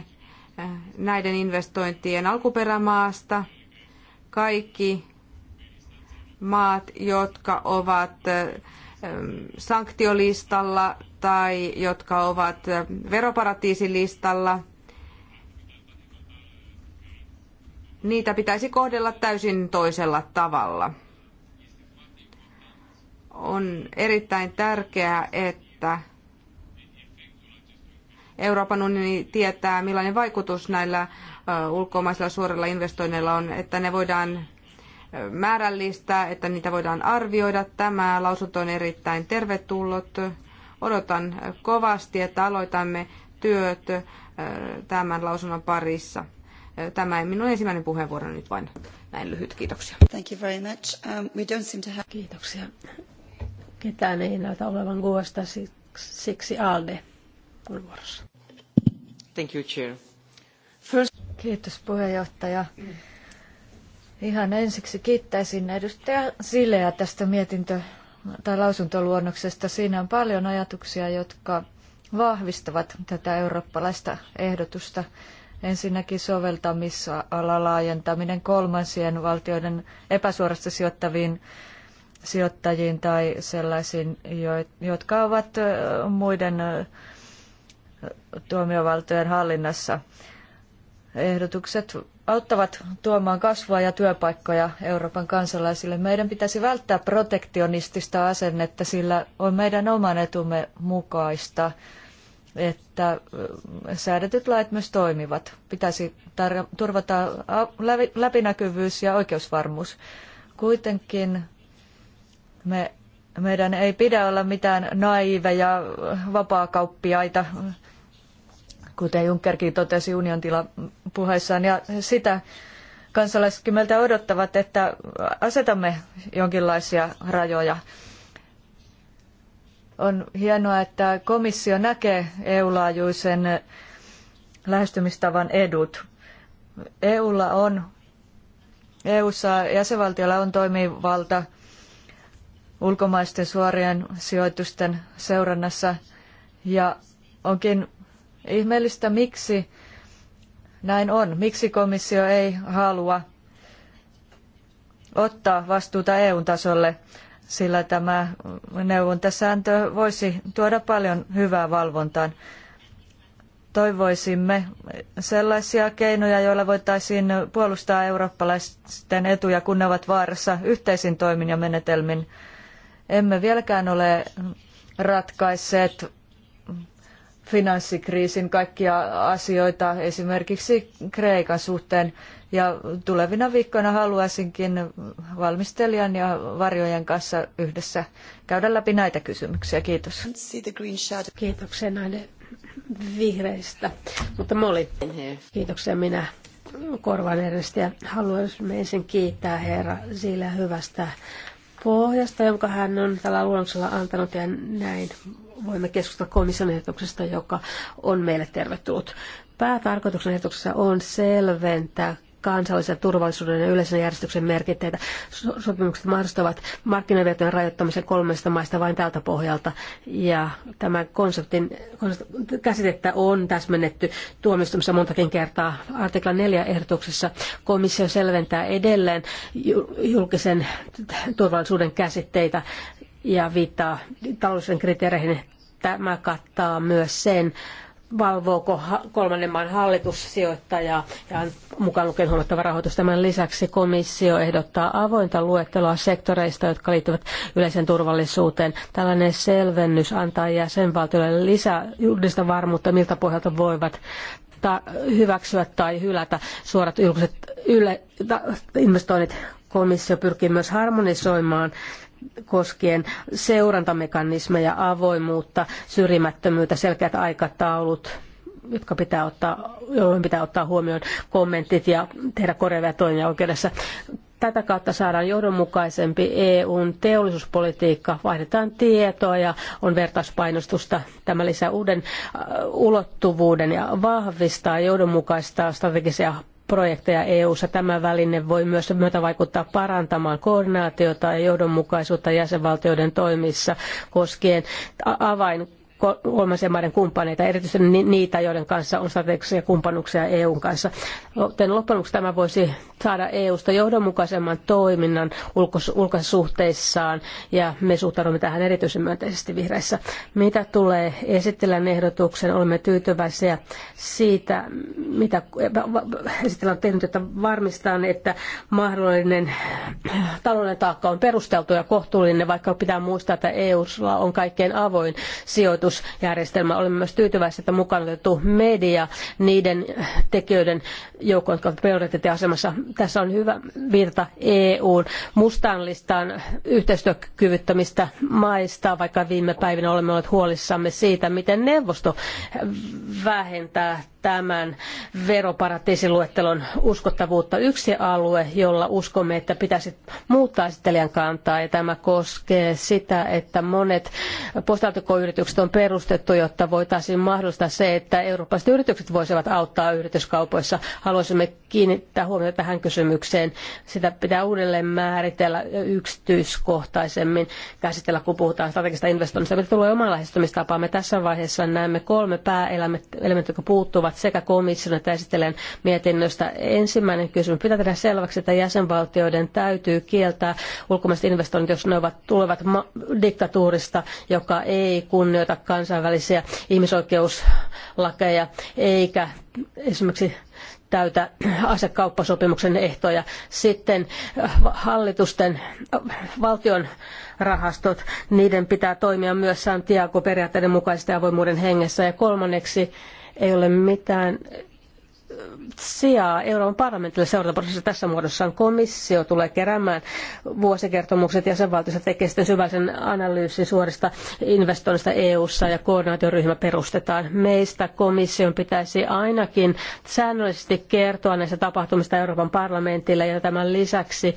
eh, näiden investointien alkuperämaasta. Kaikki maat, jotka ovat eh, sanktiolistalla tai jotka ovat eh, veroparatiisilistalla – niitä pitäisi kohdella täysin toisella tavalla. On erittäin tärkeää, että Euroopan unioni tietää, millainen vaikutus näillä ulkomaisilla suorilla investoinneilla on, että ne voidaan määrällistää, että niitä voidaan arvioida. Tämä lausunto on erittäin tervetullut. Odotan kovasti, että aloitamme työt tämän lausunnon parissa. Tämä on minun ensimmäinen puheenvuoro nyt vain näin lyhyt. Kiitoksia. Thank you very much. Um, we don't seem to have... Kiitoksia. Ketään ei näytä olevan kuvasta, siksi Alde on vuorossa. Thank you, Chair. First... Kiitos puheenjohtaja. Ihan ensiksi kiittäisin edustaja Sileä tästä mietintö- tai lausuntoluonnoksesta. Siinä on paljon ajatuksia, jotka vahvistavat tätä eurooppalaista ehdotusta. Ensinnäkin soveltamisalan laajentaminen kolmansien valtioiden epäsuorasti sijoittaviin sijoittajiin tai sellaisiin, jotka ovat muiden tuomiovaltojen hallinnassa. Ehdotukset auttavat tuomaan kasvua ja työpaikkoja Euroopan kansalaisille. Meidän pitäisi välttää protektionistista asennetta, sillä on meidän oman etumme mukaista että säädetyt lait myös toimivat. Pitäisi turvata läpinäkyvyys ja oikeusvarmuus. Kuitenkin me, meidän ei pidä olla mitään naiveja vapaakauppiaita, kuten Junckerkin totesi uniontila puheessaan, ja sitä kansalaisetkin meiltä odottavat, että asetamme jonkinlaisia rajoja on hienoa, että komissio näkee EU-laajuisen lähestymistavan edut. EUlla on, EUssa jäsenvaltiolla on toimivalta ulkomaisten suorien sijoitusten seurannassa ja onkin ihmeellistä, miksi näin on. Miksi komissio ei halua ottaa vastuuta EU-tasolle sillä tämä neuvontasääntö voisi tuoda paljon hyvää valvontaan. Toivoisimme sellaisia keinoja, joilla voitaisiin puolustaa eurooppalaisten etuja, kun ne ovat vaarassa yhteisin toimin ja menetelmin. Emme vieläkään ole ratkaisseet finanssikriisin kaikkia asioita esimerkiksi Kreikan suhteen. Ja tulevina viikkoina haluaisinkin valmistelijan ja varjojen kanssa yhdessä käydä läpi näitä kysymyksiä. Kiitos. Kiitoksia näille vihreistä. Mutta Molly, kiitoksia minä korvan edestä ja haluaisimme ensin kiittää herra Sillä hyvästä pohjasta, jonka hän on tällä luonnoksella antanut ja näin voimme keskustella komission ehdotuksesta, joka on meille tervetullut. Päätarkoituksen ehdotuksessa on selventää kansallisen turvallisuuden ja yleisen järjestyksen merkitteitä. Sopimukset mahdollistavat markkinavirtojen rajoittamisen kolmesta maista vain tältä pohjalta. Ja tämän konseptin käsitettä on täsmennetty tuomioistuimessa montakin kertaa. Artikla 4 ehdotuksessa komissio selventää edelleen julkisen turvallisuuden käsitteitä ja viittaa taloudellisen kriteereihin. Tämä kattaa myös sen, valvooko kolmannen maan hallitus sijoittajaa ja mukaan lukien huomattava rahoitus. Tämän lisäksi komissio ehdottaa avointa luetteloa sektoreista, jotka liittyvät yleisen turvallisuuteen. Tällainen selvennys antaa jäsenvaltioille lisää julkista varmuutta, miltä pohjalta voivat hyväksyä tai hylätä suorat julkiset investoinnit. Komissio pyrkii myös harmonisoimaan koskien seurantamekanismeja, avoimuutta, syrjimättömyyttä, selkeät aikataulut, jotka pitää ottaa, joihin pitää ottaa huomioon kommentit ja tehdä korjaavia toimia oikeudessa. Tätä kautta saadaan johdonmukaisempi EUn teollisuuspolitiikka, vaihdetaan tietoa ja on vertaispainostusta. Tämä lisää uuden äh, ulottuvuuden ja vahvistaa johdonmukaista strategisia projekteja EU-ssa. Tämä väline voi myös myötä vaikuttaa parantamaan koordinaatiota ja johdonmukaisuutta jäsenvaltioiden toimissa koskien avain kolmansien maiden kumppaneita, erityisesti niitä, joiden kanssa on strategisia kumppanuuksia EUn kanssa. Joten loppujen lopuksi tämä voisi saada EUsta johdonmukaisemman toiminnan ulkosuhteissaan ja me suhtaudumme tähän erityisen myönteisesti vihreissä. Mitä tulee esittelän ehdotuksen, olemme tyytyväisiä siitä, mitä esitellä on tehnyt, että varmistaan, että mahdollinen taloudellinen taakka on perusteltu ja kohtuullinen, vaikka pitää muistaa, että EUlla on kaikkein avoin sijoitusjärjestelmä. Olemme myös tyytyväisiä, että mukaan otettu media niiden tekijöiden joukko, jotka ovat prioriteettiasemassa tässä on hyvä virta EUn mustaan listaan yhteistyökyvyttömistä maista, vaikka viime päivinä olemme olleet huolissamme siitä, miten neuvosto vähentää tämän veroparatiisiluettelon uskottavuutta. Yksi alue, jolla uskomme, että pitäisi muuttaa esittelijän kantaa, ja tämä koskee sitä, että monet postaltikoyritykset on perustettu, jotta voitaisiin mahdollistaa se, että eurooppalaiset yritykset voisivat auttaa yrityskaupoissa. Haluaisimme kiinnittää huomiota tähän kysymykseen. Sitä pitää uudelleen määritellä yksityiskohtaisemmin käsitellä, kun puhutaan strategista investoinnista. Mitä tulee omaan lähestymistapaamme tässä vaiheessa, näemme kolme pääelementtiä, jotka puuttuvat sekä komission että esittelen mietinnöstä. Ensimmäinen kysymys. Pitää tehdä selväksi, että jäsenvaltioiden täytyy kieltää ulkomaiset investoinnit, jos ne ovat, tulevat diktatuurista, joka ei kunnioita kansainvälisiä ihmisoikeuslakeja eikä esimerkiksi täytä asekauppasopimuksen ehtoja. Sitten äh, hallitusten, äh, valtion rahastot, niiden pitää toimia myös Santiago-periaatteiden mukaisesti avoimuuden hengessä. Ja kolmanneksi ei ole mitään äh, sijaa Euroopan parlamentille seurantaprosessissa tässä muodossaan. Komissio tulee keräämään vuosikertomukset jäsenvaltiossa tekee sitten syvällisen analyysin suorista investoinnista EU-ssa ja koordinaatioryhmä perustetaan. Meistä komission pitäisi ainakin säännöllisesti kertoa näistä tapahtumista Euroopan parlamentille ja tämän lisäksi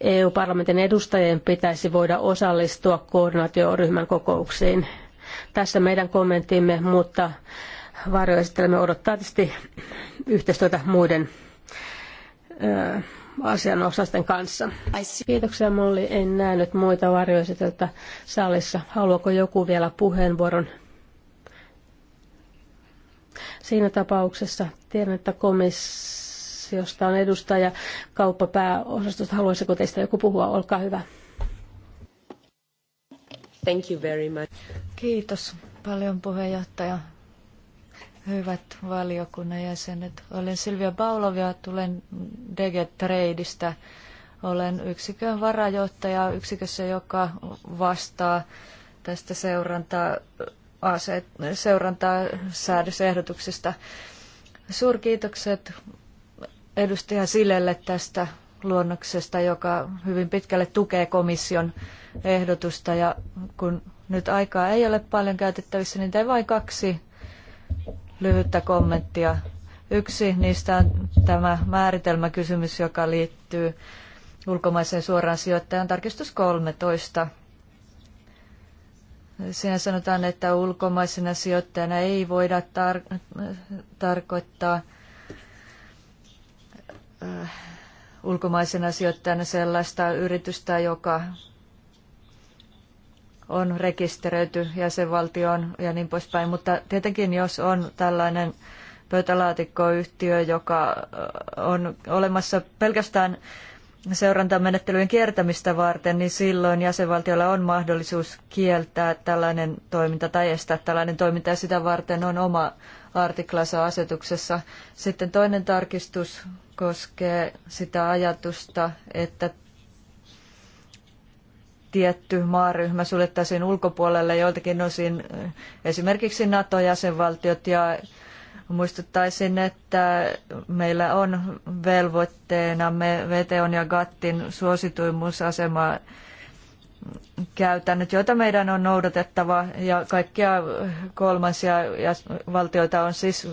EU-parlamentin edustajien pitäisi voida osallistua koordinaatioryhmän kokouksiin. Tässä meidän kommenttimme, mutta varjoesittelemme odottaa tietysti yhteistyötä muiden asianosaisten kanssa. Kiitoksia Molli. En nyt muita varjoesiteltä salissa. Haluaako joku vielä puheenvuoron? Siinä tapauksessa tiedän, että komissiosta on edustaja kauppapääosastosta. Haluaisiko teistä joku puhua? Olkaa hyvä. Thank you very much. Kiitos paljon puheenjohtaja. Hyvät valiokunnan jäsenet, olen Silvia Baulov ja tulen DG Tradeista. Olen yksikön varajohtaja yksikössä, joka vastaa tästä seurantaa, seurantaa Suurkiitokset edustaja Silelle tästä luonnoksesta, joka hyvin pitkälle tukee komission ehdotusta. Ja kun nyt aikaa ei ole paljon käytettävissä, niin tein vain kaksi lyhyttä kommenttia. Yksi niistä on tämä määritelmäkysymys, joka liittyy ulkomaiseen suoraan sijoittajan tarkistus 13. Siinä sanotaan, että ulkomaisena sijoittajana ei voida tar- tarkoittaa äh, ulkomaisena sijoittajana sellaista yritystä, joka on rekisteröity jäsenvaltioon ja niin poispäin. Mutta tietenkin jos on tällainen pöytälaatikkoyhtiö, joka on olemassa pelkästään seurantamenettelyjen kiertämistä varten, niin silloin jäsenvaltiolla on mahdollisuus kieltää tällainen toiminta tai estää tällainen toiminta ja sitä varten on oma artiklansa asetuksessa. Sitten toinen tarkistus koskee sitä ajatusta, että tietty maaryhmä suljettaisiin ulkopuolelle joiltakin osin esimerkiksi NATO-jäsenvaltiot ja muistuttaisin, että meillä on velvoitteena me VTOn ja GATTin suosituimmuusasema käytännöt, joita meidän on noudatettava ja kaikkia kolmansia valtioita on siis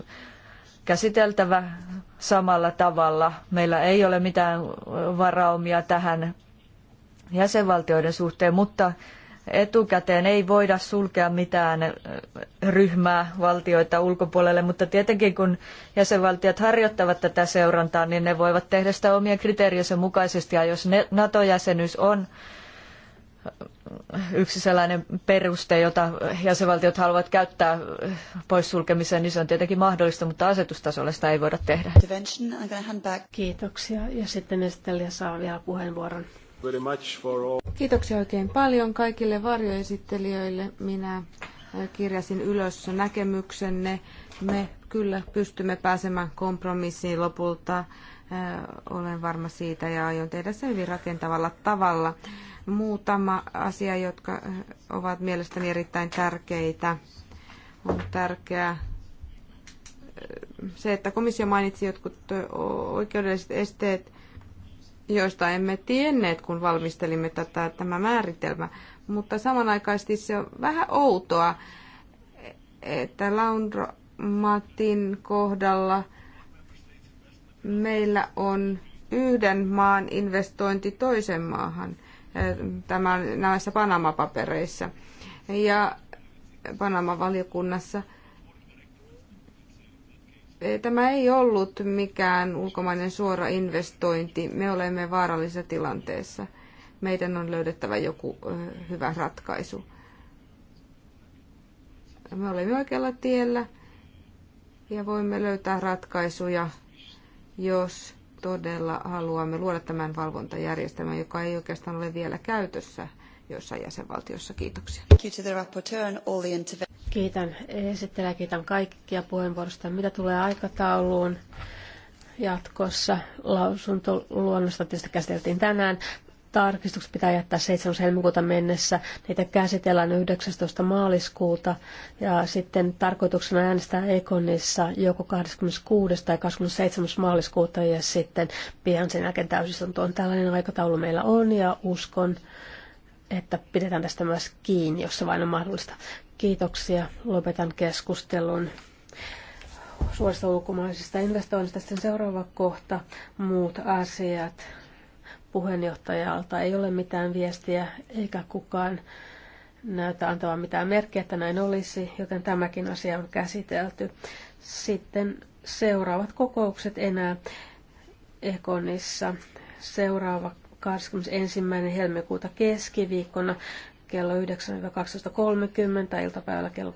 käsiteltävä samalla tavalla. Meillä ei ole mitään varaumia tähän jäsenvaltioiden suhteen, mutta etukäteen ei voida sulkea mitään ryhmää valtioita ulkopuolelle, mutta tietenkin kun jäsenvaltiot harjoittavat tätä seurantaa, niin ne voivat tehdä sitä omien kriteeriönsä mukaisesti, ja jos NATO-jäsenyys on yksi sellainen peruste, jota jäsenvaltiot haluavat käyttää poissulkemiseen, niin se on tietenkin mahdollista, mutta asetustasolla sitä ei voida tehdä. Kiitoksia. Ja sitten esittelijä saa vielä puheenvuoron. Kiitoksia oikein paljon kaikille varjoesittelijöille. Minä kirjasin ylös näkemyksenne. Me kyllä pystymme pääsemään kompromissiin lopulta. Olen varma siitä ja aion tehdä sen hyvin rakentavalla tavalla. Muutama asia, jotka ovat mielestäni erittäin tärkeitä. On tärkeää se, että komissio mainitsi jotkut oikeudelliset esteet joista emme tienneet, kun valmistelimme tätä, tämä määritelmä. Mutta samanaikaisesti se on vähän outoa, että Laundromatin kohdalla meillä on yhden maan investointi toisen maahan tämän, näissä Panama-papereissa ja Panama-valiokunnassa – Tämä ei ollut mikään ulkomainen suora investointi. Me olemme vaarallisessa tilanteessa. Meidän on löydettävä joku hyvä ratkaisu. Me olemme oikealla tiellä ja voimme löytää ratkaisuja, jos todella haluamme luoda tämän valvontajärjestelmän, joka ei oikeastaan ole vielä käytössä – joissain jäsenvaltioissa. Kiitoksia. Kiitän esittelijä, kiitän kaikkia puheenvuorosta. Mitä tulee aikatauluun jatkossa? Lausuntoluonnosta tietysti käsiteltiin tänään. Tarkistukset pitää jättää 7. helmikuuta mennessä. Niitä käsitellään 19. maaliskuuta ja sitten tarkoituksena äänestää Ekonissa joko 26. tai 27. maaliskuuta ja sitten pian sen jälkeen täysistuntoon. Tällainen aikataulu meillä on ja uskon, että pidetään tästä myös kiinni, jos se vain on mahdollista. Kiitoksia. Lopetan keskustelun suorista ulkomaisista investoinnista. Sitten seuraava kohta, muut asiat. Puheenjohtajalta ei ole mitään viestiä eikä kukaan näytä antavan mitään merkkiä, että näin olisi, joten tämäkin asia on käsitelty. Sitten seuraavat kokoukset enää Ekonissa. Seuraava 21. helmikuuta keskiviikkona kello 9-12.30 iltapäivällä kello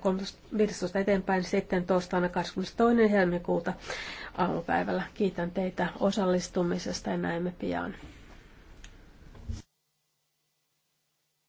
15 eteenpäin, sitten torstaina 22. helmikuuta aamupäivällä. Kiitän teitä osallistumisesta ja näemme pian.